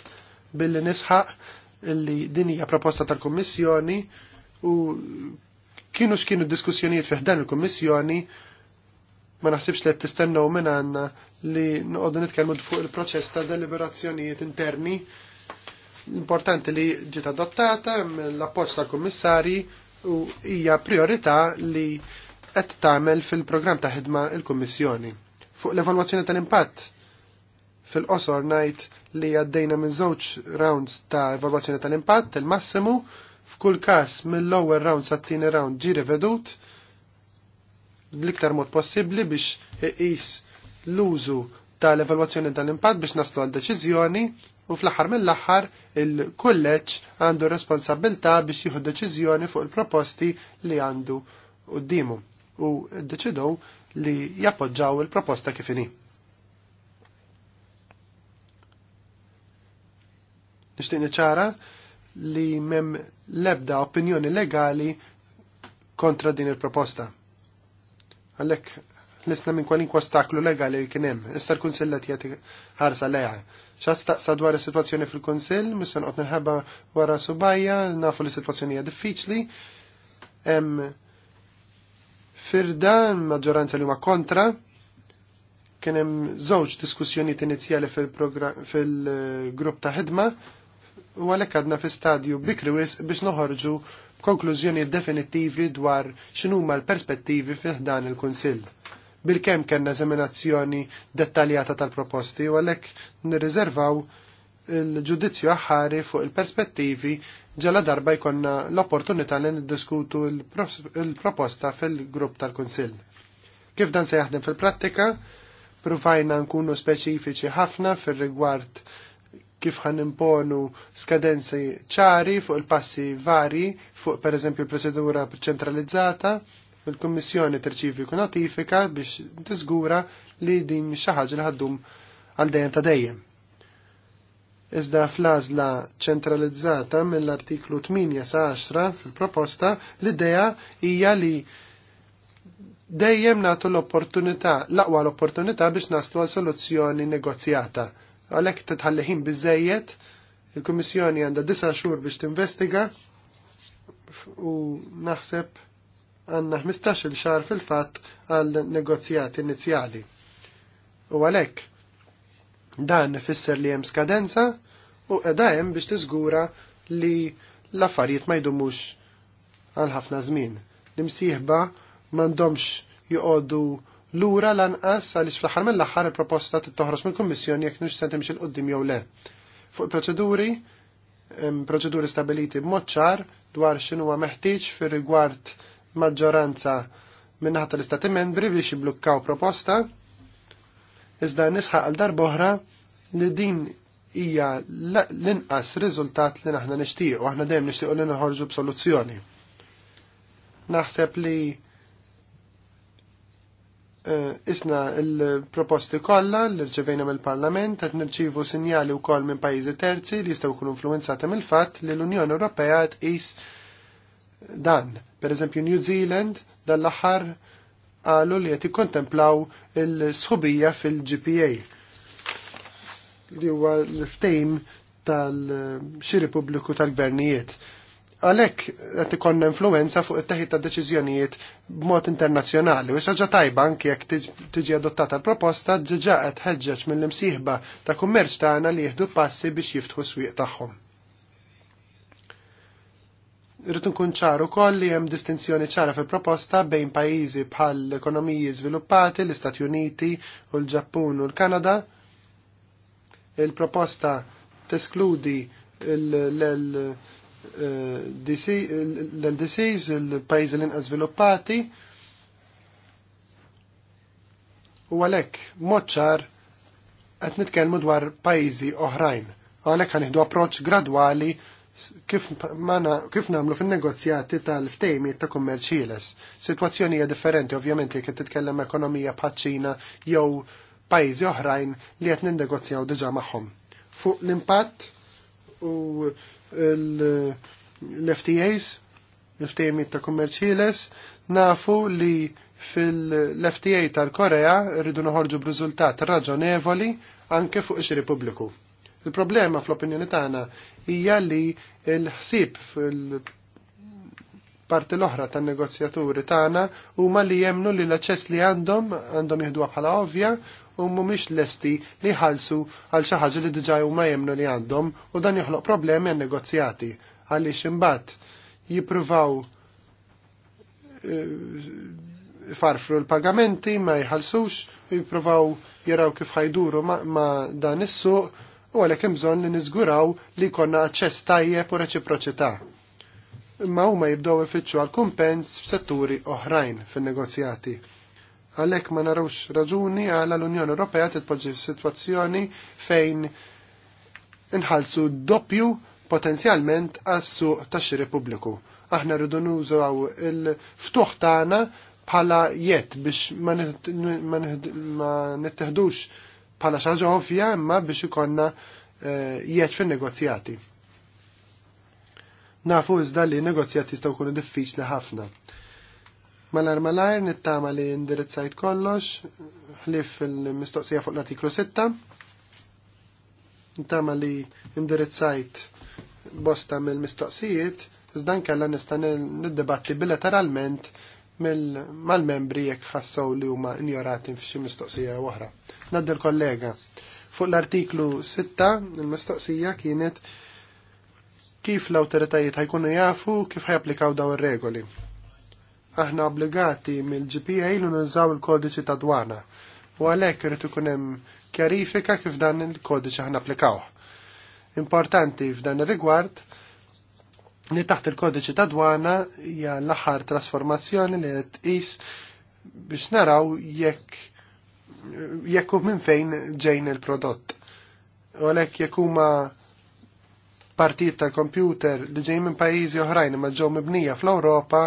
billi nisħaq li din hija proposta tal-Kummissjoni u kienu x'kienu diskussjonijiet fiħdan il-Kummissjoni ma naħsibx li tistennew minn għandna li noqogħdu nitkellmu fuq il-proċess ta' deliberazzjonijiet interni. l Importanti li ġiet adottata l-appoġġ tal-kummissari u hija priorità li qed tagħmel fil-programm ta' ħidma il-Kummissjoni. Fuq l-evalwazzjoni tal-impatt fil-qosor ngħid li għaddejna minn żewġ rounds ta' evalwazzjoni tal-impatt il-massimu il massimu F'kull każ mill lower round sat-tieni round ġi vedut bl-iktar mod possibbli biex iqis l-użu tal-evalwazzjoni tal-impatt biex naslu għal deċiżjoni u fl-aħħar mill-aħħar il-kulleġġ għandu responsabilta biex jieħu deċiżjoni fuq il-proposti li għandu quddiemu u deċidow li jappoġġaw il-proposta kif inhi. Nixtieq niċara li mem lebda opinjoni legali kontra din il-proposta. Għallek, l-isna minn kwalinkwa ostaklu legali li kienem, issa l-Kunsill għati għati ħarsa leja. ċat staqsa dwar il-situazzjoni fil-Kunsill, missan qot nħabba wara subajja, nafu li situazzjoni hija diffiċli, em firda, maġġoranza li ma kontra, kienem żewġ diskussjonijiet inizjali fil-grupp fil ta' ħidma, u għalhekk għadna fi stadju bikri wis biex noħorġu konklużjoni definittivi dwar x'inhuma l-perspettivi fih dan il-Kunsill. Bilkemm kien eżaminazzjoni dettaljata tal-proposti u għalhekk nirriservaw il-ġudizzju aħħari fuq il-perspettivi ġala darba jkonna l-opportunità li niddiskutu il-proposta fil-grupp tal-Kunsill. Kif dan se jaħdem fil-prattika? Provajna nkunu speċifiċi ħafna fil-rigward kif ħan imponu skadenzi ċari fuq il-passi vari, fuq per eżempju il proċedura ċentralizzata, il-Kommissjoni terċivi kun notifika biex tiżgura li din xi ħaġa li ħaddum għal dejjem ta' dejjem. Iżda fl-għażla ċentralizzata mill-artiklu 8 sa 10 fil-proposta l-idea hija li dejjem nagħtu l-opportunità, l-aqwa l-opportunità biex naslu għal soluzzjoni negozjata għalhekk t ħin biżejjed, il-Kummissjoni għandha disa' xhur biex tinvestiga u naħseb għandna 15-il xahar fil-fatt għal negozjat inizjali. U għalhekk dan ifisser li hemm skadenza u qiegħda hemm biex tiżgura li l-affarijiet ma jdumux għal ħafna żmien. L-imsieħba m'għandhomx joqogħdu lura lanqas għaliex fl-aħħar mill-aħħar il-proposta t-toħros mill-Kummissjoni jekk nux se xil l-qudiem jew le. Fuq proċeduri proċeduri stabiliti b'mod ċar dwar x'inhu meħtieġ fir-rigward maġġoranza minnaħat tal-istati membri biex jiblukkaw proposta, iżda nisħaq għal darboħra li din hija l-inqas riżultat li naħna nixtieq u aħna dejjem nixtiequ li noħorġu b'soluzzjoni. Naħseb li Eh, isna il-proposti kollha li rċevejna mill-Parlament qed nirċivu sinjali wkoll minn pajjiżi terzi li jistgħu kun influenzati mill-fatt li l-Unjoni Ewropea tqis dan. Pereżempju New Zealand dal-aħħar qalu li qed ikkontemplaw il-sħubija fil-GPA li huwa l-ftejm tal-xi Repubbliku tal-Gvernijiet. tal xi repubbliku tal gvernijiet tal tal gvernijiet għalhekk qed ikonna influenza fuq it-teħid ta' deċiżjonijiet b'mod internazzjonali u xaġa tajba anke jekk tiġi adottata l-proposta ġiġa qed ħeġġeġ mill-imsieħba ta' kummerċ tagħna li jieħdu passi biex jiftħu swieq tagħhom. Irrid nkun ċaru koll li hemm distinzjoni ċara fil-proposta bejn pajjiżi bħal ekonomiji żviluppati, l-Istati Uniti u l-Ġappun u l-Kanada. Il-proposta teskludi l l-LDCs, il-pajzi l-inqas sviluppati, u għalek moċċar għet nitkelmu dwar pajzi oħrajn. Għalek għaniħdu approċ gradwali kif, mana, kif namlu fin-negozjati tal-ftejmi ta' kummerċiles. Situazzjoni hija differenti, ovvjament, jekk titkellem ekonomija bħaċ-Ċina jew pajjiżi oħrajn li qed ninnegozjaw diġà magħhom. Fuq l-impatt u l-FTAs, l-FTAs ta' kummerċiles, nafu li fil-FTA tal-Korea rridu noħorġu b'riżultat raġonevoli anke fuq ix pubbliku. Il-problema fl-opinjoni tagħna hija li l-ħsieb fil parti l-oħra tan negozjaturi tagħna huma li jemnu li l-aċċess li għandhom għandhom jieħduha bħala ovvja u mhumiex lesti li jħallsu għal xi ħaġa li diġà huma jemnu li għandhom u dan joħloq problemi għan negozjati għaliex imbagħad jippruvaw eh, farfru l-pagamenti ma jħalsux jippruvaw jaraw kif ħajduru ma, ma dan is-suq u għalhekk hemm bżonn li niżguraw li jkollna aċċess tajjeb u reċiproċità imma huma jibdew ifittxu għal kumpens f'setturi oħrajn fin-negozjati. Għalhekk ma narawx raġuni għal l-Unjoni Ewropea titpoġġi f'sitwazzjoni fejn inħalsu doppju potenzjalment għas-suq tax-xiri pubbliku. Aħna rridu nużaw il-ftuħ tagħna bħala jett biex ma nitteħdux bħala xaġa ovvja imma biex ikonna eh, jett fin-negozjati. Nafu iżda li negozjat jistgħu jkunu diffiċli ħafna. Malar malajr nittama li indirizzajt kollox, ħlif il-mistoqsija fuq l-artiklu 6. Nittama li indirizzajt bosta mill-mistoqsijiet, iżdan kalla nistan niddebatti bilateralment mal-membri jekk ħassaw li huma injorati f'xi mistoqsija oħra. Naddi kollega Fuq l-artiklu 6, il-mistoqsija kienet kif l-autoritajiet ħajkunu jafu kif ħajapplikaw daw ir-regoli. Aħna obbligati mill-GPA li nużaw il-kodiċi ta' dwana u għalhekk irid ikun hemm kjarifika kif dan il-kodiċi ħana applikaw. Importanti f'dan ir-rigward li taħt il-kodiċi ta' dwana hija l-aħħar trasformazzjoni li qed tqis biex naraw jekk jekk minn fejn ġejn il-prodott. U għalhekk jekk huma Partijiet tal-kompjuter li ġej minn pajjiżi oħrajn imma ġew mibnija fl-Ewropa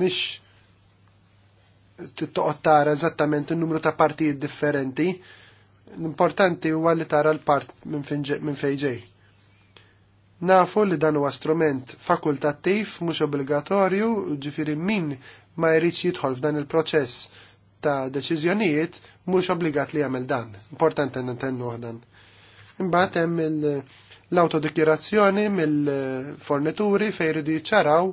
mhix toqgħod tara eżattament in-numru ta' partijiet differenti. L-importanti huwa li tara l-part minn fejn ġej. Nafu li dan huwa strument fakultattiv mhux obbligatorju, ġifieri min ma jridx jidħol f'dan il-proċess ta' deċiżjonijiet mhux obbligat li jagħmel dan. Importanti nintennu dan. Imbagħad hemm l-autodikjerazzjoni mill-fornituri fejn iridu jiċċaraw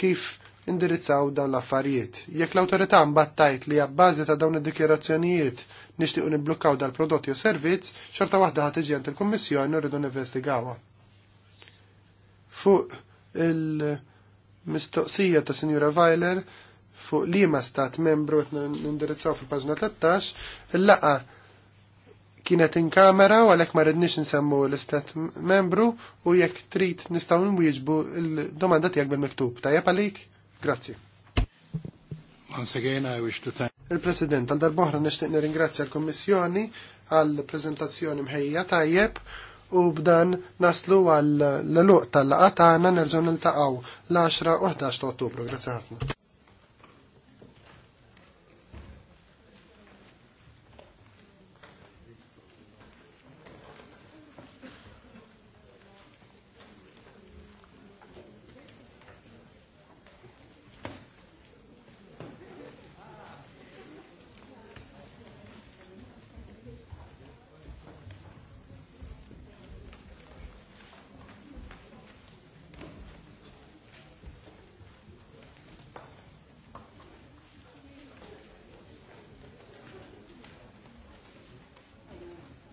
kif indirizzaw dawn l-affarijiet. Jekk l-awtorità mbagħad tajt li għabbażi ta' dawn id-dikjerazzjonijiet nixtiequ nibblukkaw dal-prodotti u servizz, xorta waħda ħad tiġi għand il-Kummissjoni rridu ninvestigawha. Fuq il-mistoqsija ta' Sinjura Weiler fuq li ma stat membru nindirizzaw fil-paġna 13, il-laqa kienet in kamera u għalek ma rednix nsemmu l-istat membru u jekk trid nistaw nwieġbu il-domanda tiegħek bil-miktub. Tajjeb għalik? Grazzi. Once again, I wish to thank... Il-President, għal darboħra nishtiq nirringrazzja l-Kommissjoni għal prezentazzjoni mħejja tajjeb u b'dan naslu għal l-luq tal-laqatana nerġu nil-taqaw l-10 u 11 ta' ottubru. Grazie ħafna.